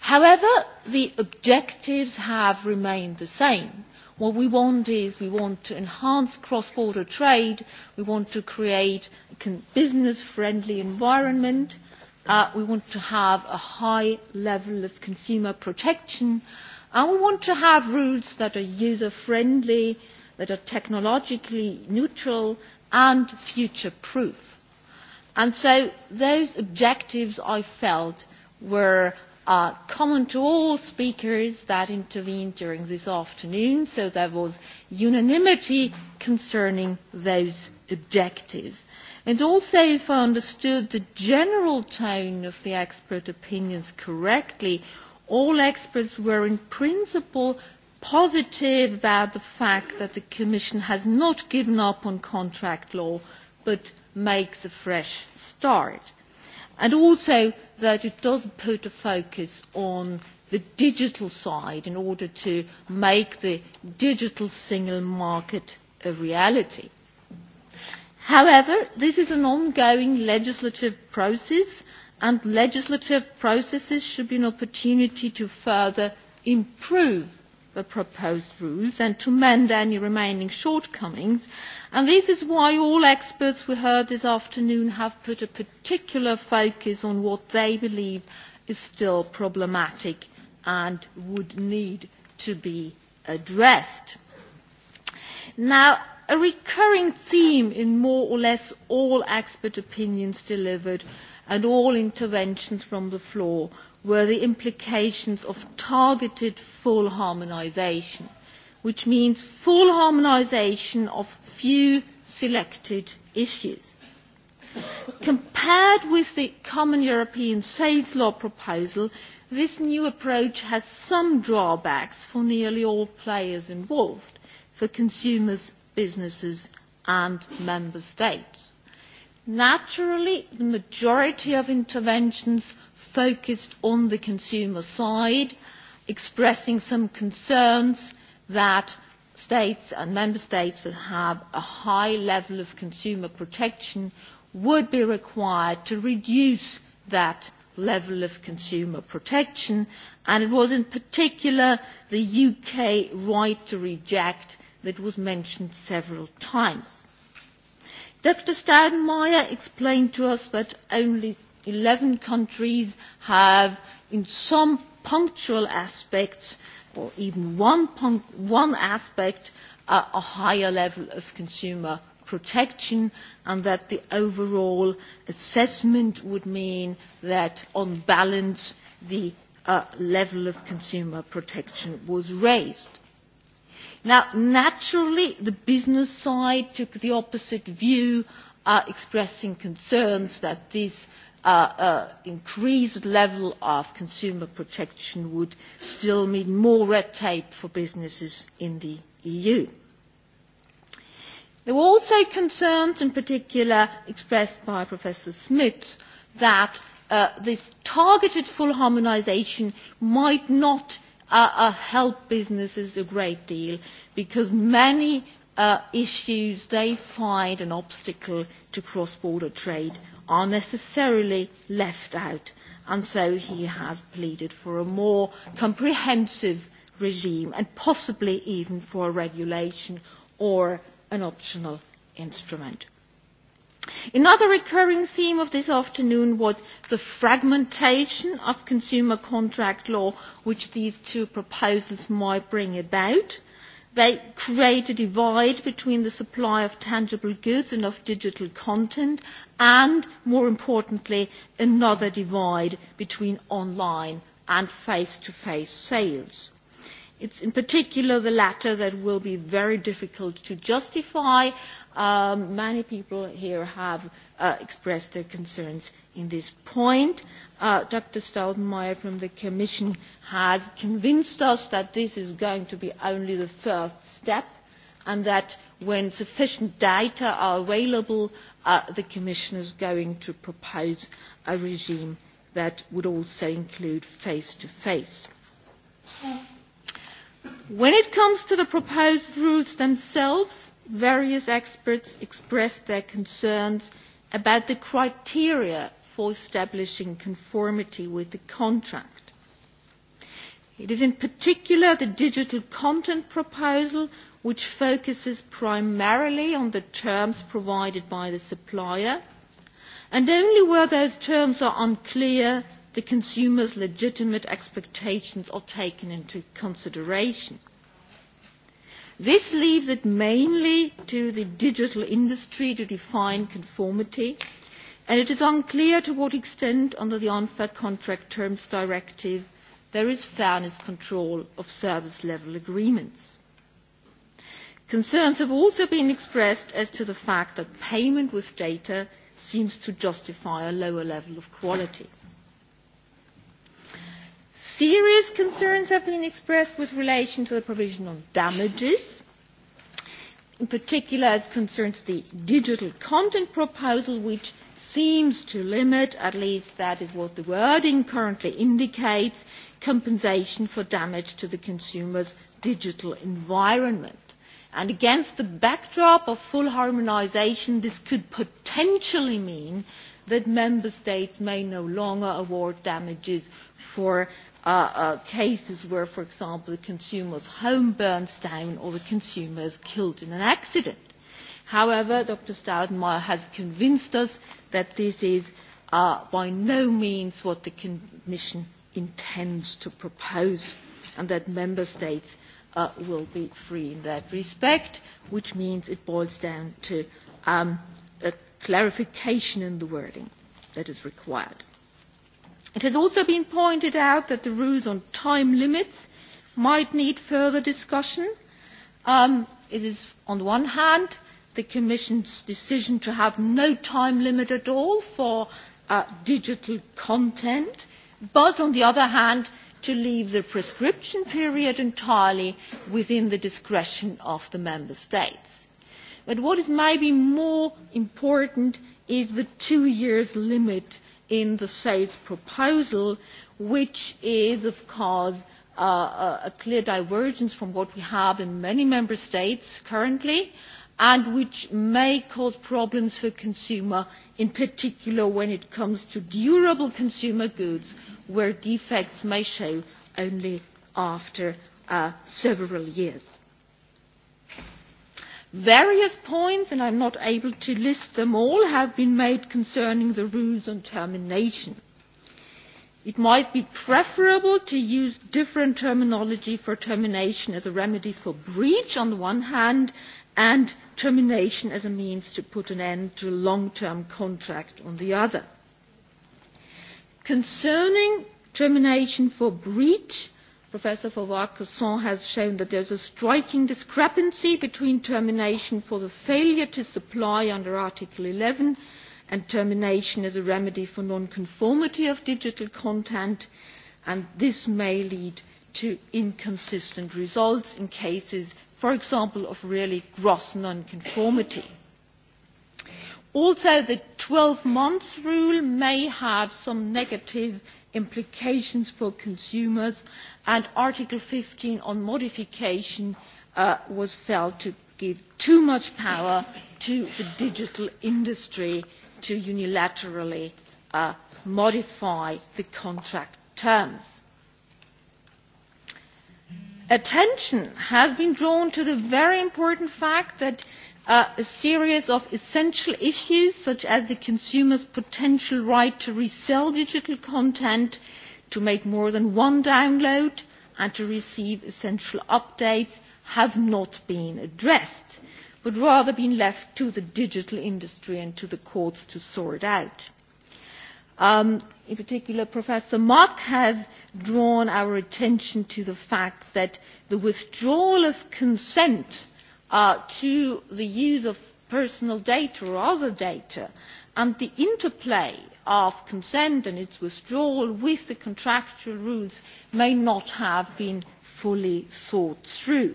However, the objectives have remained the same. What we want is we want to enhance cross-border trade, we want to create a business-friendly environment, uh, we want to have a high level of consumer protection, and we want to have rules that are user-friendly that are technologically neutral and future proof. And so those objectives I felt were uh, common to all speakers that intervened during this afternoon, so there was unanimity concerning those objectives. And also, if I understood the general tone of the expert opinions correctly, all experts were in principle positive about the fact that the Commission has not given up on contract law but makes a fresh start. And also that it does put a focus on the digital side in order to make the digital single market a reality. However, this is an ongoing legislative process and legislative processes should be an opportunity to further improve the proposed rules and to mend any remaining shortcomings. And this is why all experts we heard this afternoon have put a particular focus on what they believe is still problematic and would need to be addressed. Now, a recurring theme in more or less all expert opinions delivered and all interventions from the floor were the implications of targeted full harmonisation, which means full harmonisation of few selected issues. Compared with the Common European Sales Law proposal, this new approach has some drawbacks for nearly all players involved, for consumers, businesses and member states. Naturally, the majority of interventions focused on the consumer side, expressing some concerns that states and member states that have a high level of consumer protection would be required to reduce that level of consumer protection and it was in particular the UK right to reject that was mentioned several times. Deputy Steinmeier explained to us that only 11 countries have, in some punctual aspects, or even one, punct one aspect, uh, a higher level of consumer protection and that the overall assessment would mean that on balance the uh, level of consumer protection was raised. Now, naturally, the business side took the opposite view, uh, expressing concerns that this uh, uh, uh, increased level of consumer protection would still mean more red tape for businesses in the EU. There were also concerns, in particular expressed by Professor Smith, that uh, this targeted full harmonisation might not uh, uh, help businesses a great deal because many uh, issues they find an obstacle to cross-border trade are necessarily left out. And so he has pleaded for a more comprehensive regime and possibly even for a regulation or an optional instrument. Another recurring theme of this afternoon was the fragmentation of consumer contract law which these two proposals might bring about. Uh, They create a divide between the supply of tangible goods and of digital content, and more importantly, another divide between online and face-to-face -face sales It's in particular the latter that will be very difficult to justify. Um, many people here have uh, expressed their concerns in this point. Uh, Dr. Staudenmayer from the Commission has convinced us that this is going to be only the first step and that when sufficient data are available, uh, the Commission is going to propose a regime that would also include face-to-face. -face. Yeah. When it comes to the proposed rules themselves, various experts expressed their concerns about the criteria for establishing conformity with the contract. It is in particular the digital content proposal which focuses primarily on the terms provided by the supplier, and only where those terms are unclear the consumer's legitimate expectations are taken into consideration. This leaves it mainly to the digital industry to define conformity, and it is unclear to what extent under the Unfair Contract Terms Directive there is fairness control of service level agreements. Concerns have also been expressed as to the fact that payment with data seems to justify a lower level of quality. Serious concerns have been expressed with relation to the provision of damages, in particular as concerns the digital content proposal, which seems to limit, at least that is what the wording currently indicates, compensation for damage to the consumer's digital environment. And against the backdrop of full harmonisation, this could potentially mean that member states may no longer award damages for uh, uh, cases where, for example, the consumer's home burns down or the consumer is killed in an accident. However, Dr. Staudenmayer has convinced us that this is uh, by no means what the Commission intends to propose and that Member States uh, will be free in that respect, which means it boils down to um, a clarification in the wording that is required. It has also been pointed out that the rules on time limits might need further discussion. Um, it is, on the one hand, the Commission's decision to have no time limit at all for uh, digital content, but on the other hand, to leave the prescription period entirely within the discretion of the Member States But what is maybe more important is the two years limit in the SAID's proposal, which is, of course, uh, a clear divergence from what we have in many member states currently and which may cause problems for consumers, in particular when it comes to durable consumer goods, where defects may show only after uh, several years. Various points, and I'm not able to list them all, have been made concerning the rules on termination. It might be preferable to use different terminology for termination as a remedy for breach on the one hand and termination as a means to put an end to a long-term contract on the other. Concerning termination for breach, Professor Fauvoir-Casson has shown that there is a striking discrepancy between termination for the failure to supply under Article 11 and termination as a remedy for non-conformity of digital content, and this may lead to inconsistent results in cases, for example, of really gross non-conformity. Also, the 12 months rule may have some negative implications for consumers and article fifteen on modification uh, was felt to give too much power to the digital industry to unilaterally uh, modify the contract terms. Attention has been drawn to the very important fact that uh, uh, a series of essential issues such as the consumer's potential right to resell digital content, to make more than one download and to receive essential updates have not been addressed, but rather been left to the digital industry and to the courts to sort out. Um, in particular, Professor Mock has drawn our attention to the fact that the withdrawal of consent uh, to the use of personal data or other data and the interplay of consent and its withdrawal with the contractual rules may not have been fully thought through.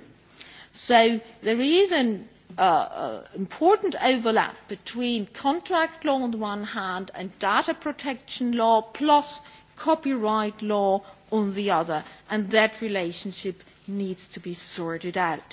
So there is an uh, uh, important overlap between contract law on the one hand and data protection law plus copyright law on the other and that relationship needs to be sorted out.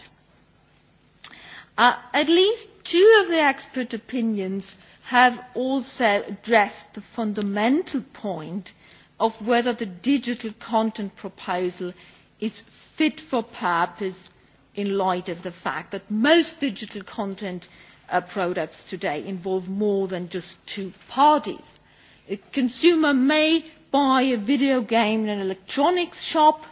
Uh, at least two of the expert opinions have also addressed the fundamental point of whether the digital content proposal is fit for purpose in light of the fact that most digital content uh, products today involve more than just two parties. A consumer may buy a video game in an electronics shop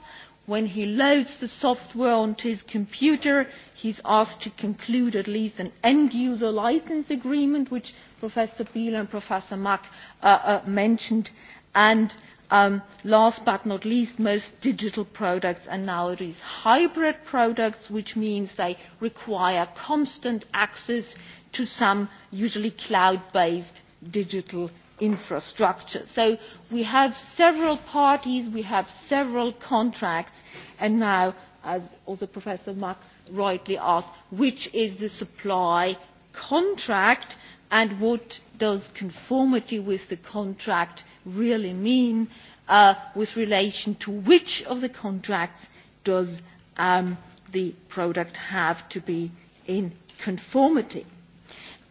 when he loads the software onto his computer he is asked to conclude at least an end user license agreement which professor biel and professor mack uh, uh, mentioned and um, last but not least most digital products are nowadays hybrid products which means they require constant access to some usually cloud based digital infrastructure. So we have several parties, we have several contracts, and now, as also Professor Mack rightly asked, which is the supply contract and what does conformity with the contract really mean uh, with relation to which of the contracts does um, the product have to be in conformity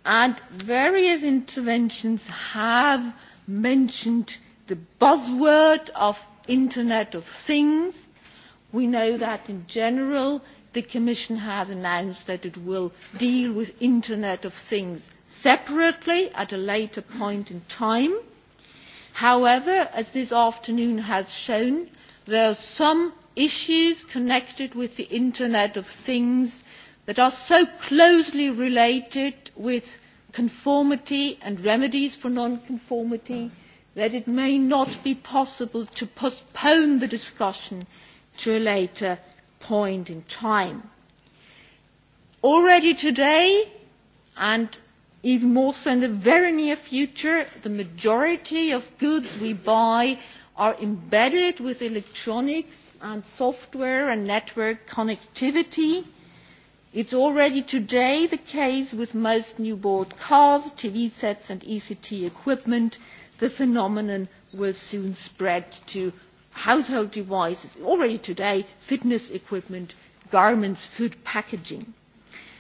and various interventions have mentioned the buzzword of internet of things. we know that in general the commission has announced that it will deal with internet of things separately at a later point in time. however, as this afternoon has shown, there are some issues connected with the internet of things that are so closely related with conformity and remedies for non-conformity that it may not be possible to postpone the discussion to a later point in time. Already today, and even more so in the very near future, the majority of goods we buy are embedded with electronics and software and network connectivity it is already today the case with most newborn cars tv sets and ect equipment. the phenomenon will soon spread to household devices already today fitness equipment garments food packaging.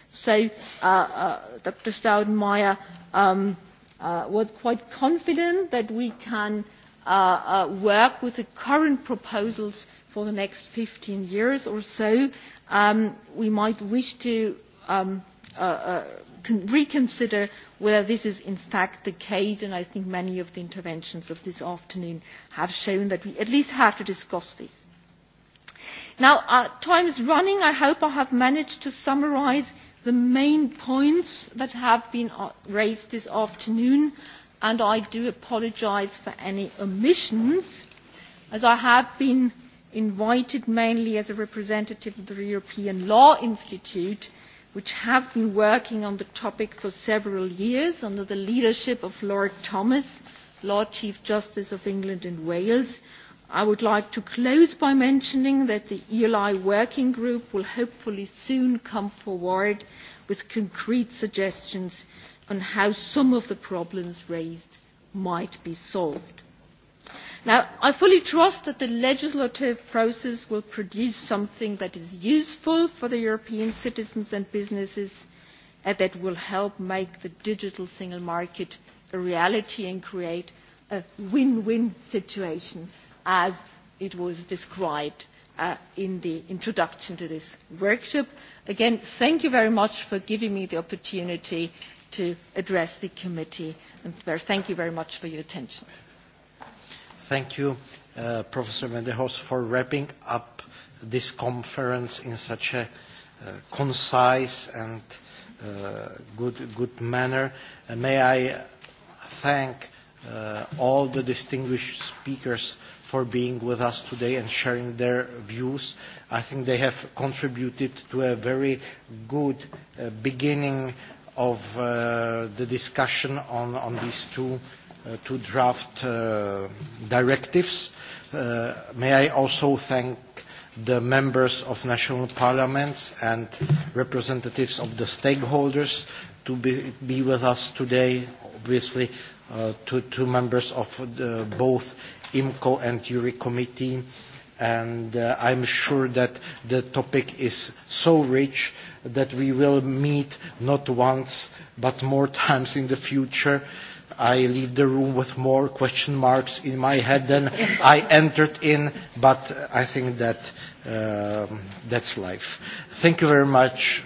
so uh, uh, dr staudenmayer um, uh, was quite confident that we can uh, uh, work with the current proposals for the next 15 years or so, um, we might wish to um, uh, uh, con- reconsider whether this is in fact the case, and I think many of the interventions of this afternoon have shown that we at least have to discuss this. Now, uh, time is running. I hope I have managed to summarise the main points that have been uh, raised this afternoon, and I do apologise for any omissions, as I have been invited mainly as a representative of the European Law Institute, which has been working on the topic for several years under the leadership of Lord Thomas, Lord Chief Justice of England and Wales. I would like to close by mentioning that the ELI Working Group will hopefully soon come forward with concrete suggestions on how some of the problems raised might be solved Now, I fully trust that the legislative process will produce something that is useful for the European citizens and businesses and that will help make the digital single market a reality and create a win-win situation as it was described uh, in the introduction to this workshop. Again, thank you very much for giving me the opportunity to address the committee and thank you very much for your attention. Thank you, uh, Professor Mendehos, for wrapping up this conference in such a uh, concise and uh, good, good manner. Uh, may I thank uh, all the distinguished speakers for being with us today and sharing their views. I think they have contributed to a very good uh, beginning of uh, the discussion on, on these two uh, uh, to draft uh, directives. Uh, may I also thank the members of national parliaments and representatives of the stakeholders to be, be with us today, obviously uh, to, to members of the, both IMCO and URI committee. And uh, I'm sure that the topic is so rich that we will meet not once but more *laughs* times in the future. Uh, I leave the room with more question marks in my head than *laughs* I entered in, but I think that uh, that's life. Thank you very much.